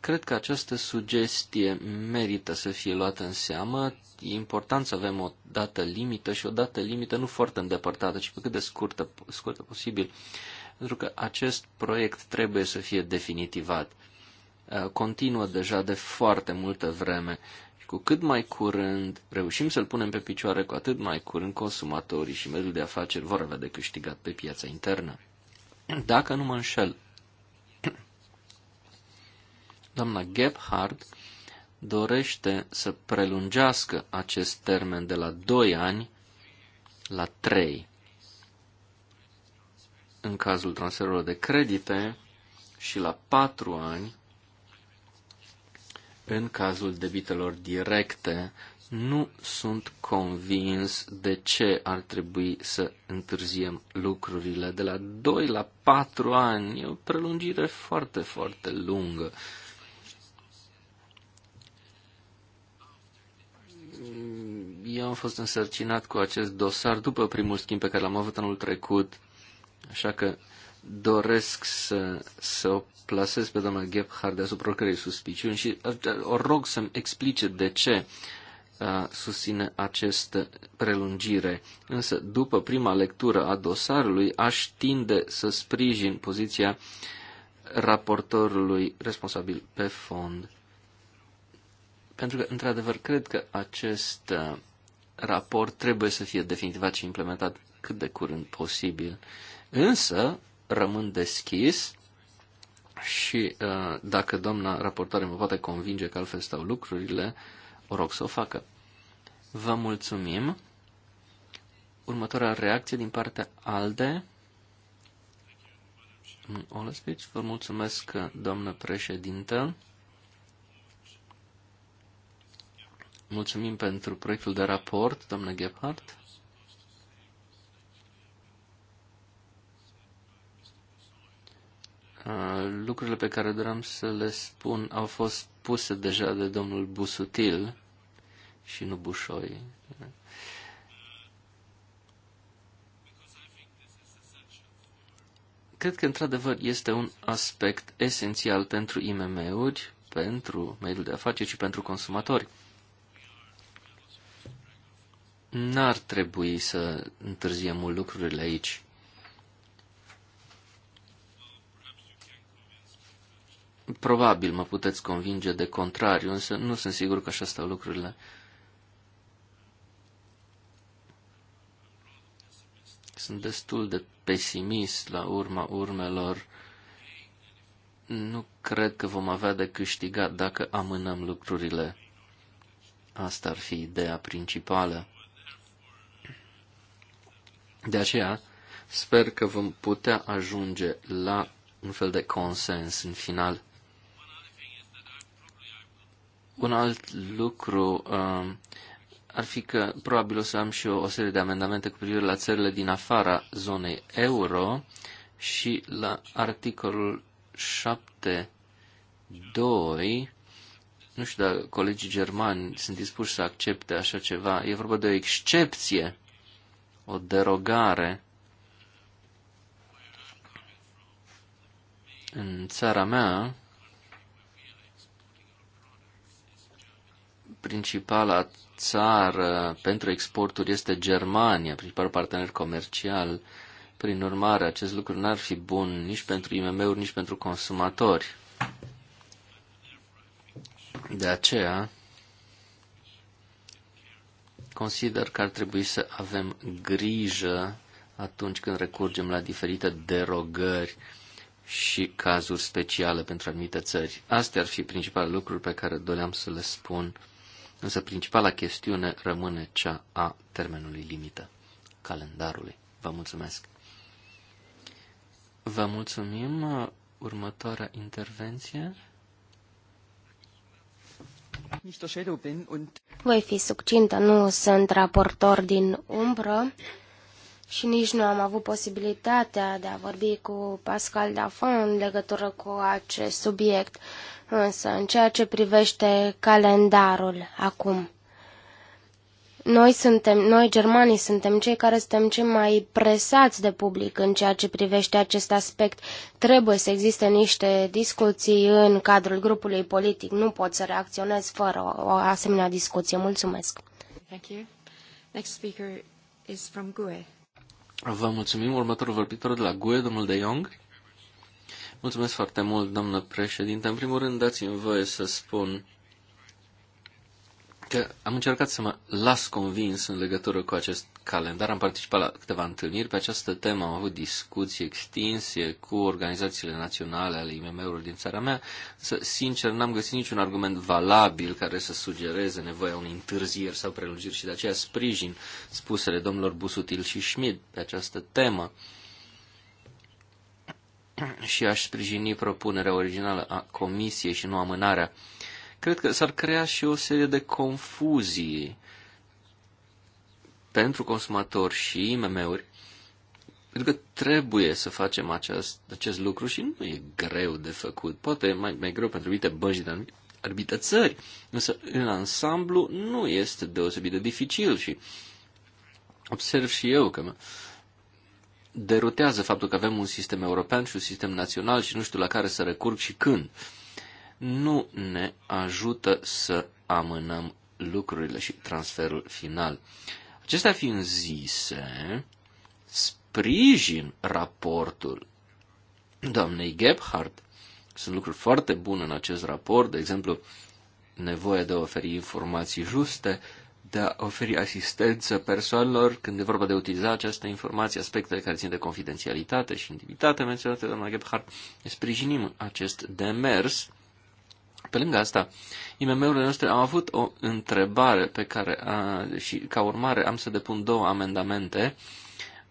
Cred că această sugestie merită să fie luată în seamă. E important să avem o dată limită și o dată limită nu foarte îndepărtată, ci pe cât de scurtă, scurtă posibil, pentru că acest proiect trebuie să fie definitivat. Uh, continuă deja de foarte multă vreme și cu cât mai curând reușim să-l punem pe picioare, cu atât mai curând consumatorii și mediul de afaceri vor avea de câștigat pe piața internă. Dacă nu mă înșel, Doamna Gebhardt dorește să prelungească acest termen de la 2 ani la 3 în cazul transferurilor de credite și la 4 ani în cazul debitelor directe. Nu sunt convins de ce ar trebui să întârziem lucrurile de la 2 la 4 ani. E o prelungire foarte, foarte lungă. eu am fost însărcinat cu acest dosar după primul schimb pe care l-am avut anul trecut, așa că doresc să, să o plasez pe doamna Gebhard deasupra oricărei suspiciuni și uh, o rog să-mi explice de ce uh, susține această prelungire. Însă, după prima lectură a dosarului, aș tinde să sprijin poziția raportorului responsabil pe fond. Pentru că, într-adevăr, cred că acest uh, raport trebuie să fie definitivat și implementat cât de curând posibil. Însă, rămân deschis și uh, dacă doamna raportoare mă poate convinge că altfel stau lucrurile, o rog să o facă. Vă mulțumim. Următoarea reacție din partea ALDE. Mm, Olesbici, vă mulțumesc, uh, doamnă președintă. Mulțumim pentru proiectul de raport, doamnă Gebhardt. Lucrurile pe care doream să le spun au fost puse deja de domnul Busutil și nu Bușoi. Cred că, într-adevăr, este un aspect esențial pentru IMM-uri, pentru mediul de afaceri și pentru consumatori. N-ar trebui să întârziem mult lucrurile aici. Probabil mă puteți convinge de contrariu, însă nu sunt sigur că așa stau lucrurile. Sunt destul de pesimist la urma urmelor. Nu cred că vom avea de câștigat dacă amânăm lucrurile. Asta ar fi ideea principală. De aceea, sper că vom putea ajunge la un fel de consens în final. Un alt lucru uh, ar fi că probabil o să am și eu o serie de amendamente cu privire la țările din afara zonei euro și la articolul 7.2. Nu știu dacă colegii germani sunt dispuși să accepte așa ceva. E vorba de o excepție o derogare în țara mea, principala țară pentru exporturi este Germania, principalul partener comercial. Prin urmare, acest lucru n-ar fi bun nici pentru IMM-uri, nici pentru consumatori. De aceea, Consider că ar trebui să avem grijă atunci când recurgem la diferite derogări și cazuri speciale pentru anumite țări. Astea ar fi principalele lucruri pe care doream să le spun, însă principala chestiune rămâne cea a termenului limită, calendarului. Vă mulțumesc! Vă mulțumim. Următoarea intervenție. Voi fi succintă, nu sunt raportor din umbră și nici nu am avut posibilitatea de a vorbi cu Pascal Dafon în legătură cu acest subiect, însă în ceea ce privește calendarul acum. Noi suntem, noi germanii suntem cei care suntem cei mai presați de public în ceea ce privește acest aspect. Trebuie să existe niște discuții în cadrul grupului politic. Nu pot să reacționez fără o, o asemenea discuție. Mulțumesc. Thank you. Next speaker is from GUE. Vă mulțumim. Următorul vorbitor de la GUE, domnul De Jong. Mulțumesc foarte mult, domnule președinte. În primul rând, dați-mi voie să spun că am încercat să mă las convins în legătură cu acest calendar. Am participat la câteva întâlniri pe această temă, am avut discuții extinse cu organizațiile naționale ale IMM-urilor din țara mea, să, sincer, n-am găsit niciun argument valabil care să sugereze nevoia unei întârzieri sau prelungiri și de aceea sprijin spusele domnilor Busutil și Schmidt pe această temă și aș sprijini propunerea originală a comisiei și nu amânarea cred că s-ar crea și o serie de confuzii pentru consumatori și IMM-uri, pentru că trebuie să facem acest, acest lucru și nu e greu de făcut. Poate mai, mai greu pentru anumite bănci de anumite, țări, însă în ansamblu nu este deosebit de dificil și observ și eu că derutează faptul că avem un sistem european și un sistem național și nu știu la care să recurg și când. Uh, nu ne ajută să amânăm lucrurile și transferul final. Acestea fiind zise, sprijin raportul doamnei Gebhardt. Sunt lucruri foarte bune în acest raport, de exemplu, nevoia de a oferi informații juste, de a oferi asistență persoanelor când e vorba de a utiliza această informație, aspectele care țin de confidențialitate și intimitate menționate de doamna Gebhardt, sprijinim acest demers pe lângă asta, IMM-urile noastre au avut o întrebare pe care, a, și ca urmare, am să depun două amendamente.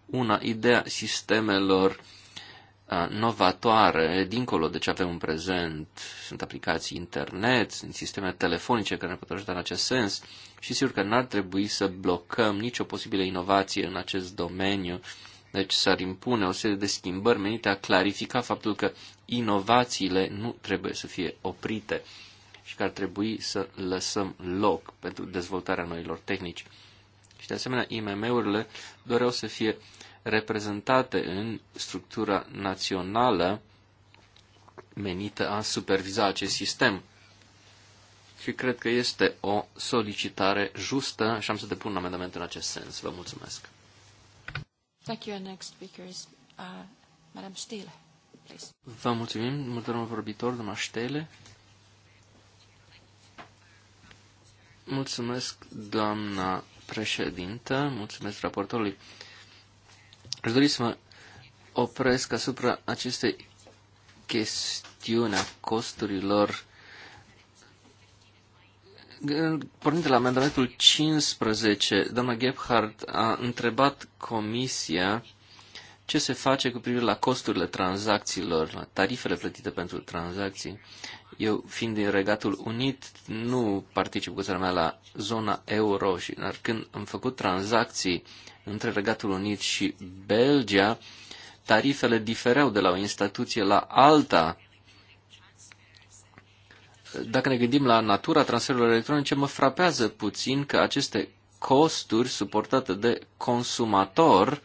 Una, ideea sistemelor a, novatoare, dincolo de ce avem în prezent, sunt aplicații internet, sunt sisteme telefonice care ne pot ajuta în acest sens și sigur că n-ar trebui să blocăm nicio posibilă inovație în acest domeniu deci s-ar impune o serie de schimbări menite a clarifica faptul că inovațiile nu trebuie să fie oprite și că ar trebui să lăsăm loc pentru dezvoltarea noilor tehnici. Și de asemenea, IMM-urile doreau să fie reprezentate în structura națională menită a superviza acest sistem. Și cred că este o solicitare justă și am să depun un amendament în acest sens. Vă mulțumesc. Thank you. Next speaker is uh, Madame Steele, please. Vă mulțumim. Următorul vorbitor, doamna Stele. Mulțumesc, doamna președintă, mulțumesc raportorului. Aș dori să mă opresc asupra acestei chestiuni a costurilor Pornind de la amendamentul 15, doamna Gebhardt a întrebat Comisia ce se face cu privire la costurile tranzacțiilor, la tarifele plătite pentru tranzacții. Eu, fiind din Regatul Unit, nu particip cu țara mea la zona euro, și, dar când am făcut tranzacții între Regatul Unit și Belgia, tarifele difereau de la o instituție la alta dacă ne gândim la natura transferurilor electronice, mă frapează puțin că aceste costuri suportate de consumator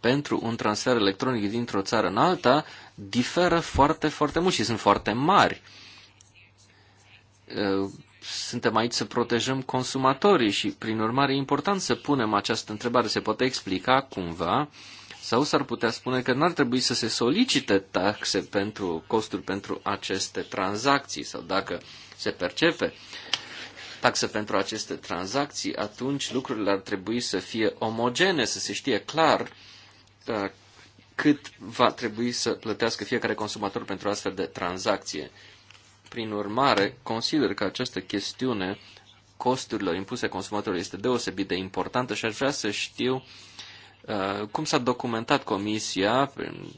pentru un transfer electronic dintr-o țară în alta diferă foarte, foarte mult și sunt foarte mari. Uh, suntem aici să protejăm consumatorii și, prin urmare, e important să punem această întrebare. Se poate explica cumva uh, sau s-ar putea spune că n-ar trebui să se solicite taxe pentru costuri pentru aceste tranzacții sau dacă se percepe taxe pentru aceste tranzacții, atunci lucrurile ar trebui să fie omogene, să se știe clar uh, cât va trebui să plătească fiecare consumator pentru astfel de tranzacție. Prin urmare, consider că această chestiune costurilor impuse consumatorului este deosebit de importantă și aș vrea să știu Uh, cum s-a documentat Comisia prin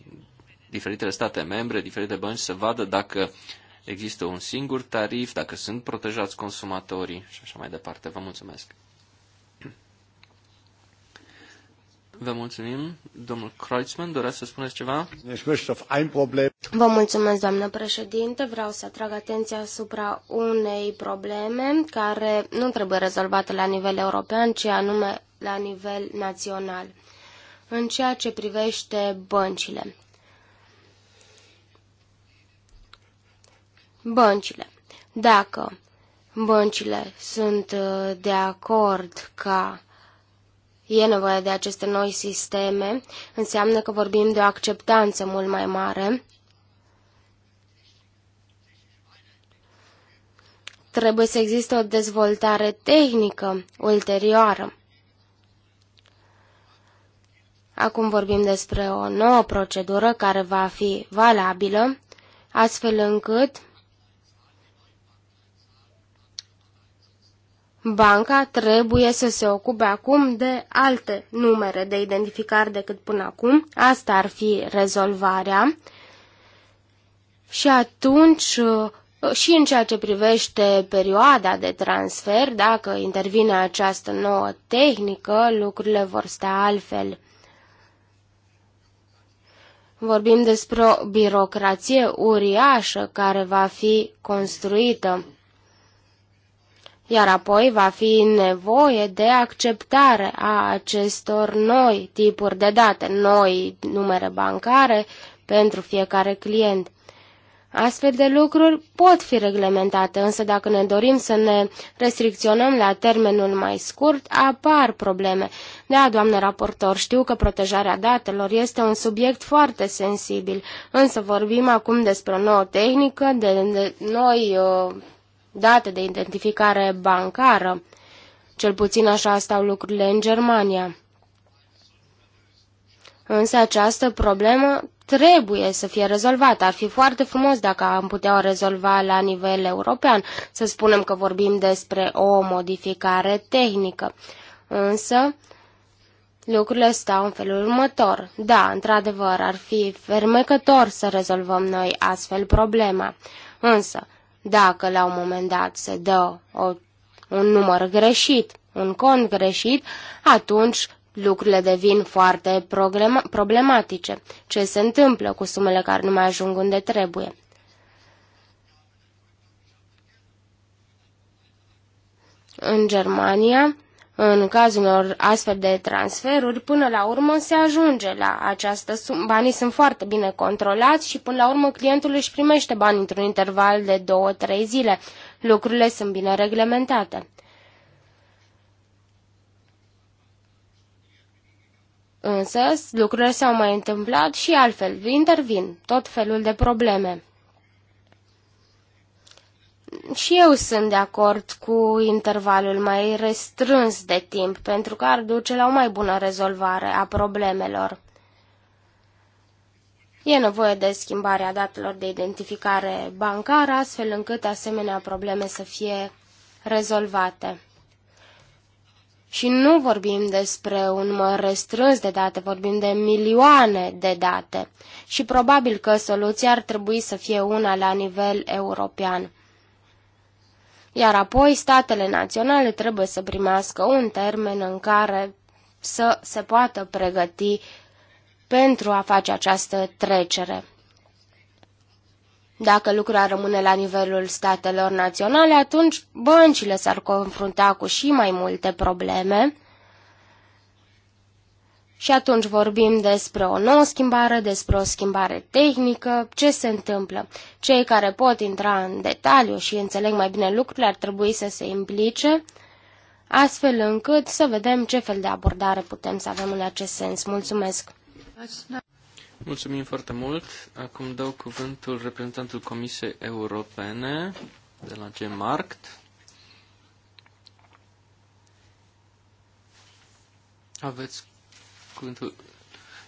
diferitele state membre, diferite bănci, să vadă dacă există un singur tarif, dacă sunt protejați consumatorii și așa mai departe. Vă mulțumesc. Vă mulțumim. Domnul Kreutzmann, doreați să spuneți ceva? Vă mulțumesc, doamnă președinte. Vreau să atrag atenția asupra unei probleme care nu trebuie rezolvate la nivel european, ci anume la nivel național în ceea ce privește băncile. Băncile. Dacă băncile sunt uh, de acord ca e nevoie de aceste noi sisteme, înseamnă că vorbim de o acceptanță mult mai mare. Trebuie să existe o dezvoltare tehnică ulterioară. Acum vorbim despre o nouă procedură care va fi valabilă, astfel încât banca trebuie să se ocupe acum de alte numere de identificare decât până acum. Asta ar fi rezolvarea. Și atunci, și în ceea ce privește perioada de transfer, dacă intervine această nouă tehnică, lucrurile vor sta altfel. Vorbim despre o birocrație uriașă care va fi construită, iar apoi va fi nevoie de acceptare a acestor noi tipuri de date, noi numere bancare pentru fiecare client. Astfel de lucruri pot fi reglementate, însă dacă ne dorim să ne restricționăm la termenul mai scurt, apar probleme. Da, doamnă raportor, știu că protejarea datelor este un subiect foarte sensibil, însă vorbim acum despre o nouă tehnică, de, noi uh, date de identificare bancară. Cel puțin așa stau lucrurile în Germania. Însă această problemă trebuie să fie rezolvată. Ar fi foarte frumos dacă am putea o rezolva la nivel european, să spunem că vorbim despre o modificare tehnică. Însă, lucrurile stau în felul următor. Da, într-adevăr, ar fi fermecător să rezolvăm noi astfel problema. Însă, dacă la un moment dat se dă o, un număr greșit, un cont greșit, atunci lucrurile devin foarte problematice. Ce se întâmplă cu sumele care nu mai ajung unde trebuie? În Germania, în cazul unor astfel de transferuri, până la urmă se ajunge la această sumă. Banii sunt foarte bine controlați și până la urmă clientul își primește bani într-un interval de 2-3 zile. Lucrurile sunt bine reglementate. Însă lucrurile s-au mai întâmplat și altfel, intervin tot felul de probleme. Și eu sunt de acord cu intervalul mai restrâns de timp, pentru că ar duce la o mai bună rezolvare a problemelor. E nevoie de schimbarea datelor de identificare bancară, astfel încât asemenea probleme să fie rezolvate. Și nu vorbim despre un număr restrâns de date, vorbim de milioane de date. Și probabil că soluția ar trebui să fie una la nivel european. Iar apoi statele naționale trebuie să primească un termen în care să se poată pregăti pentru a face această trecere. Dacă lucrul ar rămâne la nivelul statelor naționale, atunci băncile s-ar confrunta cu și mai multe probleme. Și atunci vorbim despre o nouă schimbare, despre o schimbare tehnică, ce se întâmplă. Cei care pot intra în detaliu și înțeleg mai bine lucrurile ar trebui să se implice, astfel încât să vedem ce fel de abordare putem să avem în acest sens. Mulțumesc! Mulțumim foarte mult. Acum dau cuvântul reprezentantul Comisiei Europene de la G-Markt. Aveți cuvântul.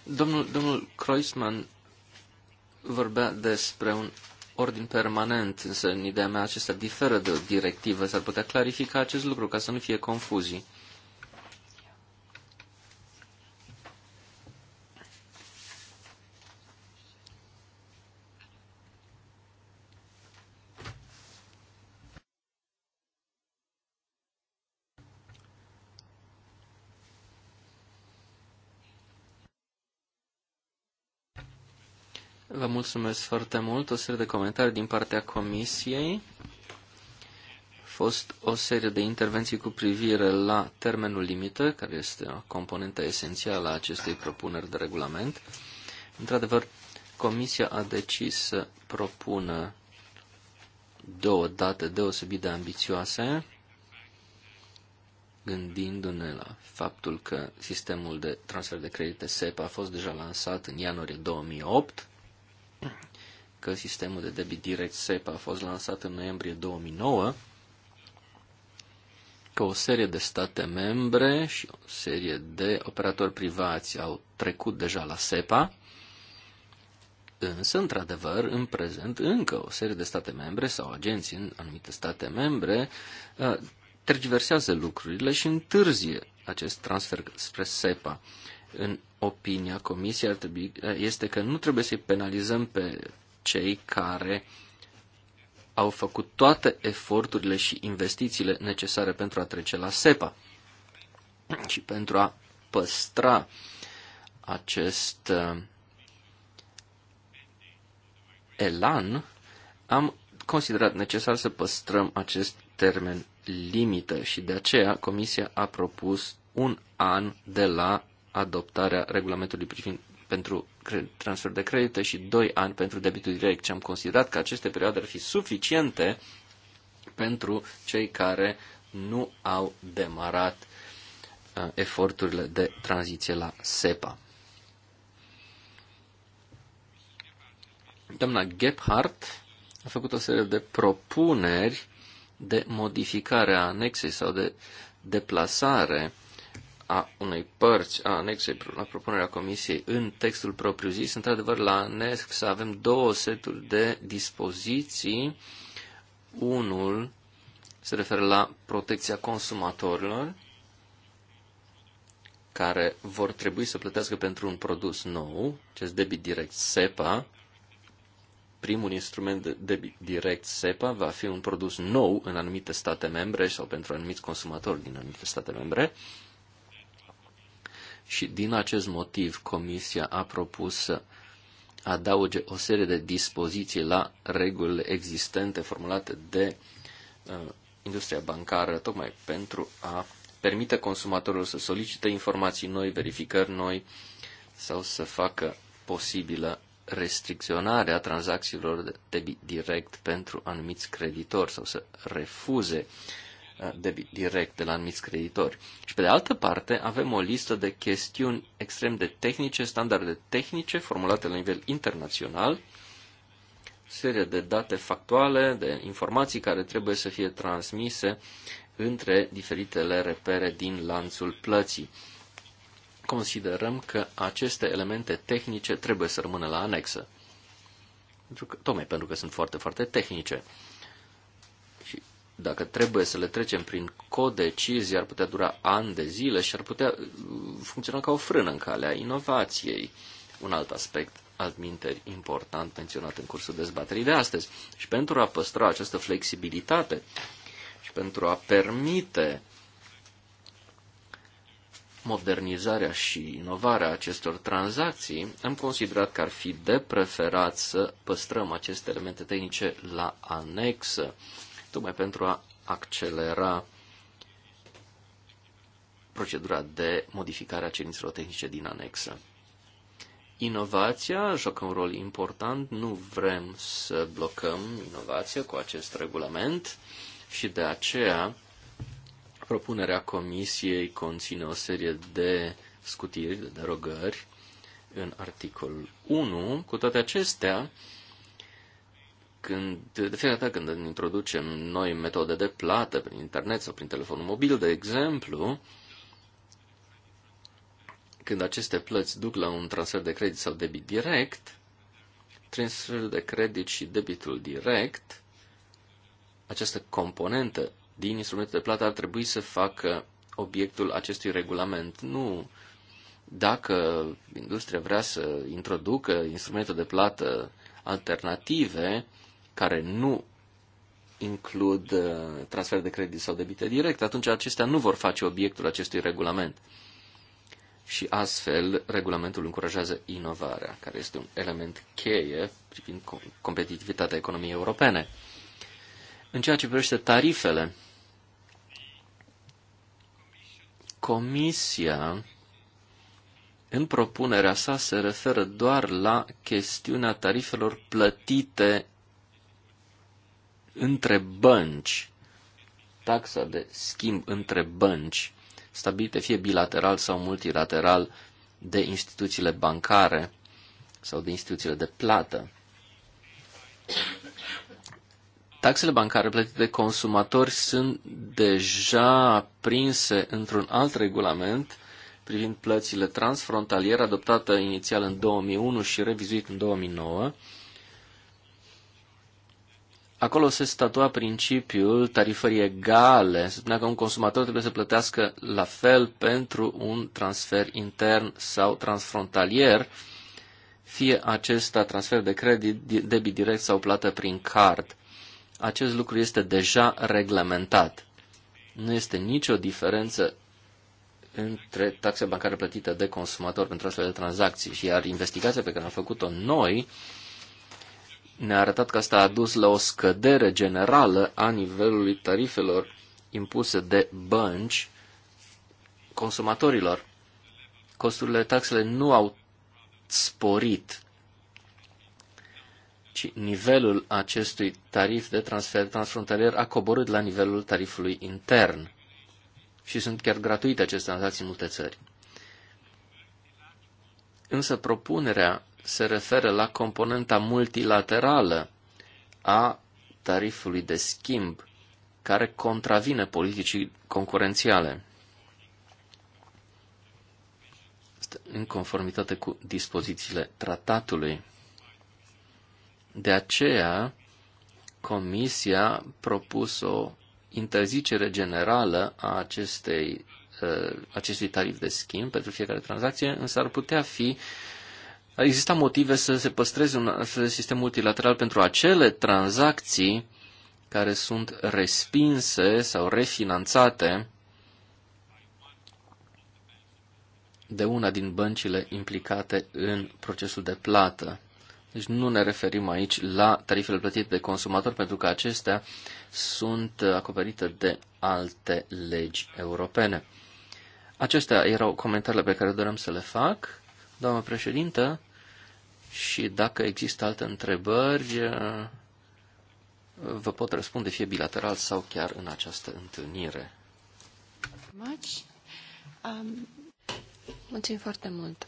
Domnul, domnul Kreuzmann vorbea despre un ordin permanent, însă în ideea mea acesta diferă de o directivă. S-ar putea clarifica acest lucru ca să nu fie confuzii. Vă mulțumesc foarte mult. O serie de comentarii din partea Comisiei. A fost o serie de intervenții cu privire la termenul limită, care este o componentă esențială a acestei propuneri de regulament. Într-adevăr, Comisia a decis să propună două date deosebit de ambițioase, gândindu-ne la faptul că sistemul de transfer de credite SEPA a fost deja lansat în ianuarie 2008 că sistemul de debit direct SEP a fost lansat în noiembrie 2009, că o serie de state membre și o serie de operatori privați au trecut deja la SEPA, însă, într-adevăr, în prezent, încă o serie de state membre sau agenții în anumite state membre uh, tergiversează lucrurile și întârzie acest transfer spre SEPA. În opinia comisiei este că nu trebuie să-i penalizăm pe cei care au făcut toate eforturile și investițiile necesare pentru a trece la SEPA și pentru a păstra acest uh, elan, am considerat necesar să păstrăm acest termen limită și de aceea Comisia a propus un an de la adoptarea regulamentului privind pentru transfer de credite și 2 ani pentru debitul direct. ce am considerat că aceste perioade ar fi suficiente pentru cei care nu au demarat uh, eforturile de tranziție la SEPA. Doamna Gebhardt a făcut o serie de propuneri de modificare a anexei sau de deplasare a unei părți a anexei la propunerea Comisiei în textul propriu-zis, într-adevăr, la anex să avem două seturi de dispoziții. Unul se referă la protecția consumatorilor, care vor trebui să plătească pentru un produs nou, acest debit direct SEPA, primul instrument de debit direct SEPA va fi un produs nou în anumite state membre sau pentru anumiți consumatori din anumite state membre, și din acest motiv Comisia a propus să adauge o serie de dispoziții la regulile existente formulate de uh, industria bancară, tocmai pentru a permite consumatorilor să solicite informații noi, verificări noi sau să facă posibilă restricționarea tranzacțiilor de debit direct pentru anumiți creditori sau să refuze uh, Uh, debit direct de la anumiți creditori. Și pe de altă parte avem o listă de chestiuni extrem de tehnice, standarde tehnice formulate la nivel internațional, serie de date factuale, de informații care trebuie să fie transmise între diferitele repere din lanțul plății. Considerăm că aceste elemente tehnice trebuie să rămână la anexă. Pentru că, tocmai pentru că sunt foarte, foarte tehnice dacă trebuie să le trecem prin codecizie, ar putea dura ani de zile și ar putea uh, funcționa ca o frână în calea inovației. Un alt aspect adminteri important menționat în cursul dezbaterii de astăzi. Și pentru a păstra această flexibilitate și pentru a permite modernizarea și inovarea acestor tranzacții, am considerat că ar fi de preferat să păstrăm aceste elemente tehnice la anexă tocmai pentru a accelera procedura de modificare a cerințelor tehnice din anexă. Inovația joacă un rol important, nu vrem să blocăm inovația cu acest regulament și de aceea propunerea comisiei conține o serie de scutiri, de derogări în articolul 1. Cu toate acestea, când, de fiecare dată când introducem noi metode de plată prin internet sau prin telefonul mobil, de exemplu, când aceste plăți duc la un transfer de credit sau debit direct, transferul de credit și debitul direct, această componentă din instrumentul de plată ar trebui să facă obiectul acestui regulament. Nu dacă industria vrea să introducă instrumente de plată alternative, care nu includ uh, transfer de credit sau debite direct, atunci acestea nu vor face obiectul acestui regulament. Și astfel, regulamentul încurajează inovarea, care este un element cheie privind competitivitatea economiei europene. În ceea ce privește tarifele, Comisia, în propunerea sa, se referă doar la chestiunea tarifelor plătite între bănci, taxa de schimb între bănci, stabilite fie bilateral sau multilateral de instituțiile bancare sau de instituțiile de plată. Taxele bancare plătite de consumatori sunt deja prinse într-un alt regulament privind plățile transfrontaliere adoptată inițial în 2001 și revizuit în 2009 Acolo se statua principiul tarifării egale. Se spunea că un consumator trebuie să plătească la fel pentru un transfer intern sau transfrontalier, fie acesta transfer de credit, debit direct sau plată prin card. Acest lucru este deja reglementat. Nu este nicio diferență între taxa bancară plătită de consumator pentru astfel de tranzacții, iar investigația pe care am făcut-o noi ne-a arătat că asta a dus la o scădere generală a nivelului tarifelor impuse de bănci consumatorilor. Costurile taxele nu au sporit, ci nivelul acestui tarif de transfer transfrontalier a coborât la nivelul tarifului intern. Și sunt chiar gratuite aceste tranzacții în multe țări. Însă propunerea se referă la componenta multilaterală a tarifului de schimb, care contravine politicii concurențiale. Este în conformitate cu dispozițiile tratatului. De aceea, Comisia a propus o interzicere generală a acestei, uh, acestui tarif de schimb pentru fiecare tranzacție, însă ar putea fi uh, exista motive să se păstreze un astfel de sistem multilateral pentru acele tranzacții care sunt respinse sau refinanțate de una din băncile implicate în procesul de plată. Deci nu ne referim aici la tarifele plătite de consumator, pentru că acestea sunt acoperite de alte legi europene. Acestea erau comentariile pe care doream să le fac. Doamnă președintă, și dacă există alte întrebări, eh, vă pot răspunde fie bilateral sau chiar în această întâlnire. Um, Mulțumim foarte mult.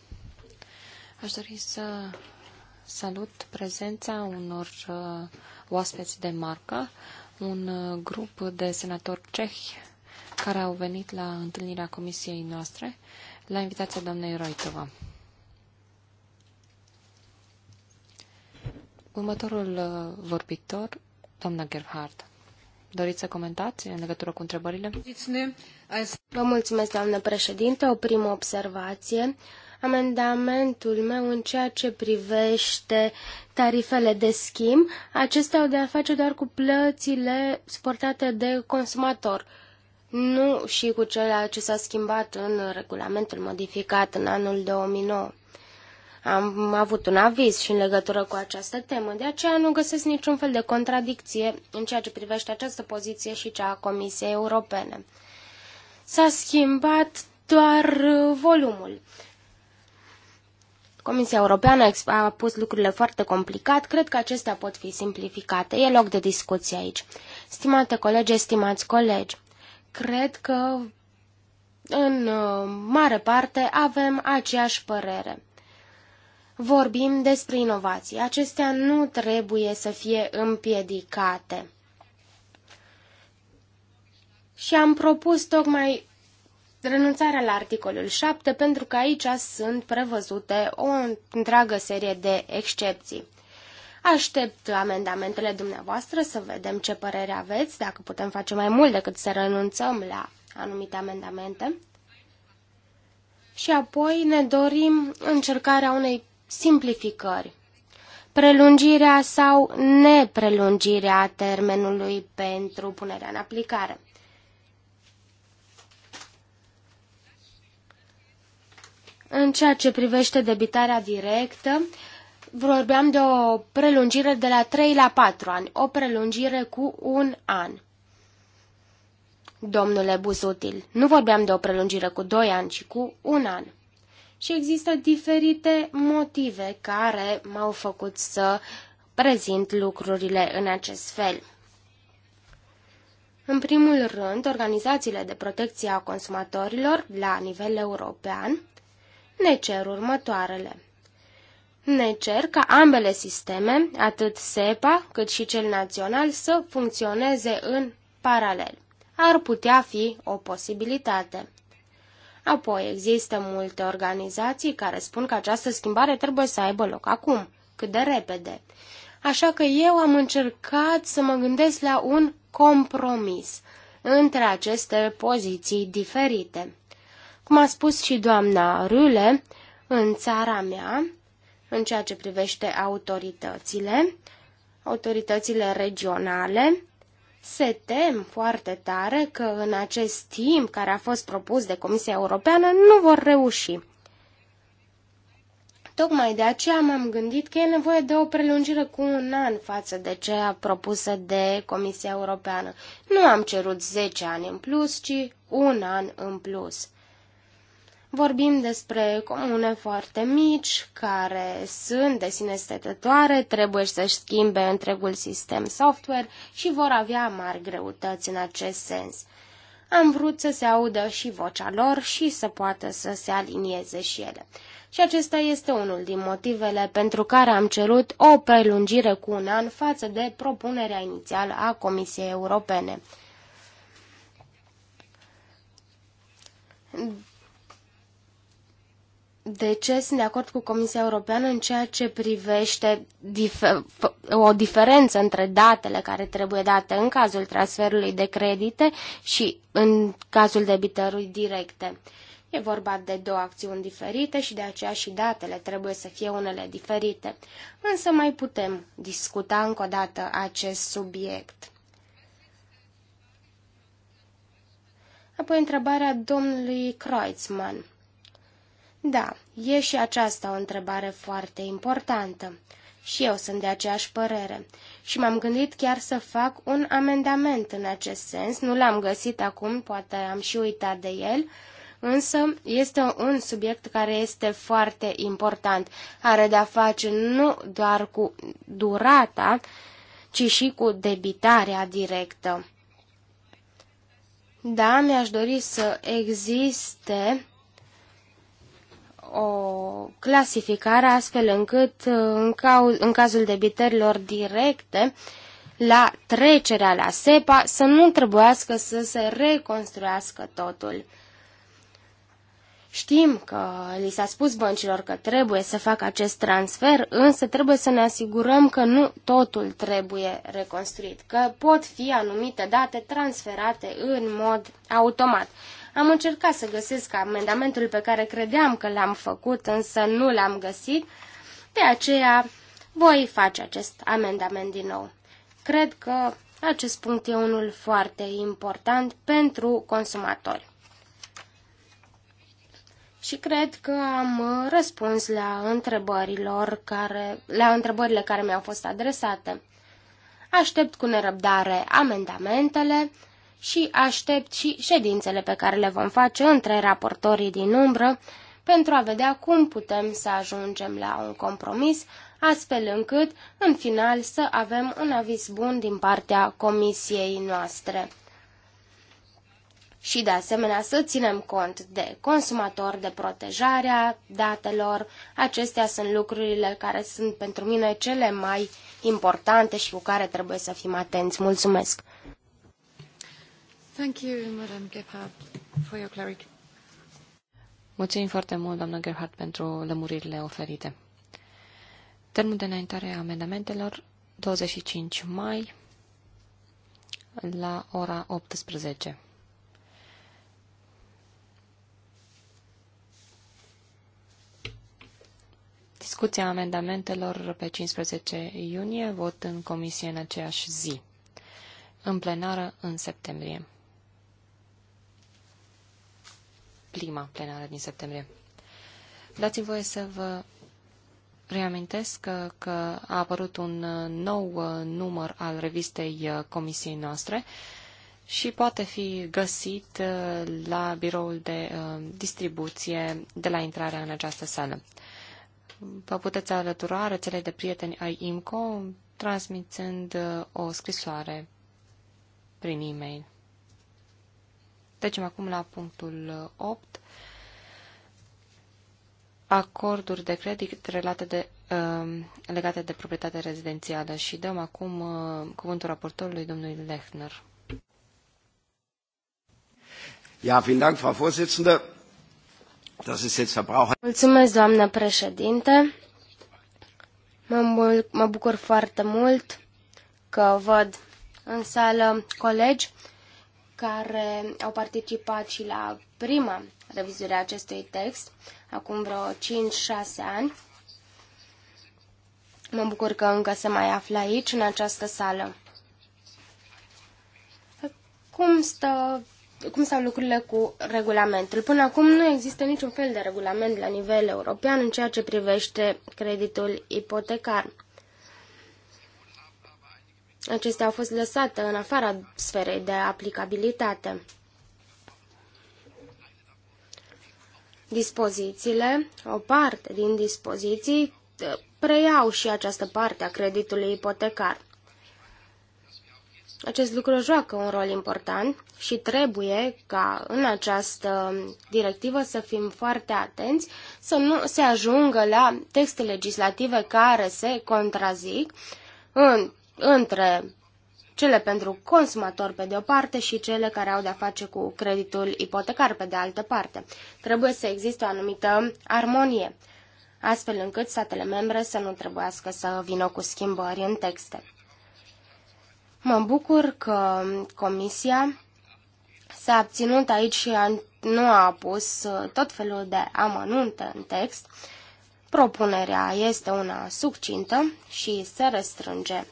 Aș dori să salut prezența unor uh, oaspeți de marcă, un uh, grup de senatori cehi care au venit la întâlnirea comisiei noastre la invitația doamnei Roitova. Următorul uh, vorbitor, doamna Gerhard. Doriți să comentați în legătură cu întrebările? Vă mulțumesc, doamnă președinte. O primă observație. Amendamentul meu în ceea ce privește tarifele de schimb, acestea au de a face doar cu plățile suportate de consumator, nu și cu ceea ce s-a schimbat în regulamentul modificat în anul 2009. Am avut un aviz și în legătură cu această temă, de aceea nu găsesc niciun fel de contradicție în ceea ce privește această poziție și cea a Comisiei Europene. S-a schimbat doar uh, volumul. Comisia Europeană a pus lucrurile foarte complicat, cred că acestea pot fi simplificate. E loc de discuție aici. Stimate colegi, stimați colegi, cred că în uh, mare parte avem aceeași părere vorbim despre inovații. Acestea nu trebuie să fie împiedicate. Și am propus tocmai renunțarea la articolul 7, pentru că aici sunt prevăzute o întreagă serie de excepții. Aștept amendamentele dumneavoastră să vedem ce părere aveți, dacă putem face mai mult decât să renunțăm la anumite amendamente. Și apoi ne dorim încercarea unei simplificări. Prelungirea sau neprelungirea termenului pentru punerea în aplicare. În ceea ce privește debitarea directă, vorbeam de o prelungire de la 3 la 4 ani, o prelungire cu un an. Domnule Buzutil, nu vorbeam de o prelungire cu 2 ani, ci cu un an și există diferite motive care m-au făcut să prezint lucrurile în acest fel. În primul rând, organizațiile de protecție a consumatorilor la nivel european ne cer următoarele. Ne cer ca ambele sisteme, atât SEPA cât și cel național, să funcționeze în paralel. Ar putea fi o posibilitate. Apoi, există multe organizații care spun că această schimbare trebuie să aibă loc acum, cât de repede. Așa că eu am încercat să mă gândesc la un compromis între aceste poziții diferite. Cum a spus și doamna Rule, în țara mea, în ceea ce privește autoritățile, autoritățile regionale, se tem foarte tare că în acest timp care a fost propus de Comisia Europeană nu vor reuși. Tocmai de aceea m-am gândit că e nevoie de o prelungire cu un an față de cea propusă de Comisia Europeană. Nu am cerut 10 ani în plus, ci un an în plus. Vorbim despre comune foarte mici, care sunt de sine stătătoare, trebuie să schimbe întregul sistem software și vor avea mari greutăți în acest sens. Am vrut să se audă și vocea lor și să poată să se alinieze și ele. Și acesta este unul din motivele pentru care am cerut o prelungire cu un an față de propunerea inițială a Comisiei Europene de ce sunt de acord cu Comisia Europeană în ceea ce privește o diferență între datele care trebuie date în cazul transferului de credite și în cazul debitorului directe. E vorba de două acțiuni diferite și de aceea și datele trebuie să fie unele diferite. Însă mai putem discuta încă o dată acest subiect. Apoi întrebarea domnului Kreutzmann. Da, e și aceasta o întrebare foarte importantă. Și eu sunt de aceeași părere. Și m-am gândit chiar să fac un amendament în acest sens. Nu l-am găsit acum, poate am și uitat de el, însă este un subiect care este foarte important. Are de-a face nu doar cu durata, ci și cu debitarea directă. Da, mi-aș dori să existe o clasificare astfel încât uh, în, cau- în cazul debitărilor directe la trecerea la SEPA să nu trebuiască să se reconstruiască totul. Știm că li s-a spus băncilor că trebuie să facă acest transfer, însă trebuie să ne asigurăm că nu totul trebuie reconstruit, că pot fi anumite date transferate în mod automat. Am încercat să găsesc amendamentul pe care credeam că l-am făcut, însă nu l-am găsit, de aceea voi face acest amendament din nou. Cred că acest punct e unul foarte important pentru consumatori. Și cred că am răspuns la întrebărilor care, la întrebările care mi-au fost adresate. Aștept cu nerăbdare amendamentele și aștept și ședințele pe care le vom face între raportorii din umbră pentru a vedea cum putem să ajungem la un compromis, astfel încât, în final, să avem un aviz bun din partea comisiei noastre. Și, de asemenea, să ținem cont de consumator de protejarea datelor. Acestea sunt lucrurile care sunt pentru mine cele mai importante și cu care trebuie să fim atenți. Mulțumesc! Thank you, Madam Gephardt, for your clarity. Mulțumim foarte mult, doamnă Gerhardt, pentru lămuririle oferite. Termenul de înaintare a amendamentelor, 25 mai, la ora 18. Discuția amendamentelor pe 15 iunie, vot în comisie în aceeași zi, în plenară în septembrie. prima plenară din septembrie. Dați-mi voie să vă reamintesc că, că a apărut un uh, nou uh, număr al revistei uh, comisiei noastre și poate fi găsit la biroul de distribuție de la intrarea în această sală. Vă puteți alătura rețelei de prieteni ai IMCO transmițând o scrisoare prin e-mail. Trecem acum la punctul 8. Uh, Acorduri de credit relate de, uh, legate de proprietate rezidențială și dăm acum uh, cuvântul raportorului domnului Lechner. Ja, vielen Dank, Frau Vorsitzende. Das ist jetzt Verbraucher. Mulțumesc, doamnă președinte. Mă, mă bucur foarte mult că văd în sală colegi care au participat și la prima revizuire a acestui text, acum vreo 5-6 ani. Mă bucur că încă se mai află aici, în această sală. Cum, stă, cum stau lucrurile cu regulamentul? Până acum nu există niciun fel de regulament la nivel european în ceea ce privește creditul ipotecar acestea au fost lăsate în afara sferei de aplicabilitate. Dispozițiile, o parte din dispoziții, eh, preiau și această parte a creditului ipotecar. Acest lucru joacă un rol important și trebuie ca în această directivă să fim foarte atenți să nu se ajungă la texte legislative care se contrazic în între cele pentru consumator pe de o parte și cele care au de-a face cu creditul ipotecar pe de altă parte. Trebuie să existe o anumită armonie, astfel încât statele membre să nu trebuiască să vină cu schimbări în texte. Mă bucur că Comisia s-a abținut aici și a, nu a pus tot felul de amănunte în text. Propunerea este una succintă și se restrânge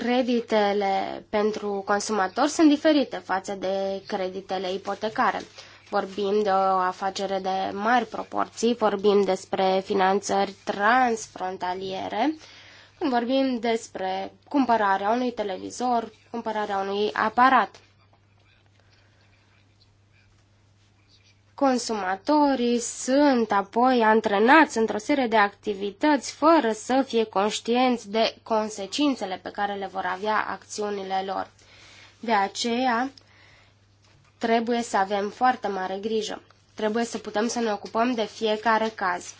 Creditele pentru consumatori sunt diferite față de creditele ipotecare. Vorbim de o afacere de mari proporții, vorbim despre finanțări transfrontaliere, vorbim despre cumpărarea unui televizor, cumpărarea unui aparat. Consumatorii sunt apoi antrenați într-o serie de activități fără să fie conștienți de consecințele pe care le vor avea acțiunile lor. De aceea, trebuie să avem foarte mare grijă. Trebuie să putem să ne ocupăm de fiecare caz.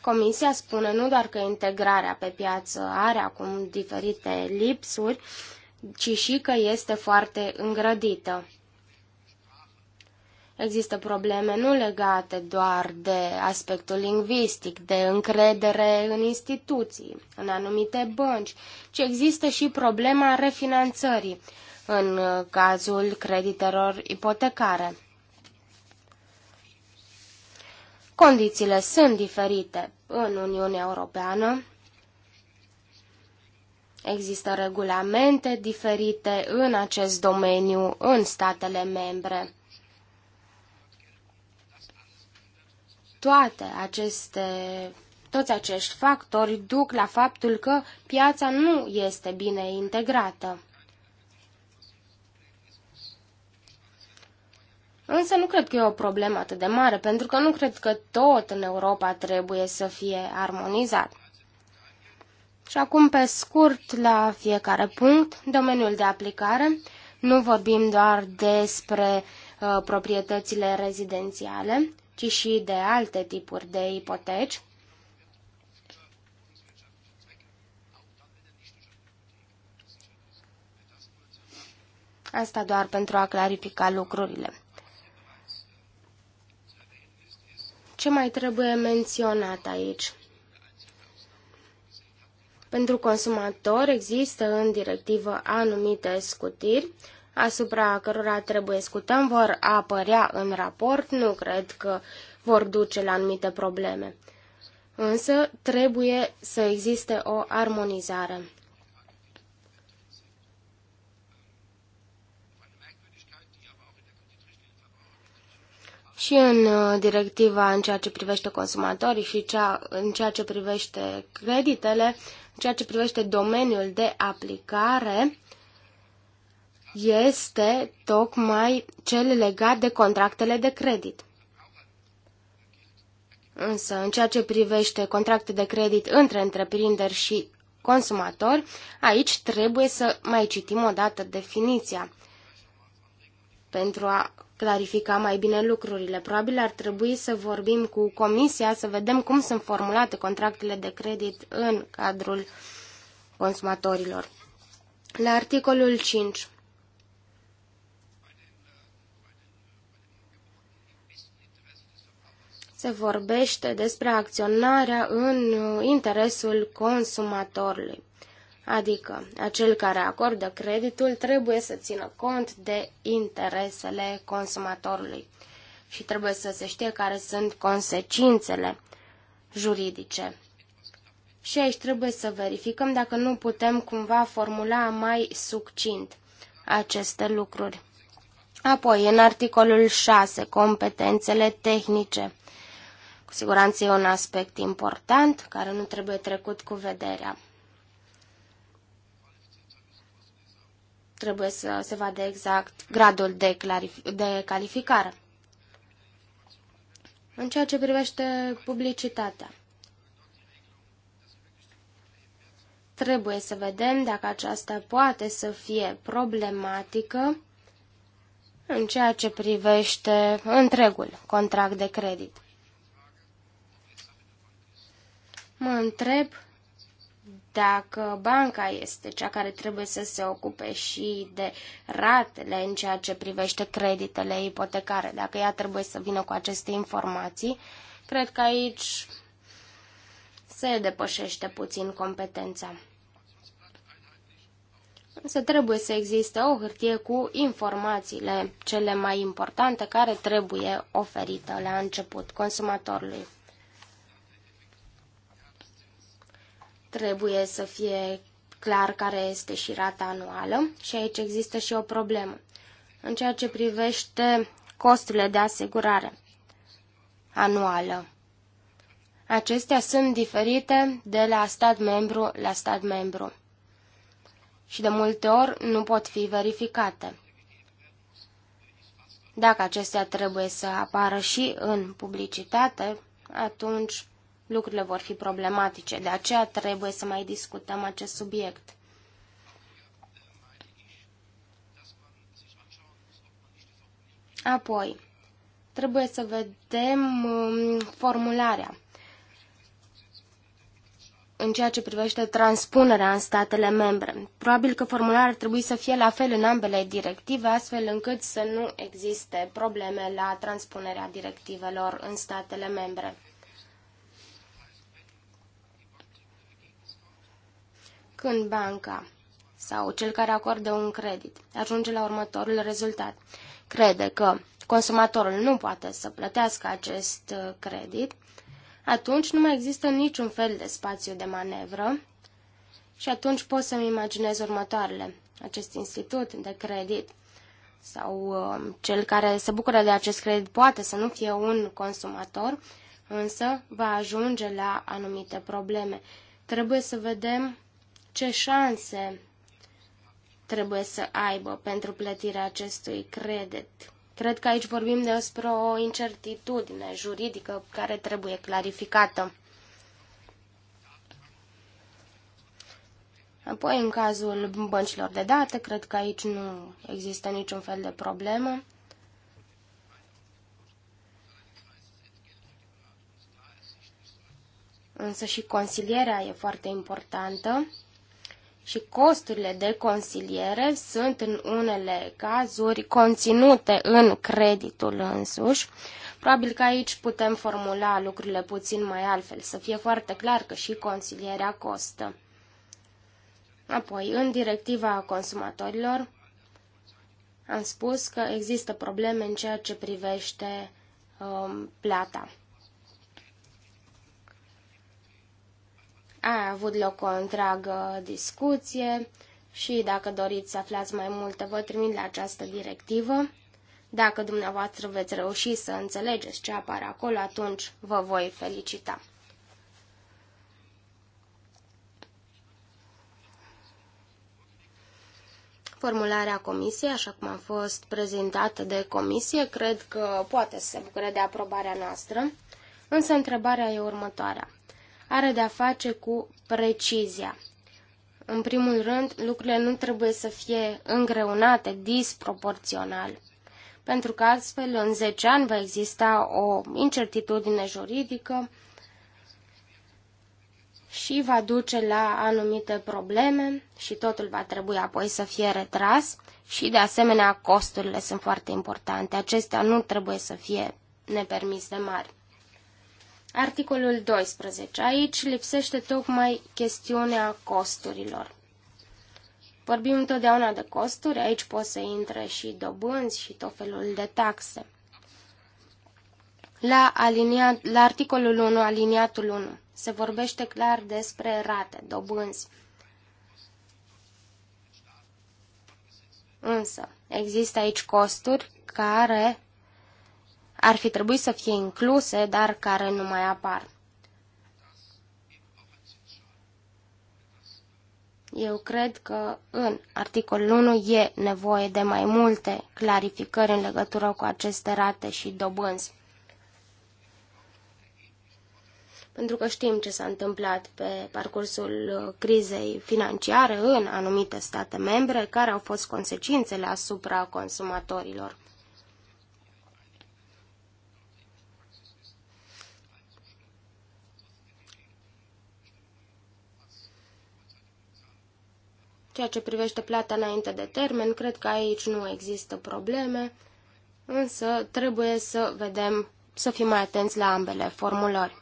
Comisia spune nu doar că integrarea pe piață are acum diferite lipsuri, ci și că este foarte îngrădită. Există probleme nu legate doar de aspectul lingvistic, de încredere în instituții, în anumite bănci, ci există și problema refinanțării în cazul creditelor ipotecare. Condițiile sunt diferite în Uniunea Europeană. Există regulamente diferite în acest domeniu în statele membre. Toate aceste, toți acești factori duc la faptul că piața nu este bine integrată. Însă nu cred că e o problemă atât de mare, pentru că nu cred că tot în Europa trebuie să fie armonizat. Și acum, pe scurt, la fiecare punct, domeniul de aplicare, nu vorbim doar despre uh, proprietățile rezidențiale, ci și de alte tipuri de ipoteci. Asta doar pentru a clarifica lucrurile. Ce mai trebuie menționat aici? Pentru consumator există în directivă anumite scutiri asupra cărora trebuie scutăm vor apărea în raport, nu cred că vor duce la anumite probleme. Însă trebuie să existe o armonizare. Și în uh, directiva în ceea ce privește consumatorii și cea, în ceea ce privește creditele, în ceea ce privește domeniul de aplicare, este tocmai cel legat de contractele de credit. Însă, în ceea ce privește contracte de credit între întreprinderi și consumatori, aici trebuie să mai citim o dată definiția pentru a clarifica mai bine lucrurile. Probabil ar trebui să vorbim cu comisia, să vedem cum sunt formulate contractele de credit în cadrul consumatorilor. La articolul 5. se vorbește despre acționarea în interesul consumatorului. Adică, acel care acordă creditul trebuie să țină cont de interesele consumatorului și trebuie să se știe care sunt consecințele juridice. Și aici trebuie să verificăm dacă nu putem cumva formula mai succint aceste lucruri. Apoi, în articolul 6, competențele tehnice. Cu siguranță e un aspect important care nu trebuie trecut cu vederea. Trebuie să se vadă exact gradul de, de calificare. În ceea ce privește publicitatea, trebuie să vedem dacă aceasta poate să fie problematică în ceea ce privește întregul contract de credit. Mă întreb dacă banca este cea care trebuie să se ocupe și de ratele în ceea ce privește creditele ipotecare, dacă ea trebuie să vină cu aceste informații, cred că aici se depășește puțin competența. Însă trebuie să existe o hârtie cu informațiile cele mai importante care trebuie oferită la început consumatorului. Trebuie să fie clar care este și rata anuală și aici există și o problemă. În ceea ce privește costurile de asigurare anuală. Acestea sunt diferite de la stat membru la stat membru și de multe ori nu pot fi verificate. Dacă acestea trebuie să apară și în publicitate, atunci lucrurile vor fi problematice. De aceea trebuie să mai discutăm acest subiect. Apoi, trebuie să vedem um, formularea în ceea ce privește transpunerea în statele membre. Probabil că formularea ar trebui să fie la fel în ambele directive, astfel încât să nu existe probleme la transpunerea directivelor în statele membre. Când banca sau cel care acordă un credit ajunge la următorul rezultat, crede că consumatorul nu poate să plătească acest uh, credit, atunci nu mai există niciun fel de spațiu de manevră și atunci pot să-mi imaginez următoarele. Acest institut de credit sau uh, cel care se bucură de acest credit poate să nu fie un consumator, însă va ajunge la anumite probleme. Trebuie să vedem ce șanse trebuie să aibă pentru plătirea acestui credit? Cred că aici vorbim despre o incertitudine juridică care trebuie clarificată. Apoi, în cazul băncilor de date, cred că aici nu există niciun fel de problemă. Însă și consilierea e foarte importantă și costurile de consiliere sunt în unele cazuri conținute în creditul însuși. Probabil că aici putem formula lucrurile puțin mai altfel, să fie foarte clar că și consilierea costă. Apoi, în directiva consumatorilor, am spus că există probleme în ceea ce privește um, plata. A avut loc o întreagă discuție și dacă doriți să aflați mai multe, vă trimit la această directivă. Dacă dumneavoastră veți reuși să înțelegeți ce apare acolo, atunci vă voi felicita. Formularea comisiei, așa cum a fost prezentată de comisie, cred că poate să se bucure de aprobarea noastră, însă întrebarea e următoarea are de-a face cu precizia. În primul rând, lucrurile nu trebuie să fie îngreunate disproporțional, pentru că astfel în 10 ani va exista o incertitudine juridică și va duce la anumite probleme și totul va trebui apoi să fie retras și de asemenea costurile sunt foarte importante. Acestea nu trebuie să fie nepermis de mari. Articolul 12. Aici lipsește tocmai chestiunea costurilor. Vorbim întotdeauna de costuri, aici pot să intre și dobânzi și tot felul de taxe. La, aliniat, la articolul 1, aliniatul 1, se vorbește clar despre rate, dobânzi. Însă, există aici costuri care ar fi trebuit să fie incluse, dar care nu mai apar. Eu cred că în articolul 1 e nevoie de mai multe clarificări în legătură cu aceste rate și dobânzi. Pentru că știm ce s-a întâmplat pe parcursul uh, crizei financiare în anumite state membre, care au fost consecințele asupra consumatorilor. Ceea ce privește plata înainte de termen, cred că aici nu există probleme, însă trebuie să vedem, să fim mai atenți la ambele formulări.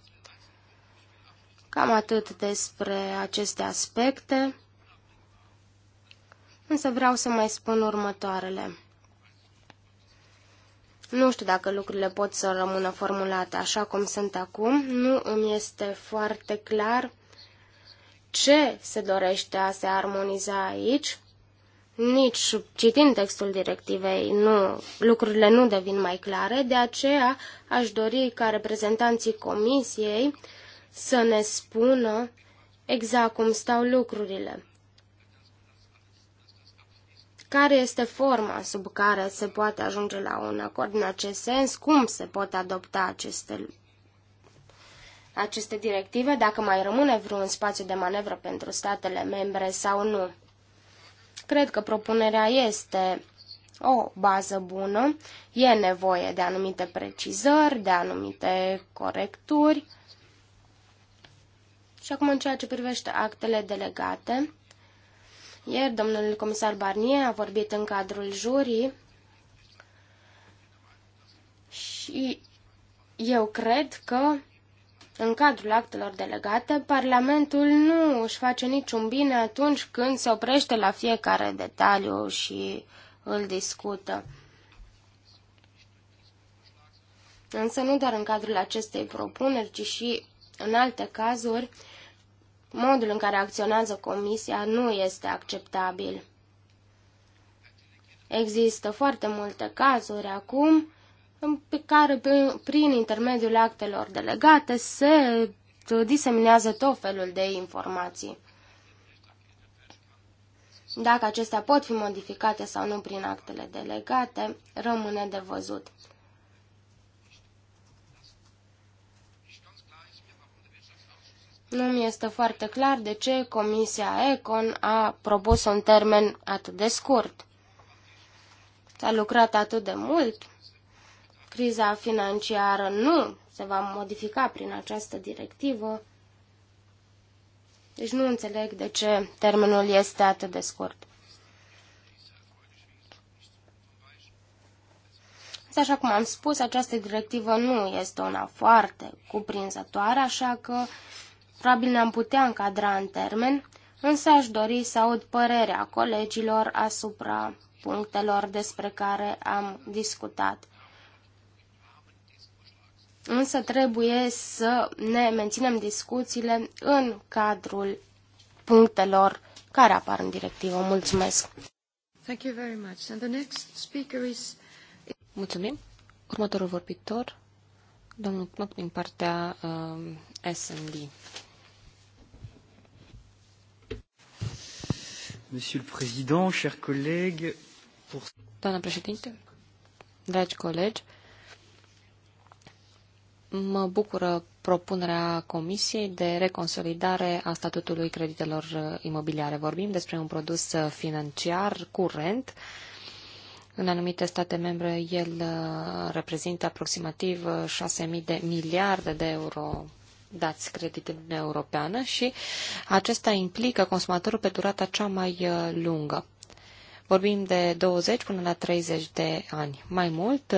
Cam atât despre aceste aspecte, însă vreau să mai spun următoarele. Nu știu dacă lucrurile pot să rămână formulate așa cum sunt acum, nu îmi este foarte clar ce se dorește a se armoniza aici. Nici citind textul directivei, nu, lucrurile nu devin mai clare, de aceea aș dori ca reprezentanții comisiei să ne spună exact cum stau lucrurile. Care este forma sub care se poate ajunge la un acord în acest sens? Cum se pot adopta aceste aceste directive, dacă mai rămâne vreun spațiu de manevră pentru statele membre sau nu. Cred că propunerea este o bază bună, e nevoie de anumite precizări, de anumite corecturi. Și acum în ceea ce privește actele delegate, ieri domnul comisar Barnier a vorbit în cadrul jurii și eu cred că în cadrul actelor delegate, Parlamentul nu își face niciun bine atunci când se oprește la fiecare detaliu și îl discută. Însă nu doar în cadrul acestei propuneri, ci și în alte cazuri, modul în care acționează Comisia nu este acceptabil. Există foarte multe cazuri acum pe care prin intermediul actelor delegate se diseminează tot felul de informații. Dacă acestea pot fi modificate sau nu prin actele delegate, rămâne de văzut. Nu mi este foarte clar de ce Comisia Econ a propus un termen atât de scurt. S-a lucrat atât de mult criza financiară nu se va modifica prin această directivă. Deci nu înțeleg de ce termenul este atât de scurt. Așa cum am spus, această directivă nu este una foarte cuprinzătoare, așa că probabil ne-am putea încadra în termen, însă aș dori să aud părerea colegilor asupra punctelor despre care am discutat însă trebuie să ne menținem discuțiile în cadrul punctelor care apar în directivă. Mulțumesc! Thank you very much. And the next speaker is... Mulțumim! Următorul vorbitor, domnul Knop din partea uh, um, SND. Monsieur le Président, chers collègues, pour... Doamna președinte, dragi colegi, Mă bucură propunerea Comisiei de reconsolidare a statutului creditelor imobiliare. Vorbim despre un produs financiar curent. În anumite state membre, el uh, reprezintă aproximativ 6.000 uh, de miliarde de euro dați credit în Uniunea Europeană și acesta implică consumatorul pe durata cea mai uh, lungă. Vorbim de 20 până la 30 de ani. Mai mult,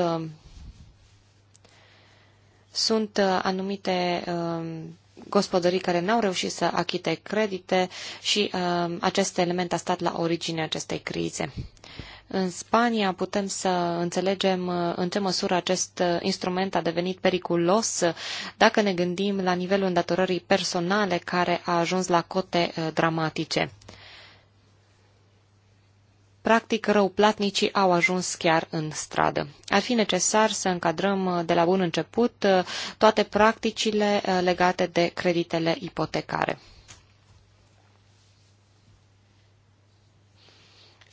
sunt uh, anumite um, gospodării care n-au reușit să achite credite și um, acest element a stat la originea acestei crize. În Spania putem să înțelegem uh, în ce măsură acest uh, instrument a devenit periculos dacă ne gândim la nivelul îndatorării personale care a ajuns la cote dramatice. Practic, răuplatnicii au ajuns chiar în stradă. Ar fi necesar să încadrăm uh, de la bun început uh, toate practicile uh, legate de creditele ipotecare.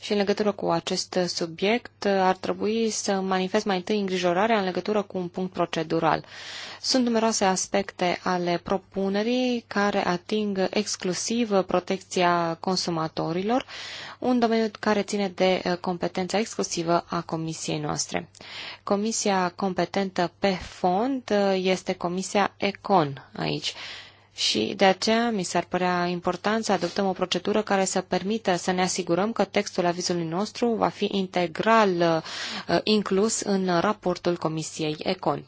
Și în legătură cu acest subiect ar trebui să manifest mai întâi îngrijorarea în legătură cu un punct procedural. Sunt numeroase aspecte ale propunerii care ating exclusiv protecția consumatorilor, un domeniu care ține de competența exclusivă a comisiei noastre. Comisia competentă pe fond este Comisia ECON aici. Și de aceea mi s-ar părea important să adoptăm o procedură care să permită să ne asigurăm că textul avizului nostru va fi integral uh, inclus în raportul Comisiei Econ.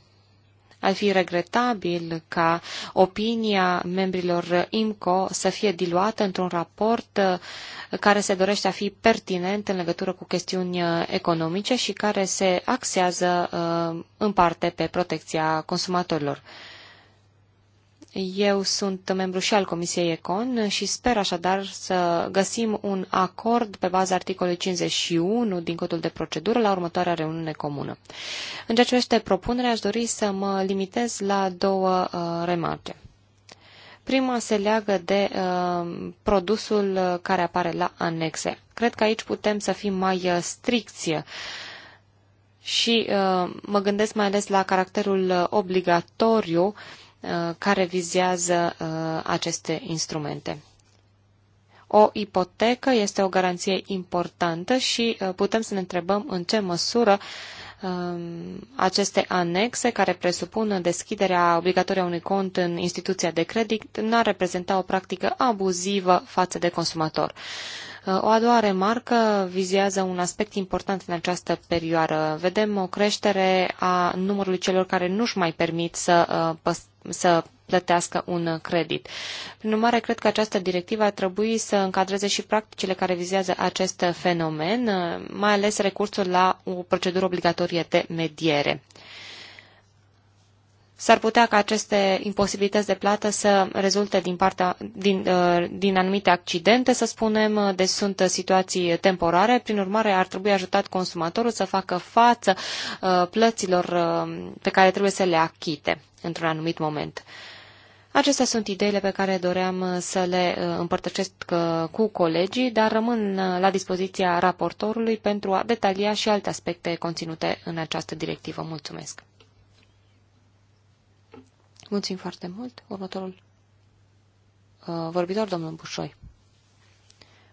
Ar fi regretabil ca opinia membrilor IMCO să fie diluată într-un raport uh, care se dorește a fi pertinent în legătură cu chestiuni uh, economice și care se axează în parte pe protecția consumatorilor. Eu sunt membru și al Comisiei Econ și sper așadar să găsim un acord pe baza articolului 51 din codul de procedură la următoarea reuniune comună. În ceea ce este propunerea, aș dori să mă limitez la două uh, remarce. Prima se leagă de uh, produsul uh, care apare la anexe. Cred că aici putem să fim mai uh, stricți și uh, mă gândesc mai ales la caracterul uh, obligatoriu uh, Uh, care vizează uh, aceste instrumente. O ipotecă este o garanție importantă și uh, putem să ne întrebăm în ce măsură um, aceste anexe care presupun deschiderea obligatorie a unui cont în instituția de credit n-ar reprezenta o practică abuzivă față de consumator. Uh, o a doua remarcă vizează un aspect important în această perioadă. Vedem o creștere a numărului celor care nu-și mai permit să, uh, să plătească un credit. Prin urmare, cred că această directivă ar trebui să încadreze și practicile care vizează acest fenomen, uh, mai ales recursul la o procedură obligatorie de mediere s-ar putea ca aceste imposibilități de plată să rezulte din, partea, din, uh, din anumite accidente, să spunem, deci sunt situații temporare, prin urmare ar trebui ajutat consumatorul să facă față uh, plăților uh, pe care trebuie să le achite într-un anumit moment. Acestea sunt ideile pe care doream să le împărtășesc cu colegii, dar rămân la dispoziția raportorului pentru a detalia și alte aspecte conținute în această directivă. Mulțumesc! Mulțumim foarte mult. Următorul uh, vorbitor, domnul Bușoi.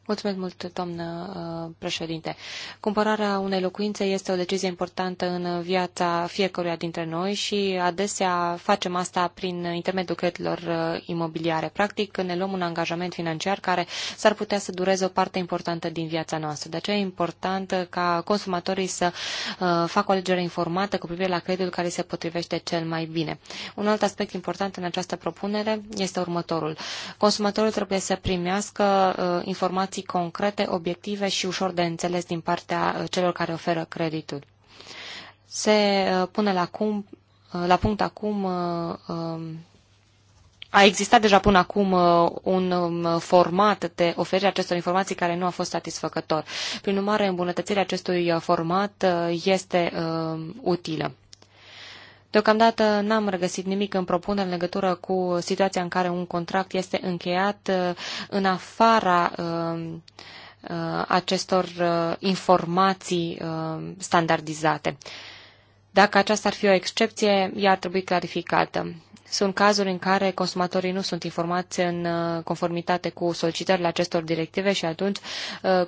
Mulțumesc mult, doamnă uh, președinte. Cumpărarea unei locuințe este o decizie importantă în viața fiecăruia dintre noi și adesea facem asta prin intermediul creditelor uh, imobiliare. Practic, ne luăm un angajament financiar care s-ar putea să dureze o parte importantă din viața noastră. De aceea e important ca consumatorii să uh, facă o alegere informată cu privire la creditul care se potrivește cel mai bine. Un alt aspect important în această propunere este următorul. Consumatorul trebuie să primească informații informații concrete, obiective și ușor de înțeles din partea uh, celor care oferă creditul. Se uh, pune la, cum, uh, la punct acum um, a existat deja până acum un um, format de oferire acestor informații care nu a fost satisfăcător. Prin urmare, îmbunătățirea acestui format este utilă. Deocamdată n-am regăsit nimic în propunere în legătură cu situația în care un contract este încheiat uh, în afara uh, uh, acestor informații standardizate. Dacă aceasta ar fi o excepție, ea ar trebui clarificată. Sunt cazuri în care consumatorii nu sunt informați în conformitate cu solicitările acestor directive și atunci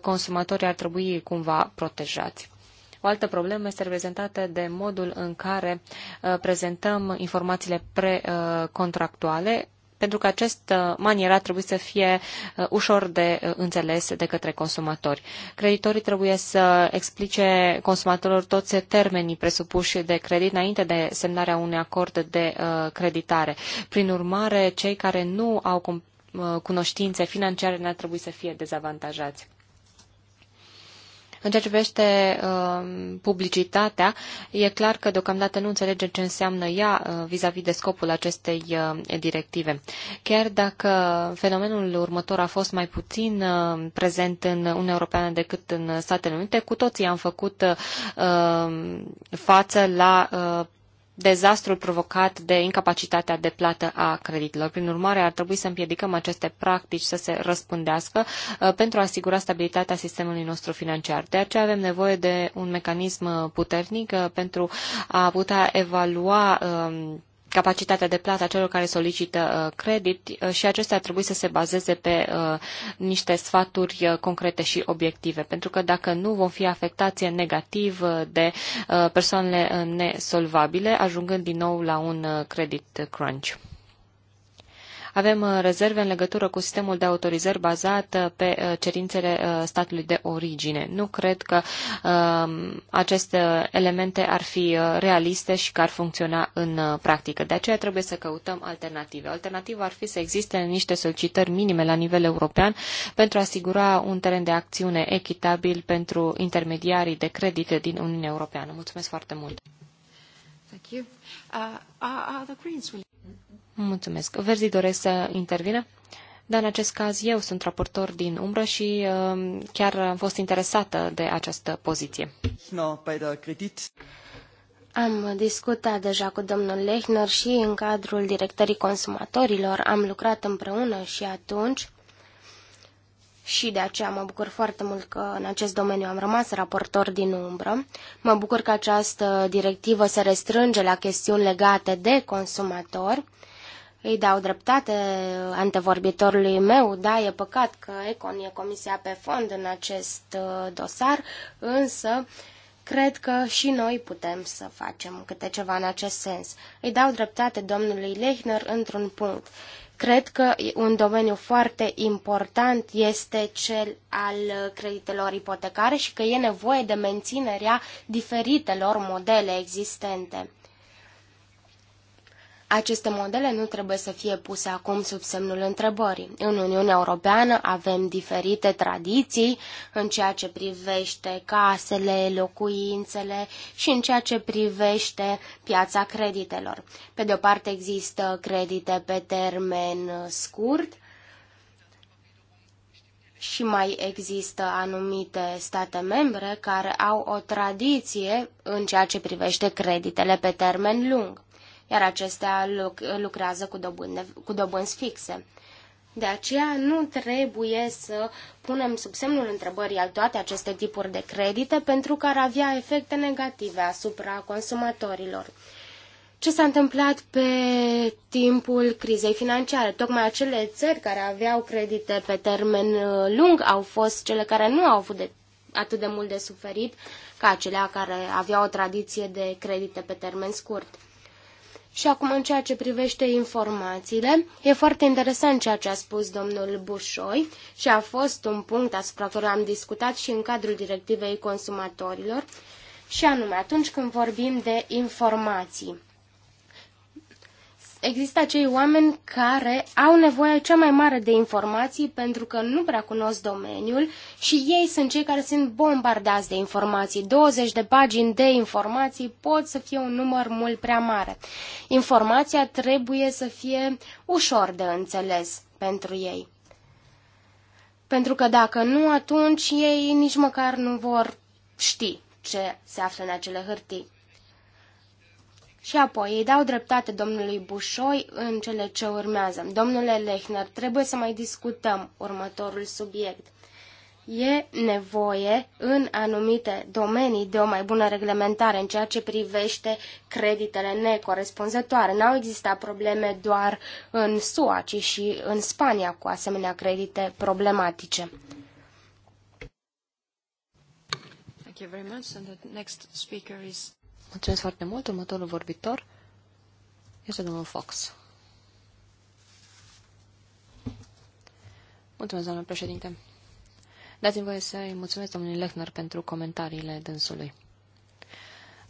consumatorii ar trebui cumva protejați. O altă problemă este reprezentată de modul în care uh, prezentăm informațiile precontractuale, pentru că acest maniera trebuie să fie uh, ușor de uh, înțeles de către consumatori. Creditorii trebuie să explice consumatorilor toți termenii presupuși de credit înainte de semnarea unui acord de creditare. Prin urmare, cei care nu au cunoștințe financiare n-ar trebui să fie dezavantajați. În ceea ce privește um, publicitatea, e clar că deocamdată nu înțelege ce înseamnă ea uh, vis-a-vis -vis de scopul acestei uh, directive. Chiar dacă fenomenul următor a fost mai puțin uh, prezent în Uniunea Europeană decât în Statele Unite, cu toții am făcut um, față la dezastrul provocat de incapacitatea de plată a creditelor. Prin urmare, ar trebui să împiedicăm aceste practici să se răspândească uh, pentru a asigura stabilitatea sistemului nostru financiar. De aceea avem nevoie de un mecanism puternic uh, pentru a putea evalua um, capacitatea de plată a celor care solicită uh, credit uh, și acestea ar trebui să se bazeze pe uh, niște sfaturi concrete și obiective, pentru că dacă nu vom fi afectați negativ de persoanele nesolvabile, ajungând din nou la un credit crunch. Avem uh, rezerve în legătură cu sistemul de autorizări bazat uh, pe uh, cerințele statului de origine. Nu cred că um, aceste elemente ar fi realiste și că ar funcționa în practică. De aceea trebuie să căutăm alternative. Alternativa ar fi să existe niște solicitări minime la nivel european pentru a asigura un teren de acțiune echitabil pentru intermediarii de credit din Uniunea Europeană. Mulțumesc foarte mult! Thank you. Uh, are, are the Greens Mulțumesc. Verzi doresc să intervină? Dar în acest caz eu sunt raportor din umbră și uh, chiar am fost interesată de această poziție. No, am discutat deja cu domnul Lechner și în cadrul directării consumatorilor am lucrat împreună și atunci și de aceea mă bucur foarte mult că în acest domeniu am rămas raportor din umbră. Mă bucur că această directivă se restrânge la chestiuni legate de consumatori îi dau dreptate antevorbitorului meu, da, e păcat că Econ e comisia pe fond în acest uh, dosar, însă cred că și noi putem să facem câte ceva în acest sens. Îi dau dreptate domnului Lechner într-un punct. Cred că un domeniu foarte important este cel al creditelor ipotecare și că e nevoie de menținerea diferitelor modele existente. Aceste modele nu trebuie să fie puse acum sub semnul întrebării. În Uniunea Europeană avem diferite tradiții în ceea ce privește casele, locuințele și în ceea ce privește piața creditelor. Pe de o parte există credite pe termen scurt și mai există anumite state membre care au o tradiție în ceea ce privește creditele pe termen lung iar acestea lucrează cu, dobânde, cu dobânzi fixe. De aceea nu trebuie să punem sub semnul întrebării al toate aceste tipuri de credite pentru că ar avea efecte negative asupra consumatorilor. Ce s-a întâmplat pe timpul crizei financiare? Tocmai acele țări care aveau credite pe termen uh, lung au fost cele care nu au avut de, atât de mult de suferit ca acelea care aveau o tradiție de credite pe termen scurt. Și acum, în ceea ce privește informațiile, e foarte interesant ceea ce a spus domnul Bușoi și a fost un punct asupra care am discutat și în cadrul directivei consumatorilor, și anume atunci când vorbim de informații există acei oameni care au nevoie cea mai mare de informații pentru că nu prea cunosc domeniul și ei sunt cei care sunt bombardați de informații. 20 de pagini de informații pot să fie un număr mult prea mare. Informația trebuie să fie ușor de înțeles pentru ei. Pentru că dacă nu, atunci ei nici măcar nu vor ști ce se află în acele hârtii. Și apoi îi dau dreptate domnului Bușoi în cele ce urmează. Domnule Lechner, trebuie să mai discutăm următorul subiect. E nevoie în anumite domenii de o mai bună reglementare în ceea ce privește creditele necorespunzătoare. N-au existat probleme doar în SUA, ci și în Spania cu asemenea credite problematice. Thank you very much. And the next speaker is Mulțumesc foarte mult. Următorul vorbitor este domnul Fox. Mulțumesc, domnule președinte. Dați-mi voie să-i mulțumesc domnului Lechner pentru comentariile dânsului.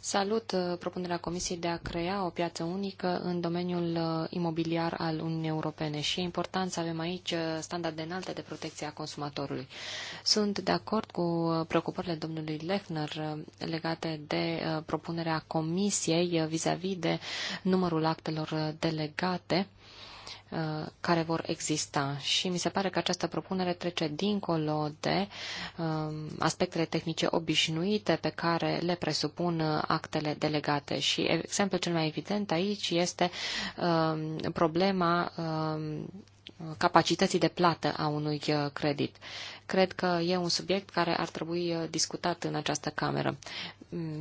Salut uh, propunerea Comisiei de a crea o piață unică în domeniul uh, imobiliar al Uniunii Europene și e important să avem aici uh, standarde înalte de protecție a consumatorului. Sunt de acord cu preocupările domnului Lechner legate de propunerea Comisiei vis-a-vis -vis de numărul actelor delegate Uh, care vor exista. Și mi se pare că această propunere trece dincolo de um, aspectele tehnice obișnuite pe care le presupun actele delegate. Și exemplul cel mai evident aici este um, problema um, capacității de plată a unui uh, credit. Cred că e un subiect care ar trebui uh, discutat în această cameră.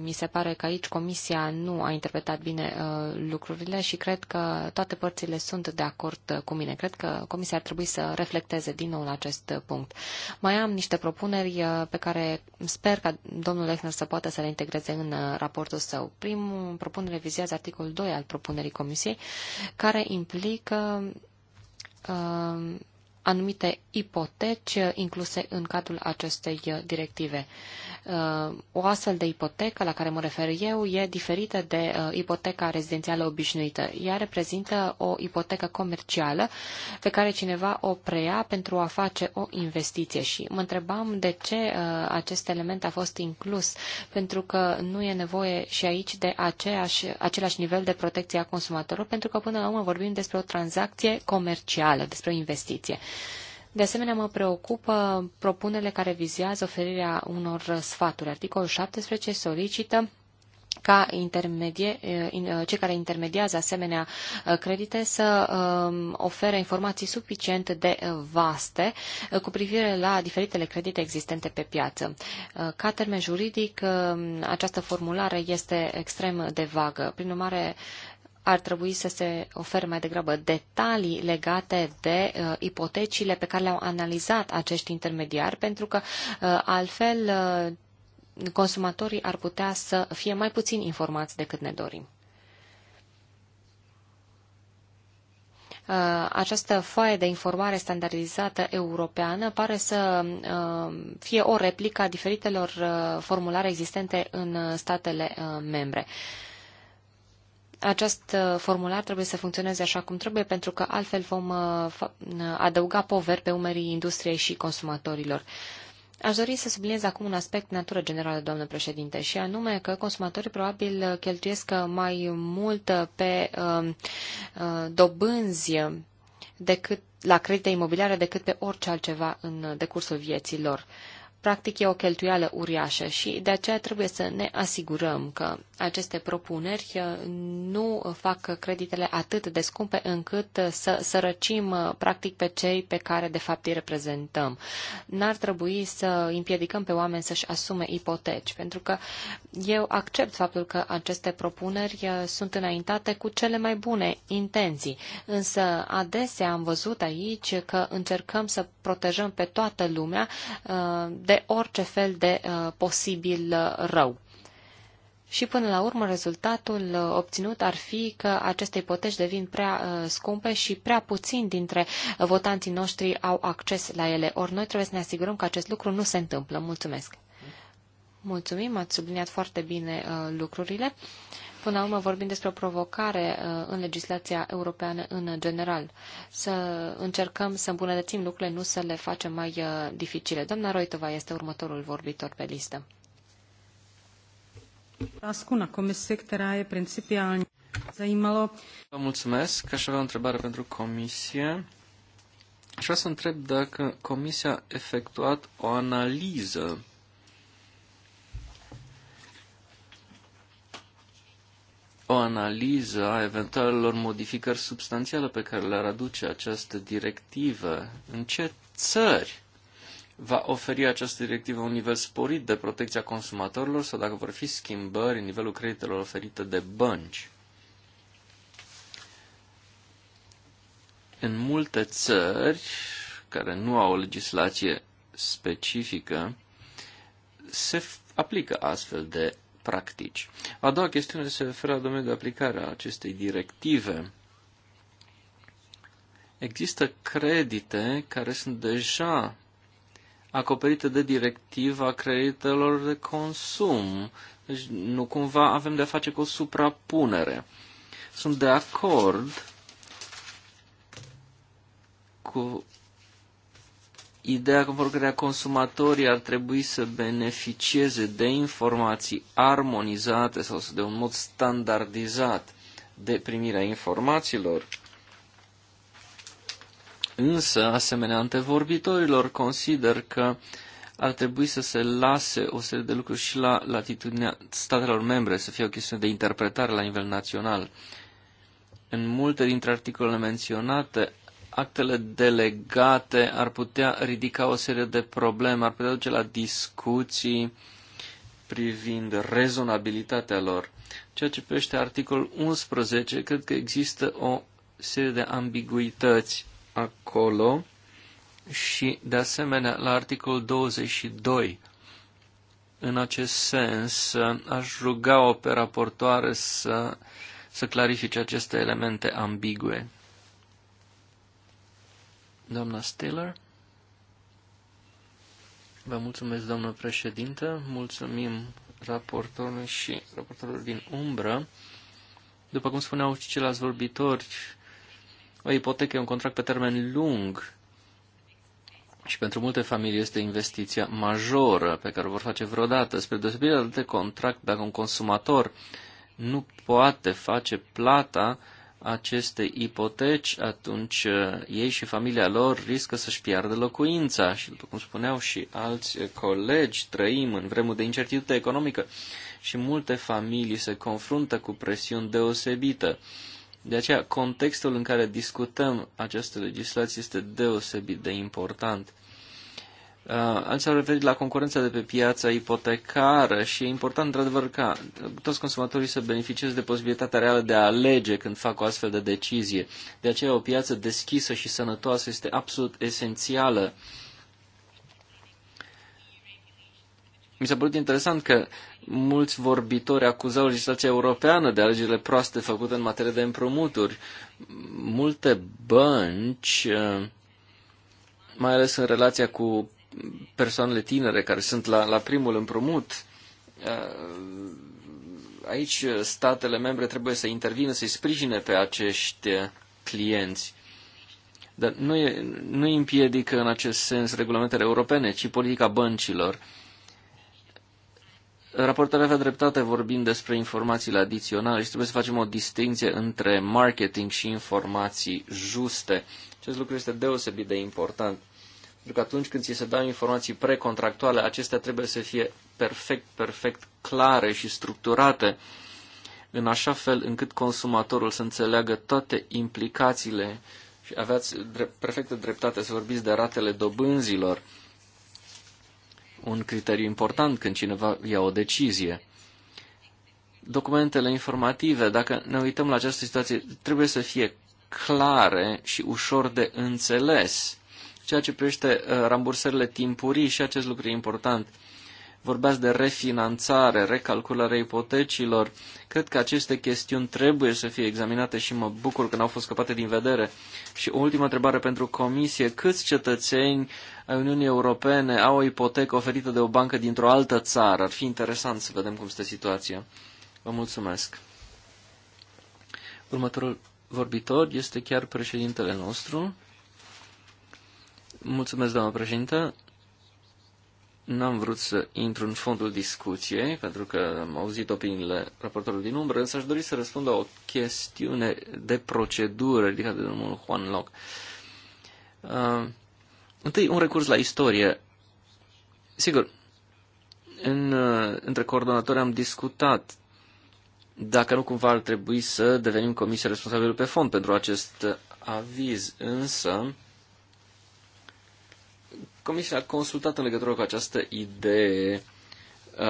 Mi se pare că aici Comisia nu a interpretat bine uh, lucrurile și cred că toate părțile sunt de acord uh, cu mine. Cred că Comisia ar trebui să reflecteze din nou la acest punct. Mai am niște propuneri pe care sper ca domnul Lechner să poată să le integreze în raportul său. Primul propunere vizează articolul 2 al propunerii Comisiei, care implică uh, anumite ipoteci uh, incluse în cadrul acestei uh, directive. Uh, o astfel de ipotecă la care mă refer eu e diferită de ipoteca rezidențială obișnuită. Ea reprezintă o ipotecă comercială pe care cineva o preia pentru a face o investiție și mă întrebam de ce acest element a fost inclus, pentru că nu e nevoie și aici de aceeași, același nivel de protecție a consumatorului, pentru că până la urmă vorbim despre o tranzacție comercială, despre o investiție. De asemenea, mă preocupă propunerile care vizează oferirea unor sfaturi. Articolul 17 solicită ca intermedie, eh, eh, cei care intermediază asemenea eh, credite să ehm, ofere informații suficient de vaste cu privire la diferitele credite existente pe piață. Ca termen juridic, ehm, această formulare este extrem de vagă. Prin urmare, ar trebui să se ofere mai degrabă detalii legate de uh, ipotecile pe care le-au analizat acești intermediari, pentru că uh, altfel uh, consumatorii ar putea să fie mai puțin informați decât ne dorim. Uh, această foaie de informare standardizată europeană pare să uh, fie o replică a diferitelor uh, formulare existente în statele membre acest uh, formular trebuie să funcționeze așa cum trebuie, pentru că altfel vom uh, uh, adăuga poveri pe umerii industriei și consumatorilor. Aș dori să subliniez acum un aspect de natură generală, doamnă președinte, și anume că consumatorii probabil cheltuiesc mai mult pe um, dobânzi decât la credite imobiliare decât pe orice altceva în decursul vieții lor. Uh, practic e o cheltuială uriașă și de aceea trebuie să ne asigurăm că aceste propuneri uh, nu fac creditele atât de scumpe încât uh, să sărăcim uh, practic pe cei pe care de fapt îi reprezentăm. N-ar trebui să împiedicăm pe oameni să-și asume ipoteci, pentru că eu accept faptul că aceste propuneri sunt înaintate cu cele mai bune intenții, însă adesea am văzut aici că încercăm să protejăm pe toată lumea de de orice fel de uh, posibil uh, rău. Și până la urmă rezultatul uh, obținut ar fi că aceste ipoteci devin prea uh, scumpe și prea puțin dintre votanții noștri au acces la ele. Ori noi trebuie să ne asigurăm că acest lucru nu se întâmplă. Mulțumesc! Mulțumim, ați subliniat foarte bine lucrurile. Până la urmă vorbim despre o provocare uh, în legislația europeană în general. Să încercăm să îmbunătățim lucrurile, nu să le facem mai uh, dificile. Doamna Roitova este următorul vorbitor pe listă. Ascu comisie, care e principial Vă mulțumesc. Aș avea o întrebare pentru comisie. Aș vrea să întreb dacă comisia a efectuat o analiză o analiză a eventualelor modificări substanțiale pe care le-ar aduce această directivă. În ce țări va oferi această directivă un nivel sporit de protecție a consumatorilor sau dacă vor fi schimbări în nivelul creditelor oferite de bănci? În multe țări care nu au o legislație specifică, se aplică astfel de practici. A doua chestiune se referă la domeniul de aplicare a acestei directive. Există credite care sunt deja acoperite de directiva creditelor de consum. Deci nu cumva avem de-a face cu o suprapunere. Sunt de acord cu ideea conform cărea consumatorii ar trebui să beneficieze de informații armonizate sau de un mod standardizat de primirea informațiilor. Însă, asemenea antevorbitorilor, consider că ar trebui să se lase o serie de lucruri și la latitudinea statelor membre, să fie o chestiune de interpretare la nivel național. În multe dintre articolele menționate actele delegate ar putea ridica o serie de probleme, ar putea duce la discuții privind rezonabilitatea lor. Ceea ce privește articolul 11, cred că există o serie de ambiguități acolo și, de asemenea, la articolul 22. În acest sens, aș ruga-o pe raportoare să, să clarifice aceste elemente ambigue. Doamna Stiller. Vă mulțumesc, doamnă președintă. Mulțumim raportorului și raportorul din umbră. După cum spuneau și ceilalți vorbitori, o ipotecă e un contract pe termen lung și pentru multe familii este investiția majoră pe care o vor face vreodată, spre deosebire de contract dacă un consumator nu poate face plata aceste ipoteci, atunci uh, ei și familia lor riscă să-și piardă locuința. Și, după cum spuneau și alți uh, colegi, trăim în vremuri de incertitudine economică și multe familii se confruntă cu presiuni deosebită. De aceea, contextul în care discutăm această legislație este deosebit de important. Uh, Alții au referit la concurența de pe piața ipotecară și e important, într-adevăr, ca toți consumatorii să beneficieze de posibilitatea reală de a alege când fac o astfel de decizie. De aceea, o piață deschisă și sănătoasă este absolut esențială. Mi s-a părut interesant că mulți vorbitori acuzau legislația europeană de alegerile proaste făcute în materie de împrumuturi. Multe bănci uh, mai ales în relația cu persoanele tinere care sunt la, la primul împrumut. Uh, aici statele membre trebuie să intervină, să-i sprijine pe acești clienți. Dar nu, e, nu împiedică în acest sens regulamentele europene, ci politica băncilor. Raportarea avea dreptate vorbind despre informațiile adiționale și trebuie să facem o distinție între marketing și informații juste. Acest lucru este deosebit de important. Pentru că atunci când ți se dau informații precontractuale, acestea trebuie să fie perfect, perfect clare și structurate, în așa fel încât consumatorul să înțeleagă toate implicațiile și aveați drept, perfectă dreptate să vorbiți de ratele dobânzilor, un criteriu important când cineva ia o decizie. Documentele informative, dacă ne uităm la această situație, trebuie să fie clare și ușor de înțeles ceea ce privește uh, rambursările timpurii și acest lucru e important. Vorbeați de refinanțare, recalcularea ipotecilor. Cred că aceste chestiuni trebuie să fie examinate și mă bucur că n-au fost scăpate din vedere. Și o ultimă întrebare pentru Comisie. Câți cetățeni ai Uniunii Europene au o ipotecă oferită de o bancă dintr-o altă țară? Ar fi interesant să vedem cum este situația. Vă mulțumesc. Următorul vorbitor este chiar președintele nostru. Mulțumesc, doamnă președintă. N-am vrut să intru în fondul discuției, pentru că am auzit opiniile raportorului din umbră, însă aș dori să răspund la o chestiune de procedură ridicată de domnul Juan Loc. Uh, întâi, un recurs la istorie. Sigur, în, uh, între coordonatori am discutat dacă nu cumva ar trebui să devenim comisie responsabilă pe fond pentru acest aviz, însă Comisia a consultat în legătură cu această idee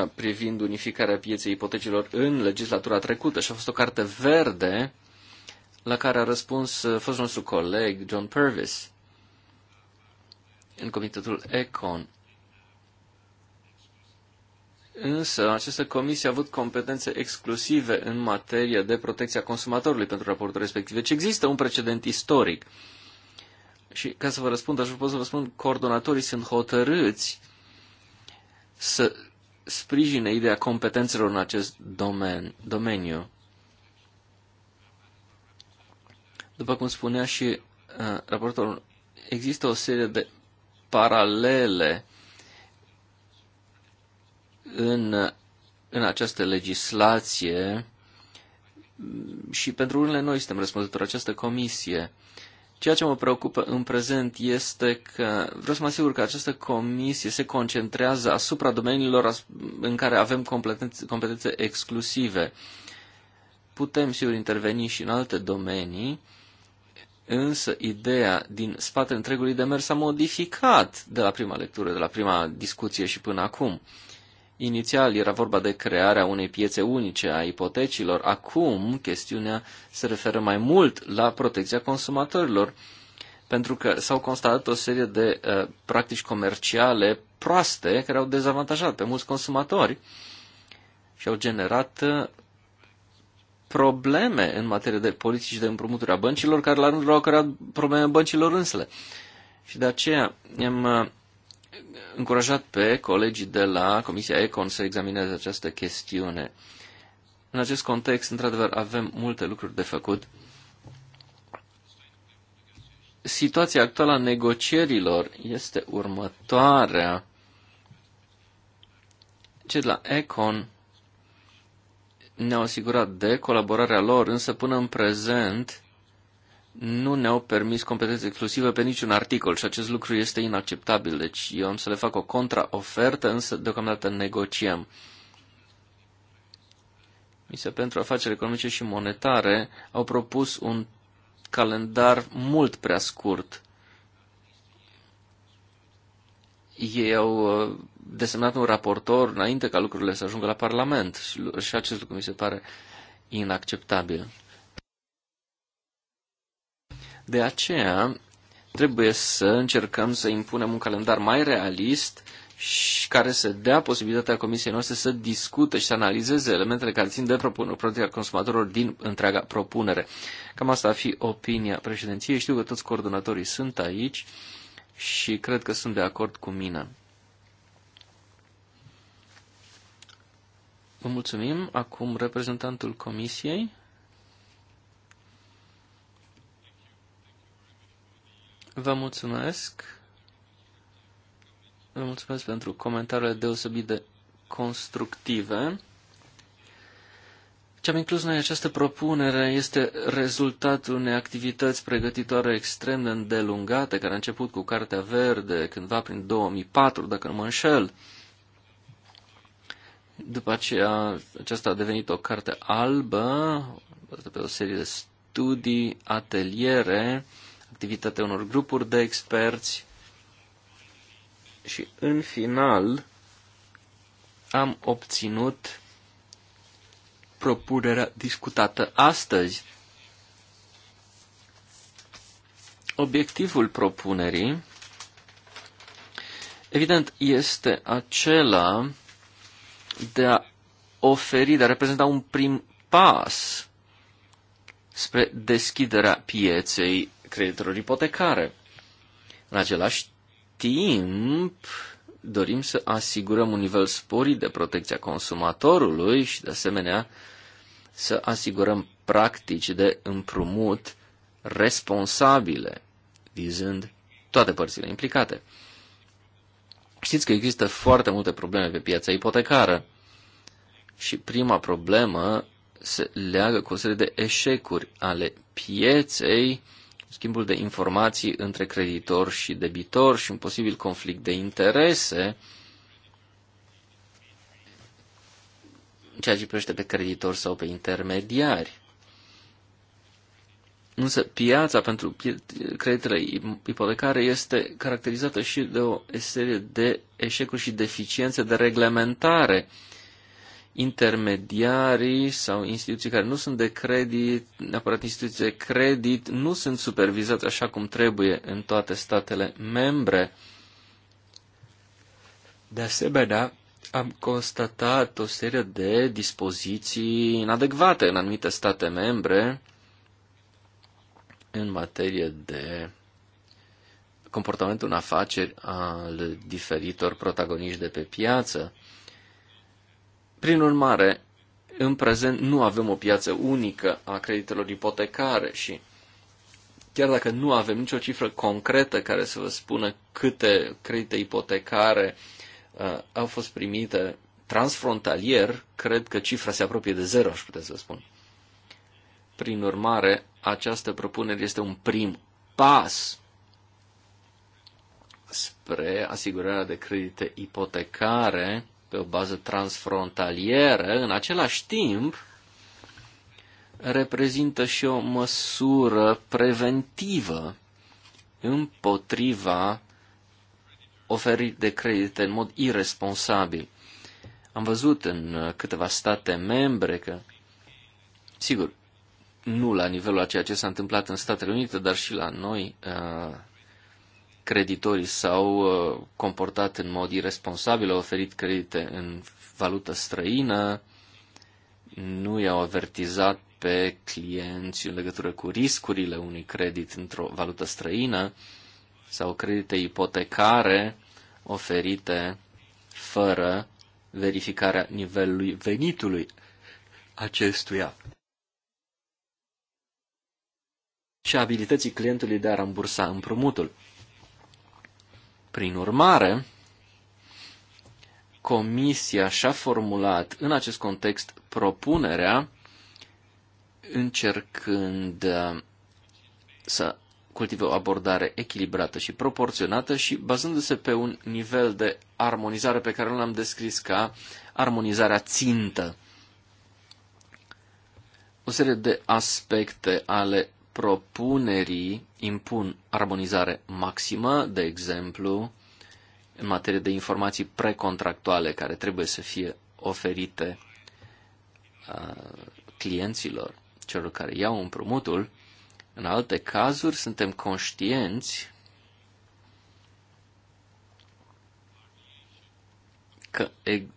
uh, privind unificarea pieței ipotecilor în legislatura trecută și a fost o carte verde la care a răspuns uh, fost nostru coleg John Purvis în comitetul Econ. Însă, această comisie a avut competențe exclusive în materie de protecția consumatorului pentru raportul respectiv. Deci există un precedent istoric. Și ca să vă răspund, aș vrea să vă spun, coordonatorii sunt hotărâți să sprijine ideea competențelor în acest domen, domeniu. După cum spunea și uh, raportorul, există o serie de paralele în, în această legislație și pentru unele noi suntem răspunzători această comisie. Uh, Ceea ce mă preocupă în prezent este că vreau să mă asigur că această comisie se concentrează asupra domeniilor în care avem competențe, competențe exclusive. Putem, sigur, interveni și în alte domenii, însă ideea din spatele întregului demers s-a modificat de la prima lectură, de la prima discuție și până acum. Uh, Inițial era vorba de crearea unei piețe unice a ipotecilor, acum chestiunea se referă mai mult la protecția consumatorilor, pentru că s-au constatat o serie de uh, practici comerciale proaste care au dezavantajat pe mulți consumatori și au generat uh, probleme în materie de politici de împrumuturi a băncilor, care la rândul lor au creat probleme băncilor însele. Și de aceea am încurajat pe colegii de la Comisia Econ să examineze această chestiune. În acest context, într-adevăr, avem multe lucruri de făcut. Situația actuală a negocierilor este următoarea. Ce de la Econ ne-au asigurat de colaborarea lor, însă până în prezent nu ne-au permis competențe exclusive pe niciun articol și acest lucru este inacceptabil. Deci eu am să le fac o contraofertă, însă deocamdată negociem. Mi se pentru afaceri economice și monetare au propus un calendar mult prea scurt. Ei au uh, desemnat un raportor înainte ca lucrurile să ajungă la Parlament și acest lucru mi se pare inacceptabil. De aceea, trebuie să încercăm să impunem un calendar mai realist și care să dea posibilitatea comisiei noastre să discute și să analizeze elementele care țin de protecția consumatorilor din întreaga propunere. Cam asta ar fi opinia președinției. Știu că toți coordonatorii sunt aici și cred că sunt de acord cu mine. Vă mulțumim. Acum reprezentantul comisiei. Vă mulțumesc. Vă mulțumesc pentru comentariile deosebit de constructive. Ce am inclus noi această propunere este rezultatul unei activități pregătitoare extrem de îndelungate, care a început cu Cartea Verde cândva prin 2004, dacă nu mă înșel. După aceea, aceasta a devenit o carte albă, pe o serie de studii, ateliere, activitatea unor grupuri de experți și în final am obținut propunerea discutată astăzi. Obiectivul propunerii, evident, este acela de a oferi, de a reprezenta un prim pas spre deschiderea pieței creditorilor ipotecare. În același timp, dorim să asigurăm un nivel sporit de protecția consumatorului și, de asemenea, să asigurăm practici de împrumut responsabile, vizând toate părțile implicate. Știți că există foarte multe probleme pe piața ipotecară și prima problemă se leagă cu o serie de eșecuri ale pieței schimbul de informații între creditor și debitor și un posibil conflict de interese în ceea ce privește pe creditor sau pe intermediari. Însă piața pentru creditele ipotecare este caracterizată și de o serie de eșecuri și deficiențe de reglementare intermediarii sau instituții care nu sunt de credit, neapărat instituții de credit, nu sunt supervizați așa cum trebuie în toate statele membre. De asemenea, am constatat o serie de dispoziții inadecvate în anumite state membre în materie de comportamentul în afaceri al diferitor protagoniști de pe piață. Prin urmare, în prezent nu avem o piață unică a creditelor ipotecare și chiar dacă nu avem nicio cifră concretă care să vă spună câte credite ipotecare uh, au fost primite transfrontalier, cred că cifra se apropie de zero, aș putea să spun. Prin urmare, această propunere este un prim pas spre asigurarea de credite ipotecare pe o bază transfrontalieră, în același timp, reprezintă și o măsură preventivă împotriva oferit de credite în mod irresponsabil. Am văzut în câteva state membre că, sigur, nu la nivelul a ceea ce s-a întâmplat în Statele Unite, dar și la noi uh, creditorii s-au uh, comportat în mod irresponsabil, au oferit credite în valută străină, nu i-au avertizat pe clienți în legătură cu riscurile unui credit într-o valută străină sau credite ipotecare oferite fără verificarea nivelului venitului acestuia și abilității clientului de a rambursa împrumutul. Prin urmare, Comisia și-a formulat în acest context propunerea încercând uh, să cultive o abordare echilibrată și proporționată și bazându-se pe un nivel de armonizare pe care l-am descris ca armonizarea țintă. O serie de aspecte ale propunerii impun armonizare maximă, de exemplu, în materie de informații precontractuale care trebuie să fie oferite uh, clienților, celor care iau împrumutul. În alte cazuri, suntem conștienți că,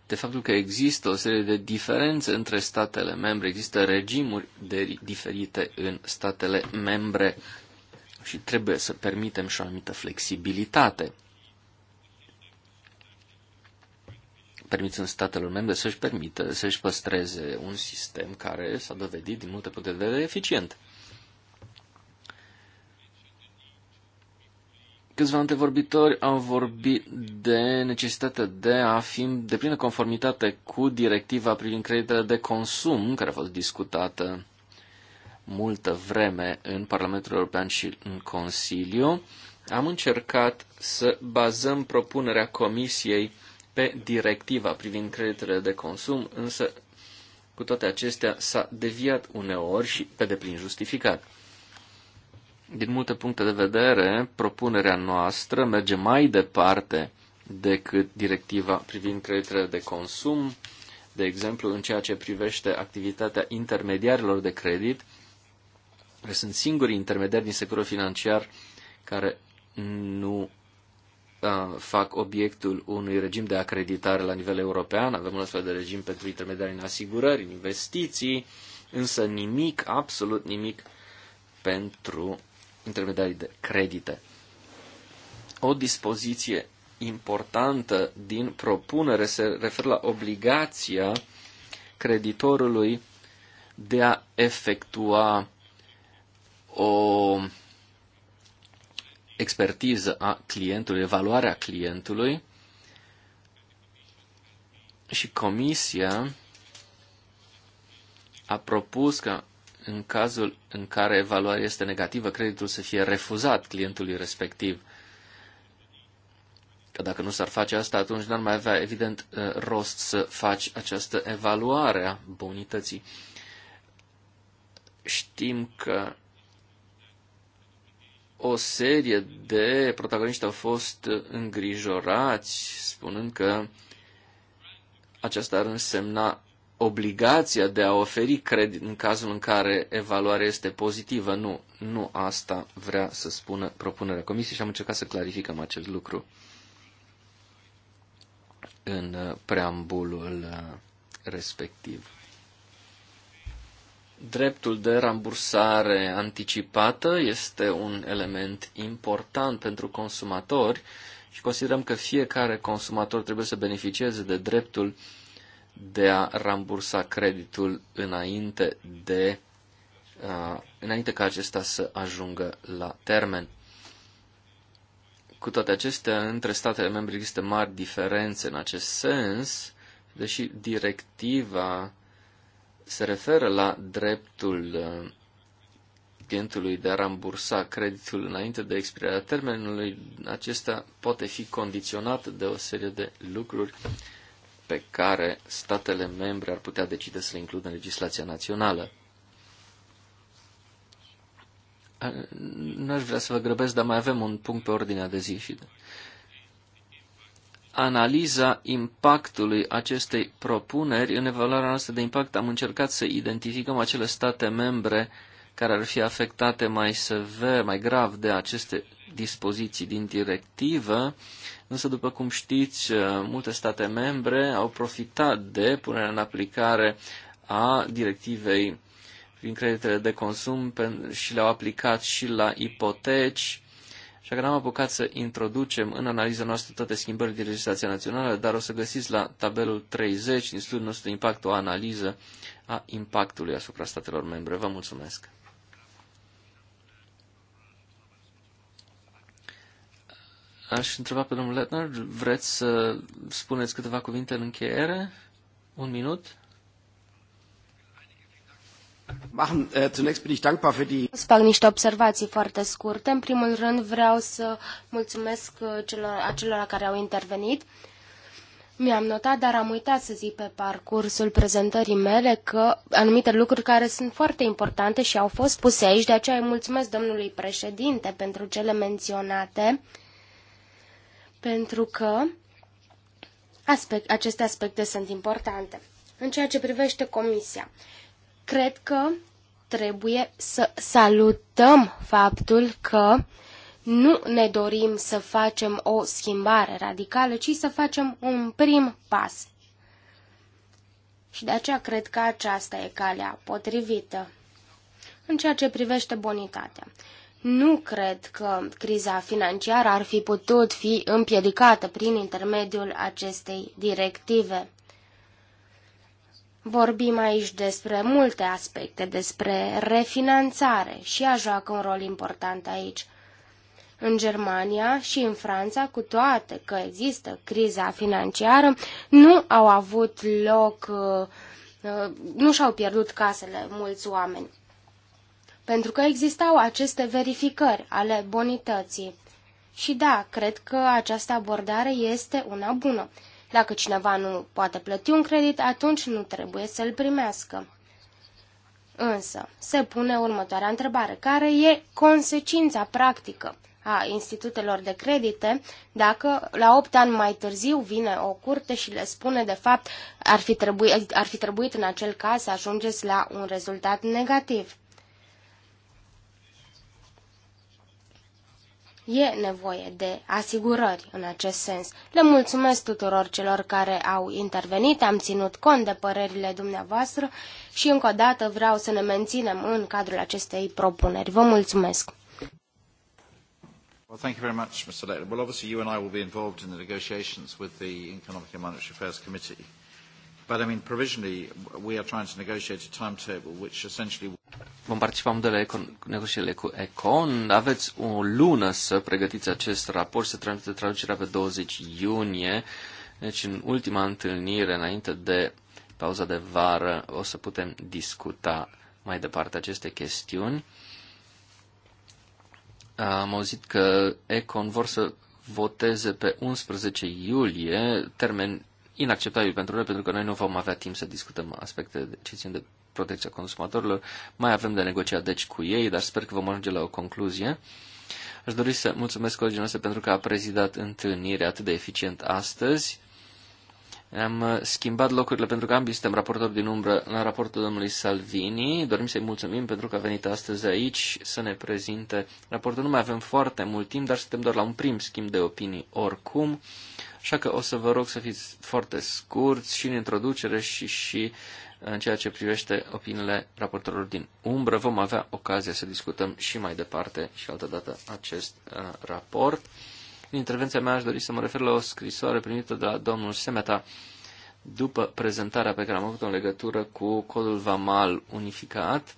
de faptul că există o serie de diferențe între statele membre, există regimuri de, diferite în statele membre și trebuie să permitem și o anumită flexibilitate. Permițând statelor membre să-și permită, să-și păstreze un sistem care s-a dovedit din multe puncte de vedere eficient. Câțiva antevorbitori au vorbit de necesitatea de a fi de plină conformitate cu directiva privind creditele de consum, care a fost discutată multă vreme în Parlamentul European și în Consiliu. Am încercat să bazăm propunerea Comisiei pe directiva privind creditele de consum, însă cu toate acestea s-a deviat uneori și pe deplin justificat. Din multe puncte de vedere, propunerea noastră merge mai departe decât directiva privind creditele de consum, de exemplu, în ceea ce privește activitatea intermediarilor de credit, care sunt singurii intermediari din sectorul financiar care nu fac obiectul unui regim de acreditare la nivel european. Avem un astfel de regim pentru intermediari în asigurări, în investiții, însă nimic, absolut nimic pentru intermediarii de credite. O dispoziție importantă din propunere se referă la obligația creditorului de a efectua o expertiză a clientului, evaluarea clientului și comisia a propus ca în cazul în care evaluarea este negativă, creditul să fie refuzat clientului respectiv. Că dacă nu s-ar face asta, atunci n-ar mai avea, evident, uh, rost să faci această evaluare a bunității. Știm că o serie de protagoniști au fost îngrijorați, spunând că aceasta ar însemna obligația de a oferi credit în cazul în care evaluarea este pozitivă. Nu, nu asta vrea să spună propunerea comisiei și am încercat să clarificăm acest lucru în uh, preambulul uh, respectiv. Dreptul de rambursare anticipată este un element important pentru consumatori și considerăm că fiecare consumator trebuie să beneficieze de dreptul de a rambursa creditul înainte de înainte ca acesta să ajungă la termen. Cu toate acestea, între statele membre există mari diferențe în acest sens, deși directiva se referă la dreptul clientului de a rambursa creditul înainte de expirarea termenului, acesta poate fi condiționat de o serie de lucruri pe care statele membre ar putea decide să le includă în legislația națională. Nu aș vrea să vă grăbesc, dar mai avem un punct pe ordinea de zi și analiza impactului acestei propuneri. În evaluarea noastră de impact am încercat să identificăm acele state membre uh, care ar fi afectate mai sever, mai grav de aceste dispoziții din directivă, însă, după cum știți, multe state membre au profitat de punerea în aplicare a directivei prin creditele de consum și le-au aplicat și la ipoteci, Așa că n-am apucat să introducem în analiza noastră toate schimbările din legislația națională, dar o să găsiți la tabelul 30 din studiul nostru de impact o analiză a impactului asupra statelor membre. Vă mulțumesc! Aș întreba pe domnul Letner, vreți să spuneți câteva cuvinte în încheiere? Un minut? Äh, fac niște observații foarte scurte. În primul rând vreau să mulțumesc uh, celor, acelor care au intervenit. Mi-am notat, dar am uitat să zic pe parcursul prezentării mele că anumite lucruri care sunt foarte importante și au fost puse aici, de aceea îi mulțumesc domnului președinte pentru cele menționate pentru că aspect, aceste aspecte sunt importante. În ceea ce privește comisia, cred că trebuie să salutăm faptul că nu ne dorim să facem o schimbare radicală, ci să facem un prim pas. Și de aceea cred că aceasta e calea potrivită. În ceea ce privește bonitatea, nu cred că criza financiară ar fi putut fi împiedicată prin intermediul acestei directive. Vorbim aici despre multe aspecte, despre refinanțare și a joacă un rol important aici. În Germania și în Franța, cu toate că există criza financiară, nu au avut loc, uh, uh, nu și-au pierdut casele mulți oameni pentru că existau aceste verificări ale bonității. Și da, cred că această abordare este una bună. Dacă cineva nu poate plăti un credit, atunci nu trebuie să-l primească. Însă, se pune următoarea întrebare, care e consecința practică a institutelor de credite dacă la 8 ani mai târziu vine o curte și le spune de fapt ar fi, trebuit, ar fi trebuit în acel caz să ajungeți la un rezultat negativ. E nevoie de asigurări în acest sens. Le mulțumesc tuturor celor care au intervenit, am ținut cont de părerile dumneavoastră și încă o dată vreau să ne menținem în cadrul acestei propuneri. Vă mulțumesc! Well, thank you very much, Mr. Lehler. Well, obviously, you and I will be involved in the negotiations with the Economic and Monetary Affairs Committee. But, I mean, provisionally, we are trying to negotiate a timetable which essentially Vom participa în modele negocierile cu Econ. Aveți o lună să pregătiți acest raport, să transmite traducerea pe 20 iunie. Deci în ultima întâlnire, înainte de pauza de vară, o să putem discuta mai departe aceste chestiuni. Am auzit că Econ vor să voteze pe 11 iulie, termen inacceptabil pentru noi, pentru că noi nu vom avea timp să discutăm aspecte ce țin de protecția consumatorilor. Mai avem de negociat deci cu ei, dar sper că vom ajunge la o concluzie. Aș dori să mulțumesc colegii noastre pentru că a prezidat întâlnirea atât de eficient astăzi. Am uh, schimbat locurile pentru că ambii suntem raportori din umbră la raportul domnului Salvini. Dorim să-i mulțumim pentru că a venit astăzi aici să ne prezinte raportul. Nu mai avem foarte mult timp, dar suntem doar la un prim schimb de opinii oricum. Așa că o să vă rog să fiți foarte scurți și în introducere și, și în ceea ce privește opiniile raportorilor din umbră, vom avea ocazia să discutăm și mai departe și altă dată acest uh, raport. În intervenția mea aș dori să mă refer la o scrisoare primită de la domnul Semeta după prezentarea pe care am avut-o în legătură cu codul VAMAL unificat,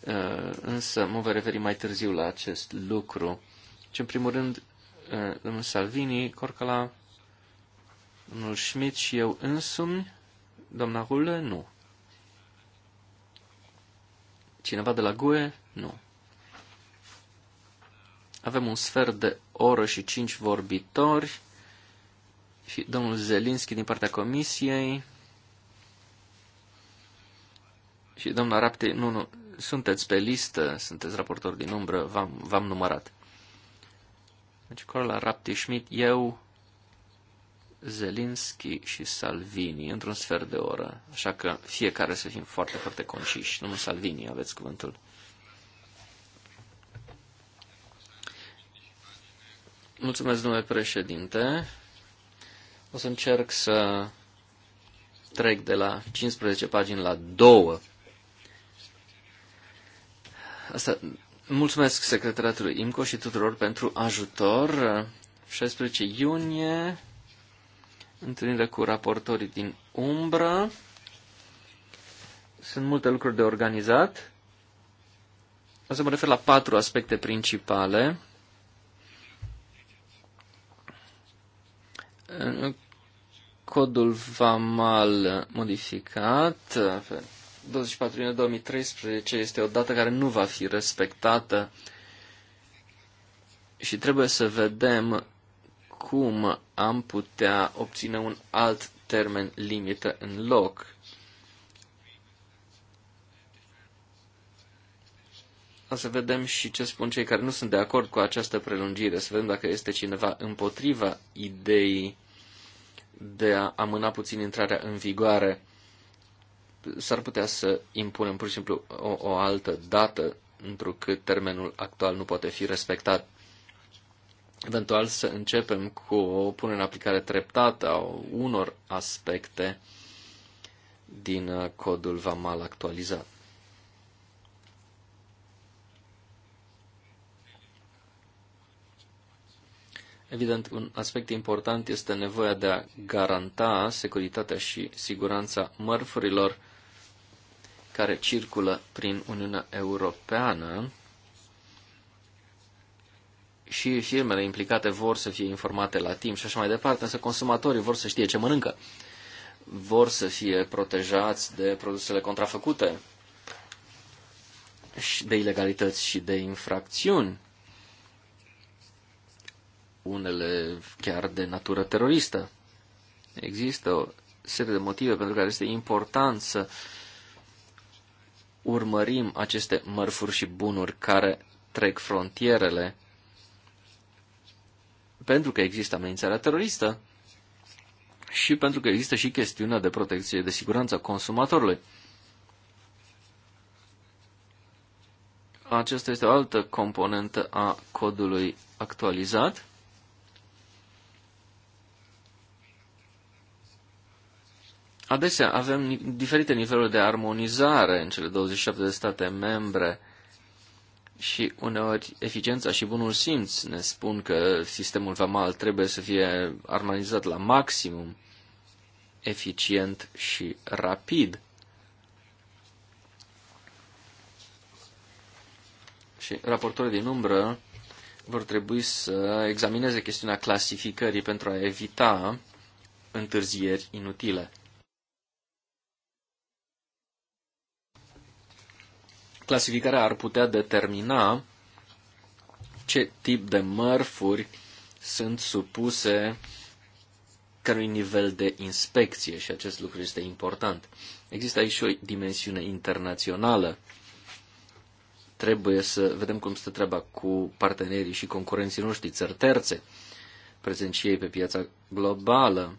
uh, însă mă voi referi mai târziu la acest lucru. Și în primul rând, uh, domnul Salvini, Corcala, domnul Schmidt și eu însumi Doamna Rulă? Nu. Cineva de la GUE? Nu. Avem un sfert de oră și cinci vorbitori. Și domnul Zelinski din partea comisiei. Și domnul Rapte, nu, nu, sunteți pe listă, sunteți raportor din umbră, v-am, numărat. Deci Corla Rapti Schmidt, eu, Zelinski și Salvini într-un sfert de oră, așa că fiecare să fim foarte, foarte conciși. Domnul Salvini, aveți cuvântul. Mulțumesc, domnule președinte. O să încerc să trec de la 15 pagini la 2. Asta, mulțumesc secretariatului IMCO și tuturor pentru ajutor. 16 iunie întâlnire cu raportorii din umbră. Sunt multe lucruri de organizat. O să mă refer la patru aspecte principale. Codul VAMAL modificat 24 iunie 2013 este o dată care nu va fi respectată și trebuie să vedem cum am putea obține un alt termen limită în loc. O să vedem și ce spun cei care nu sunt de acord cu această prelungire, să vedem dacă este cineva împotriva ideii de a amâna puțin intrarea în vigoare. S-ar putea să impunem pur și simplu o, o altă dată, întrucât termenul actual nu poate fi respectat eventual să începem cu o punere în aplicare treptată a unor aspecte din uh, codul VAMAL actualizat. Evident, un aspect important este nevoia de a garanta securitatea și siguranța mărfurilor care circulă prin Uniunea Europeană și firmele implicate vor să fie informate la timp și așa mai departe, însă consumatorii vor să știe ce mănâncă, vor să fie protejați de produsele contrafăcute, și de ilegalități și de infracțiuni, unele chiar de natură teroristă. Există o serie de motive pentru care este important să urmărim aceste mărfuri și bunuri care trec frontierele pentru că există amenințarea teroristă și pentru că există și chestiunea de protecție de siguranță a consumatorului. Aceasta este o altă componentă a codului actualizat. Adesea avem diferite niveluri de armonizare în cele 27 de state membre și uneori eficiența și bunul simț ne spun că sistemul vamal trebuie să fie armonizat la maximum, eficient și rapid. Și raportorii din umbră vor trebui să examineze chestiunea clasificării pentru a evita întârzieri inutile. clasificarea ar putea determina ce tip de mărfuri sunt supuse cărui nivel de inspecție și acest lucru este important. Există aici și o dimensiune internațională. Trebuie să vedem cum stă treaba cu partenerii și concurenții noștri, țări terțe, prezenți pe piața globală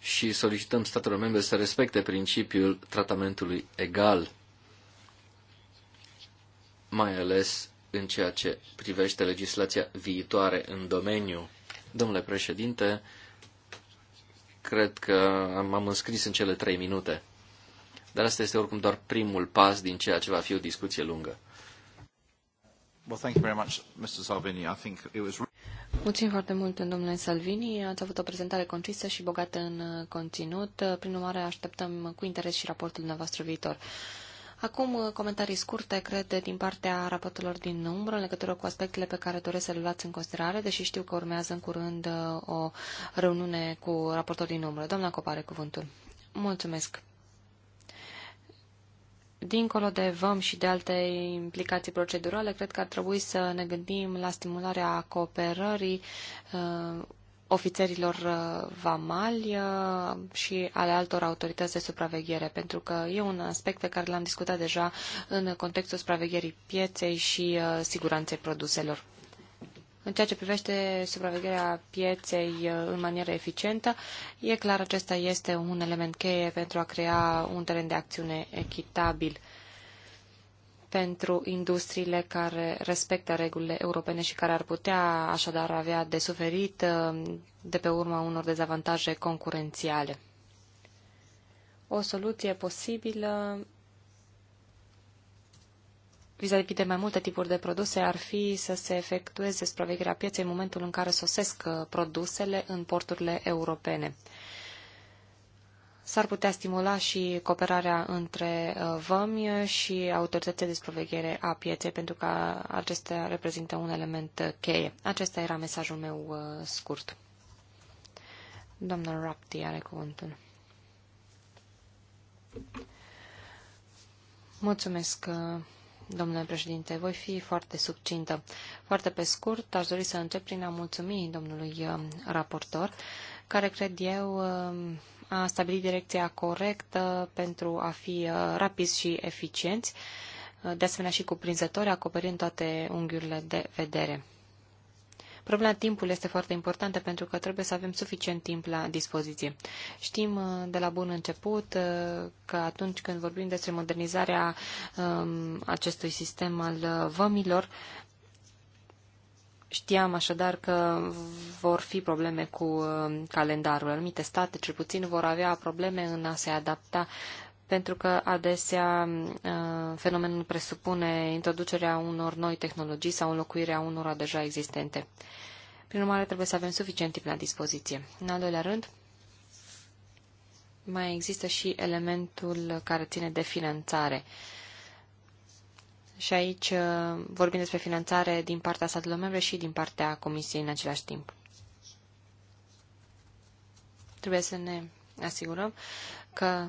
și solicităm statelor membre să respecte principiul tratamentului egal mai ales în ceea ce privește legislația viitoare în domeniu. Domnule președinte, cred că m-am înscris în cele trei minute. Dar asta este oricum doar primul pas din ceea ce va fi o discuție lungă. Mulțumim foarte mult, domnule Salvini. Ați avut o prezentare concisă și bogată în conținut. Prin urmare, așteptăm cu interes și raportul dumneavoastră viitor. Acum uh, comentarii scurte, cred, din partea raportelor din umbră în legătură cu aspectele pe care doresc să le luați în considerare, deși știu că urmează în curând uh, o reuniune cu raportorii din umbră. Doamna Copare, cuvântul. Mulțumesc dincolo de VAM și de alte implicații procedurale, cred că ar trebui să ne gândim la stimularea cooperării uh, ofițerilor uh, vamali uh, și ale altor autorități de supraveghere, pentru că e un aspect pe care l-am discutat deja în contextul supravegherii pieței și uh, siguranței produselor. În ceea ce privește supravegherea pieței în manieră eficientă, e clar acesta este un element cheie pentru a crea un teren de acțiune echitabil pentru industriile care respectă regulile europene și care ar putea așadar avea de suferit uh, de pe urma unor dezavantaje concurențiale. O soluție posibilă vis-a-vis de mai multe tipuri de produse ar fi să se efectueze supravegherea pieței în momentul în care sosesc uh, produsele în porturile europene s-ar putea stimula și cooperarea între uh, vămi și autoritățile de supraveghere a pieței, pentru că acestea reprezintă un element cheie. Acesta era mesajul meu uh, scurt. Doamna Rapti are cuvântul. Mulțumesc, uh, domnule președinte. Voi fi foarte subcintă. Foarte pe scurt, aș dori să încep prin a mulțumi domnului raportor, care cred eu a stabili direcția corectă pentru a fi uh, rapizi și eficienți, uh, de asemenea și cuprinzători, acoperind toate unghiurile de vedere. Problema timpului este foarte importantă pentru că trebuie să avem suficient timp la dispoziție. Știm uh, de la bun început că atunci când vorbim despre modernizarea um, acestui sistem al vămilor, Știam așadar că vor fi probleme cu uh, calendarul. Anumite state, cel puțin, vor avea probleme în a se adapta pentru că adesea uh, fenomenul presupune introducerea unor noi tehnologii sau înlocuirea unora deja existente. Prin urmare, trebuie să avem suficient timp la dispoziție. În al doilea rând, mai există și elementul care ține de finanțare. Uh, și aici uh, vorbim despre finanțare din partea statelor membre și din partea Comisiei în același timp. Trebuie să ne asigurăm că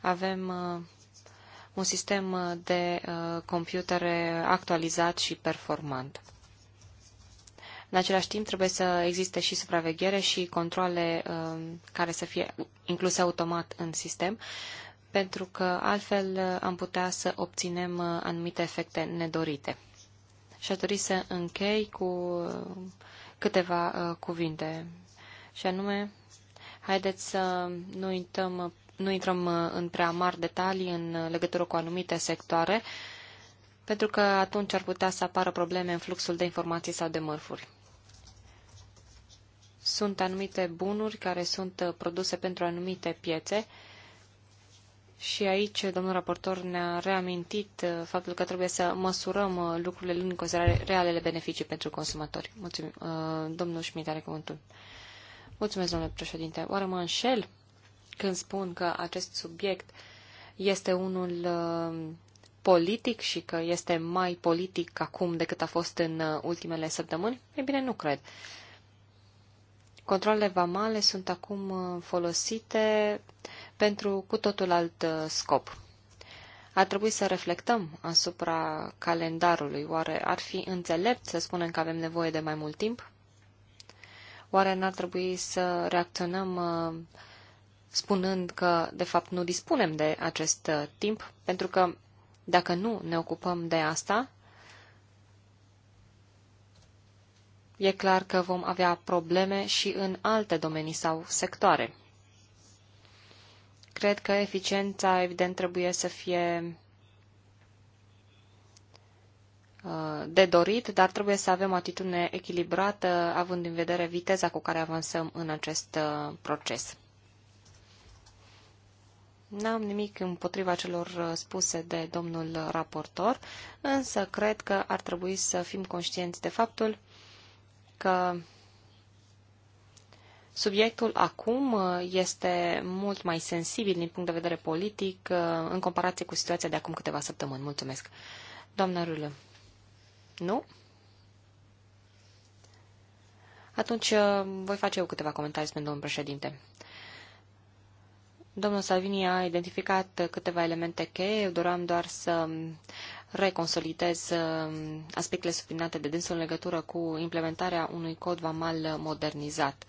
avem uh, un sistem uh, de computere actualizat și performant. În același timp, trebuie să existe și supraveghere și controle care să fie incluse automat în sistem pentru că altfel uh, am putea să obținem uh, anumite efecte nedorite. Și aș dori să închei cu uh, câteva cuvinte, și anume, haideți să nu intrăm, nu intrăm în prea mari detalii în legătură cu anumite sectoare, pentru că atunci ar putea să apară probleme în fluxul de informații sau de mărfuri. Sunt anumite bunuri care sunt produse pentru anumite piețe, și aici domnul raportor ne-a reamintit uh, faptul că trebuie să măsurăm uh, lucrurile în considerare realele beneficii pentru consumatori. Mulțumim. Uh, domnul Schmidt are cuvântul. Mulțumesc, domnule președinte. Oare mă înșel când spun că acest subiect este unul politic și că este mai politic acum decât a fost în ultimele săptămâni? Ei bine, nu cred. Controlele vamale sunt acum folosite pentru cu totul alt uh, scop. Ar trebui să reflectăm asupra calendarului. Oare ar fi înțelept să spunem că avem nevoie de mai mult timp? Oare n-ar trebui să reacționăm uh, spunând că, de fapt, nu dispunem de acest uh, timp? Pentru că, dacă nu ne ocupăm de asta, e clar că vom avea probleme și în alte domenii sau sectoare. Cred că eficiența, evident, trebuie să fie uh, de dorit, dar trebuie să avem o atitudine echilibrată, având în vedere viteza cu care avansăm în acest uh, proces. N-am nimic împotriva celor uh, spuse de domnul raportor, însă cred că ar trebui să fim conștienți de faptul că Subiectul acum uh, este mult mai sensibil din punct de vedere politic uh, în comparație cu situația de acum câteva săptămâni. Mulțumesc. Doamna Rulă. Nu? Atunci uh, voi face eu câteva comentarii, spre domnul președinte. Domnul Salvini a identificat câteva elemente cheie. Eu doream doar să reconsolidez aspectele subliniate de dânsul în legătură cu implementarea unui cod vamal modernizat.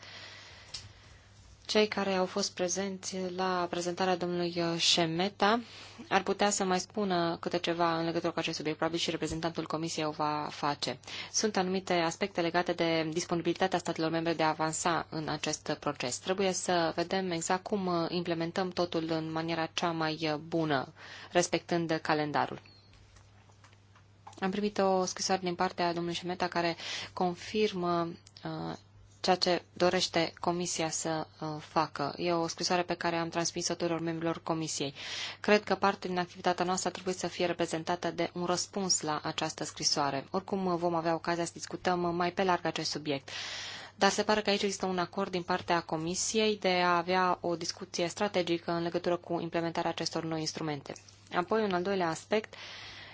Cei care au fost prezenți la prezentarea domnului Șemeta ar putea să mai spună câte ceva în legătură cu acest subiect, probabil și reprezentantul Comisiei o va face. Sunt anumite aspecte legate de disponibilitatea statelor membre de a avansa în acest proces. Trebuie să vedem exact cum implementăm totul în maniera cea mai bună, respectând calendarul. Am primit o scrisoare din partea domnului Șemeta care confirmă uh, ceea ce dorește Comisia să uh, facă. E o scrisoare pe care am transmis-o tuturor membrilor Comisiei. Cred că parte din activitatea noastră trebuie să fie reprezentată de un răspuns la această scrisoare. Oricum uh, vom avea ocazia să discutăm uh, mai pe larg acest subiect dar se pare că aici există un acord din partea Comisiei de a avea o discuție strategică în legătură cu implementarea acestor noi instrumente. Apoi, un al doilea aspect, uh,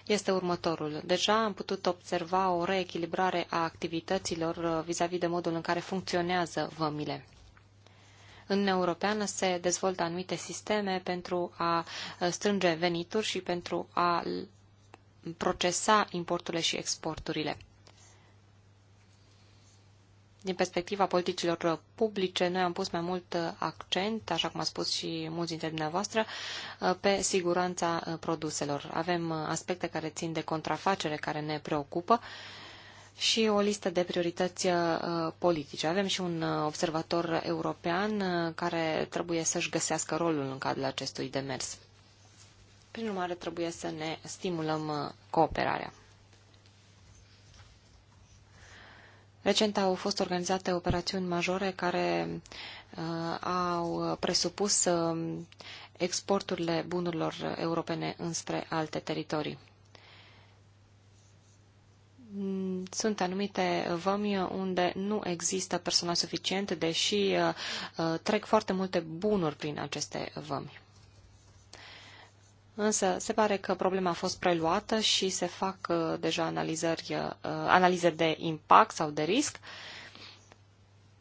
este următorul. Deja am putut observa o reechilibrare a activităților uh, vis-a-vis -vis de modul în care funcționează vămile. În Europeană se dezvoltă anumite sisteme pentru a uh, strânge venituri și pentru a procesa importurile și exporturile. Din perspectiva politicilor publice, noi am pus mai mult uh, accent, așa cum a spus și mulți dintre dumneavoastră, uh, pe siguranța uh, produselor. Avem aspecte care țin de contrafacere, care ne preocupă și o listă de priorități politice. Avem și un observator european care trebuie să-și găsească rolul în cadrul acestui demers. Prin urmare, trebuie să ne stimulăm cooperarea. Recent au fost organizate operațiuni majore care uh, au presupus uh, exporturile bunurilor europene înspre alte teritorii. Mm, sunt anumite vămi unde nu există personal suficient, deși uh, trec foarte multe bunuri prin aceste vămi. Însă se pare că problema a fost preluată și se fac uh, deja analizări, uh, analize de impact sau de risc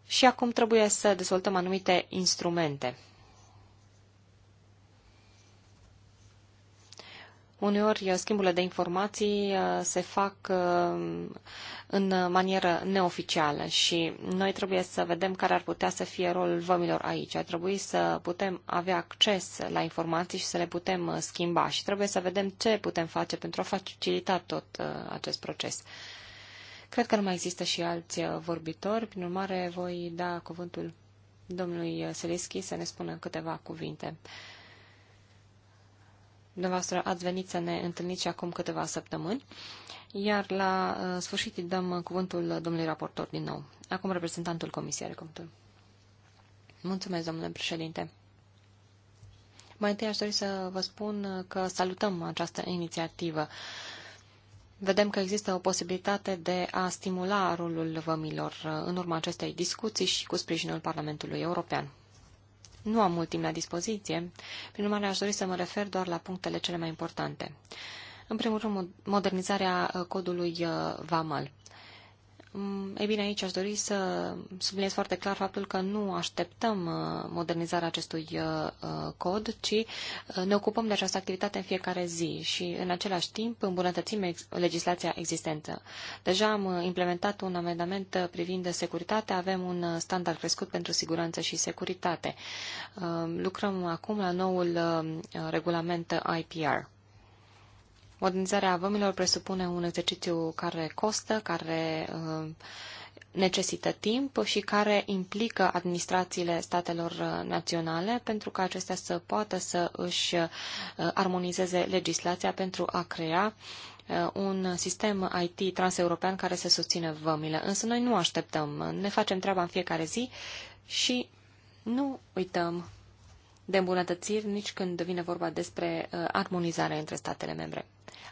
și acum trebuie să dezvoltăm anumite instrumente. Uneori uh, schimburile de informații uh, se fac uh, în manieră neoficială și noi trebuie să vedem care ar putea să fie rolul vămilor aici. Ar trebui să putem avea acces la informații și să le putem schimba și trebuie să vedem ce putem face pentru a facilita tot acest proces. Cred că nu mai există și alți vorbitori, prin urmare voi da cuvântul domnului Seliski să ne spună câteva cuvinte. Dumneavoastră ați venit să ne întâlniți și acum câteva săptămâni, iar la uh, sfârșit îi dăm uh, cuvântul domnului raportor din nou. Acum reprezentantul Comisiei are cuvântul. Mulțumesc, domnule președinte. Mai întâi aș dori să vă spun uh, că salutăm această inițiativă. Vedem că există o posibilitate de a stimula rolul vămilor în urma acestei discuții și cu sprijinul Parlamentului European. Nu am mult timp la dispoziție, prin urmare aș dori să mă refer doar la punctele cele mai importante. În primul rând, modernizarea uh, codului uh, VAMAL. Mm, ei bine, aici aș dori să subliniez foarte clar faptul că nu așteptăm uh, modernizarea acestui uh, uh, cod, ci ne ocupăm de această activitate în fiecare zi și, în același timp, îmbunătățim legislația existentă. Deja am implementat un amendament privind securitatea, avem un standard crescut pentru siguranță și securitate. Lucrăm acum la noul regulament IPR. Modernizarea vămilor presupune un exercițiu care costă, care uh, necesită timp și care implică administrațiile statelor uh, naționale pentru ca acestea să poată să își uh, armonizeze legislația pentru a crea un sistem IT transeuropean care să susțină vămile. Însă noi nu așteptăm, ne facem treaba în fiecare zi și nu uităm de îmbunătățiri nici când vine vorba despre armonizare între statele membre.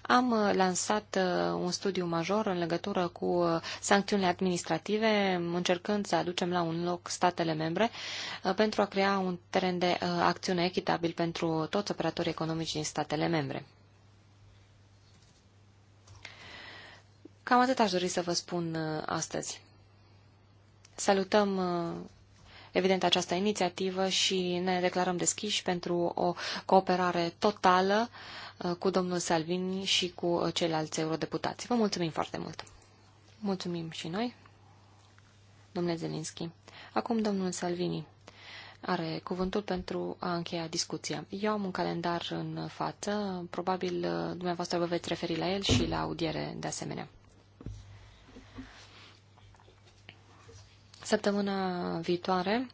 Am uh, lansat uh, un studiu major în legătură cu uh, sancțiunile administrative, încercând să aducem la un loc statele membre pentru a crea un teren de acțiune echitabil pentru toți operatorii economici din statele membre. Cam atât aș dori să vă spun astăzi. Salutăm evident această inițiativă și ne declarăm deschiși pentru o cooperare totală Uh, cu domnul Salvini și cu uh, ceilalți eurodeputați. Vă mulțumim foarte mult! Mulțumim și noi, domnule Zelinski. Acum domnul Salvini are cuvântul pentru a încheia discuția. Eu am un calendar în față, probabil uh, dumneavoastră vă veți referi la el și la audiere de asemenea. Săptămâna viitoare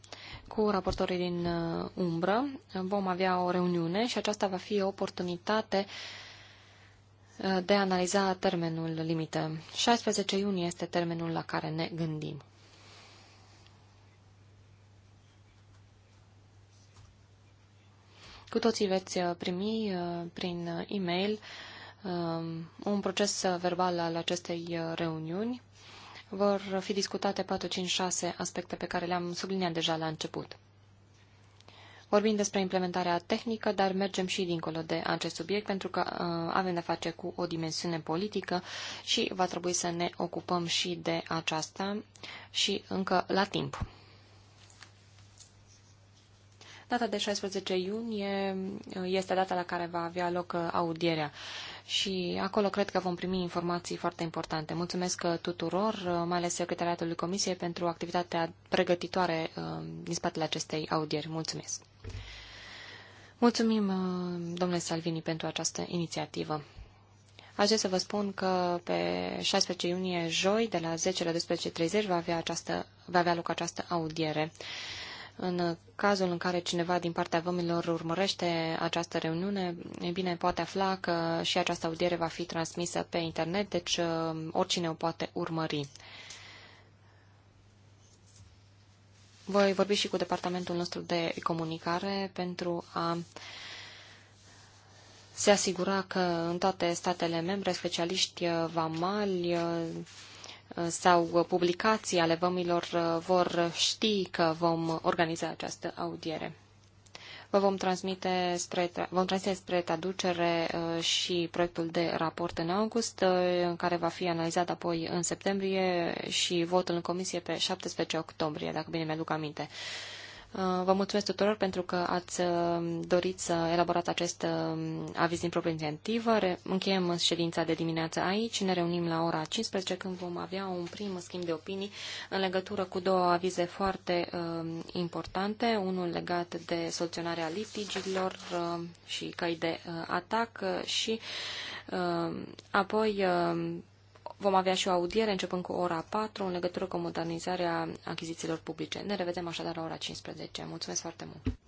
cu raportorii din uh, umbră. Vom avea o reuniune și aceasta va fi o oportunitate uh, de a analiza termenul limită. 16 iunie este termenul la care ne gândim. Cu toții veți uh, primi prin e-mail um, un proces verbal al acestei reuniuni vor fi discutate 4-5-6 aspecte pe care le-am subliniat deja la început. Vorbim despre implementarea tehnică, dar mergem și dincolo de acest subiect, pentru că uh, avem de face cu o dimensiune politică și va trebui să ne ocupăm și de aceasta și încă la timp. Data de 16 iunie este data la care va avea loc uh, audierea și acolo cred că vom primi informații foarte importante. Mulțumesc uh, tuturor, uh, mai ales Secretariatului Comisiei, pentru activitatea pregătitoare uh, din spatele acestei audieri. Mulțumesc! Mulțumim, domnule Salvini, pentru această inițiativă. Aș să vă spun că pe 16 iunie, joi, de la 10 la 12.30, va avea, această, va avea loc această audiere. În cazul în care cineva din partea vămilor urmărește această reuniune, e bine, poate afla că și această audiere va fi transmisă pe internet, deci uh, oricine o poate urmări. Voi vorbi și cu departamentul nostru de comunicare pentru a se asigura că în toate statele membre, specialiști uh, vamali, uh, Uh, sau publicații ale vămilor uh, vor ști că vom organiza această audiere. Vă vom transmite spre, vom transmite spre traducere uh, și proiectul de raport în august, în care va fi analizat apoi în septembrie și votul în comisie pe 17 octombrie, dacă bine mi-aduc aminte. Uh, vă mulțumesc tuturor pentru că ați uh, dorit să elaborați acest uh, aviz din proprie inițiativă. Încheiem ședința de dimineață aici. Ne reunim la ora 15 când vom avea un prim schimb de opinii în legătură cu două avize foarte importante. Unul legat de soluționarea litigilor și căi de atac și apoi Vom avea și o audiere începând cu ora 4 în legătură cu modernizarea achizițiilor publice. Ne revedem așadar la ora 15. Mulțumesc foarte mult!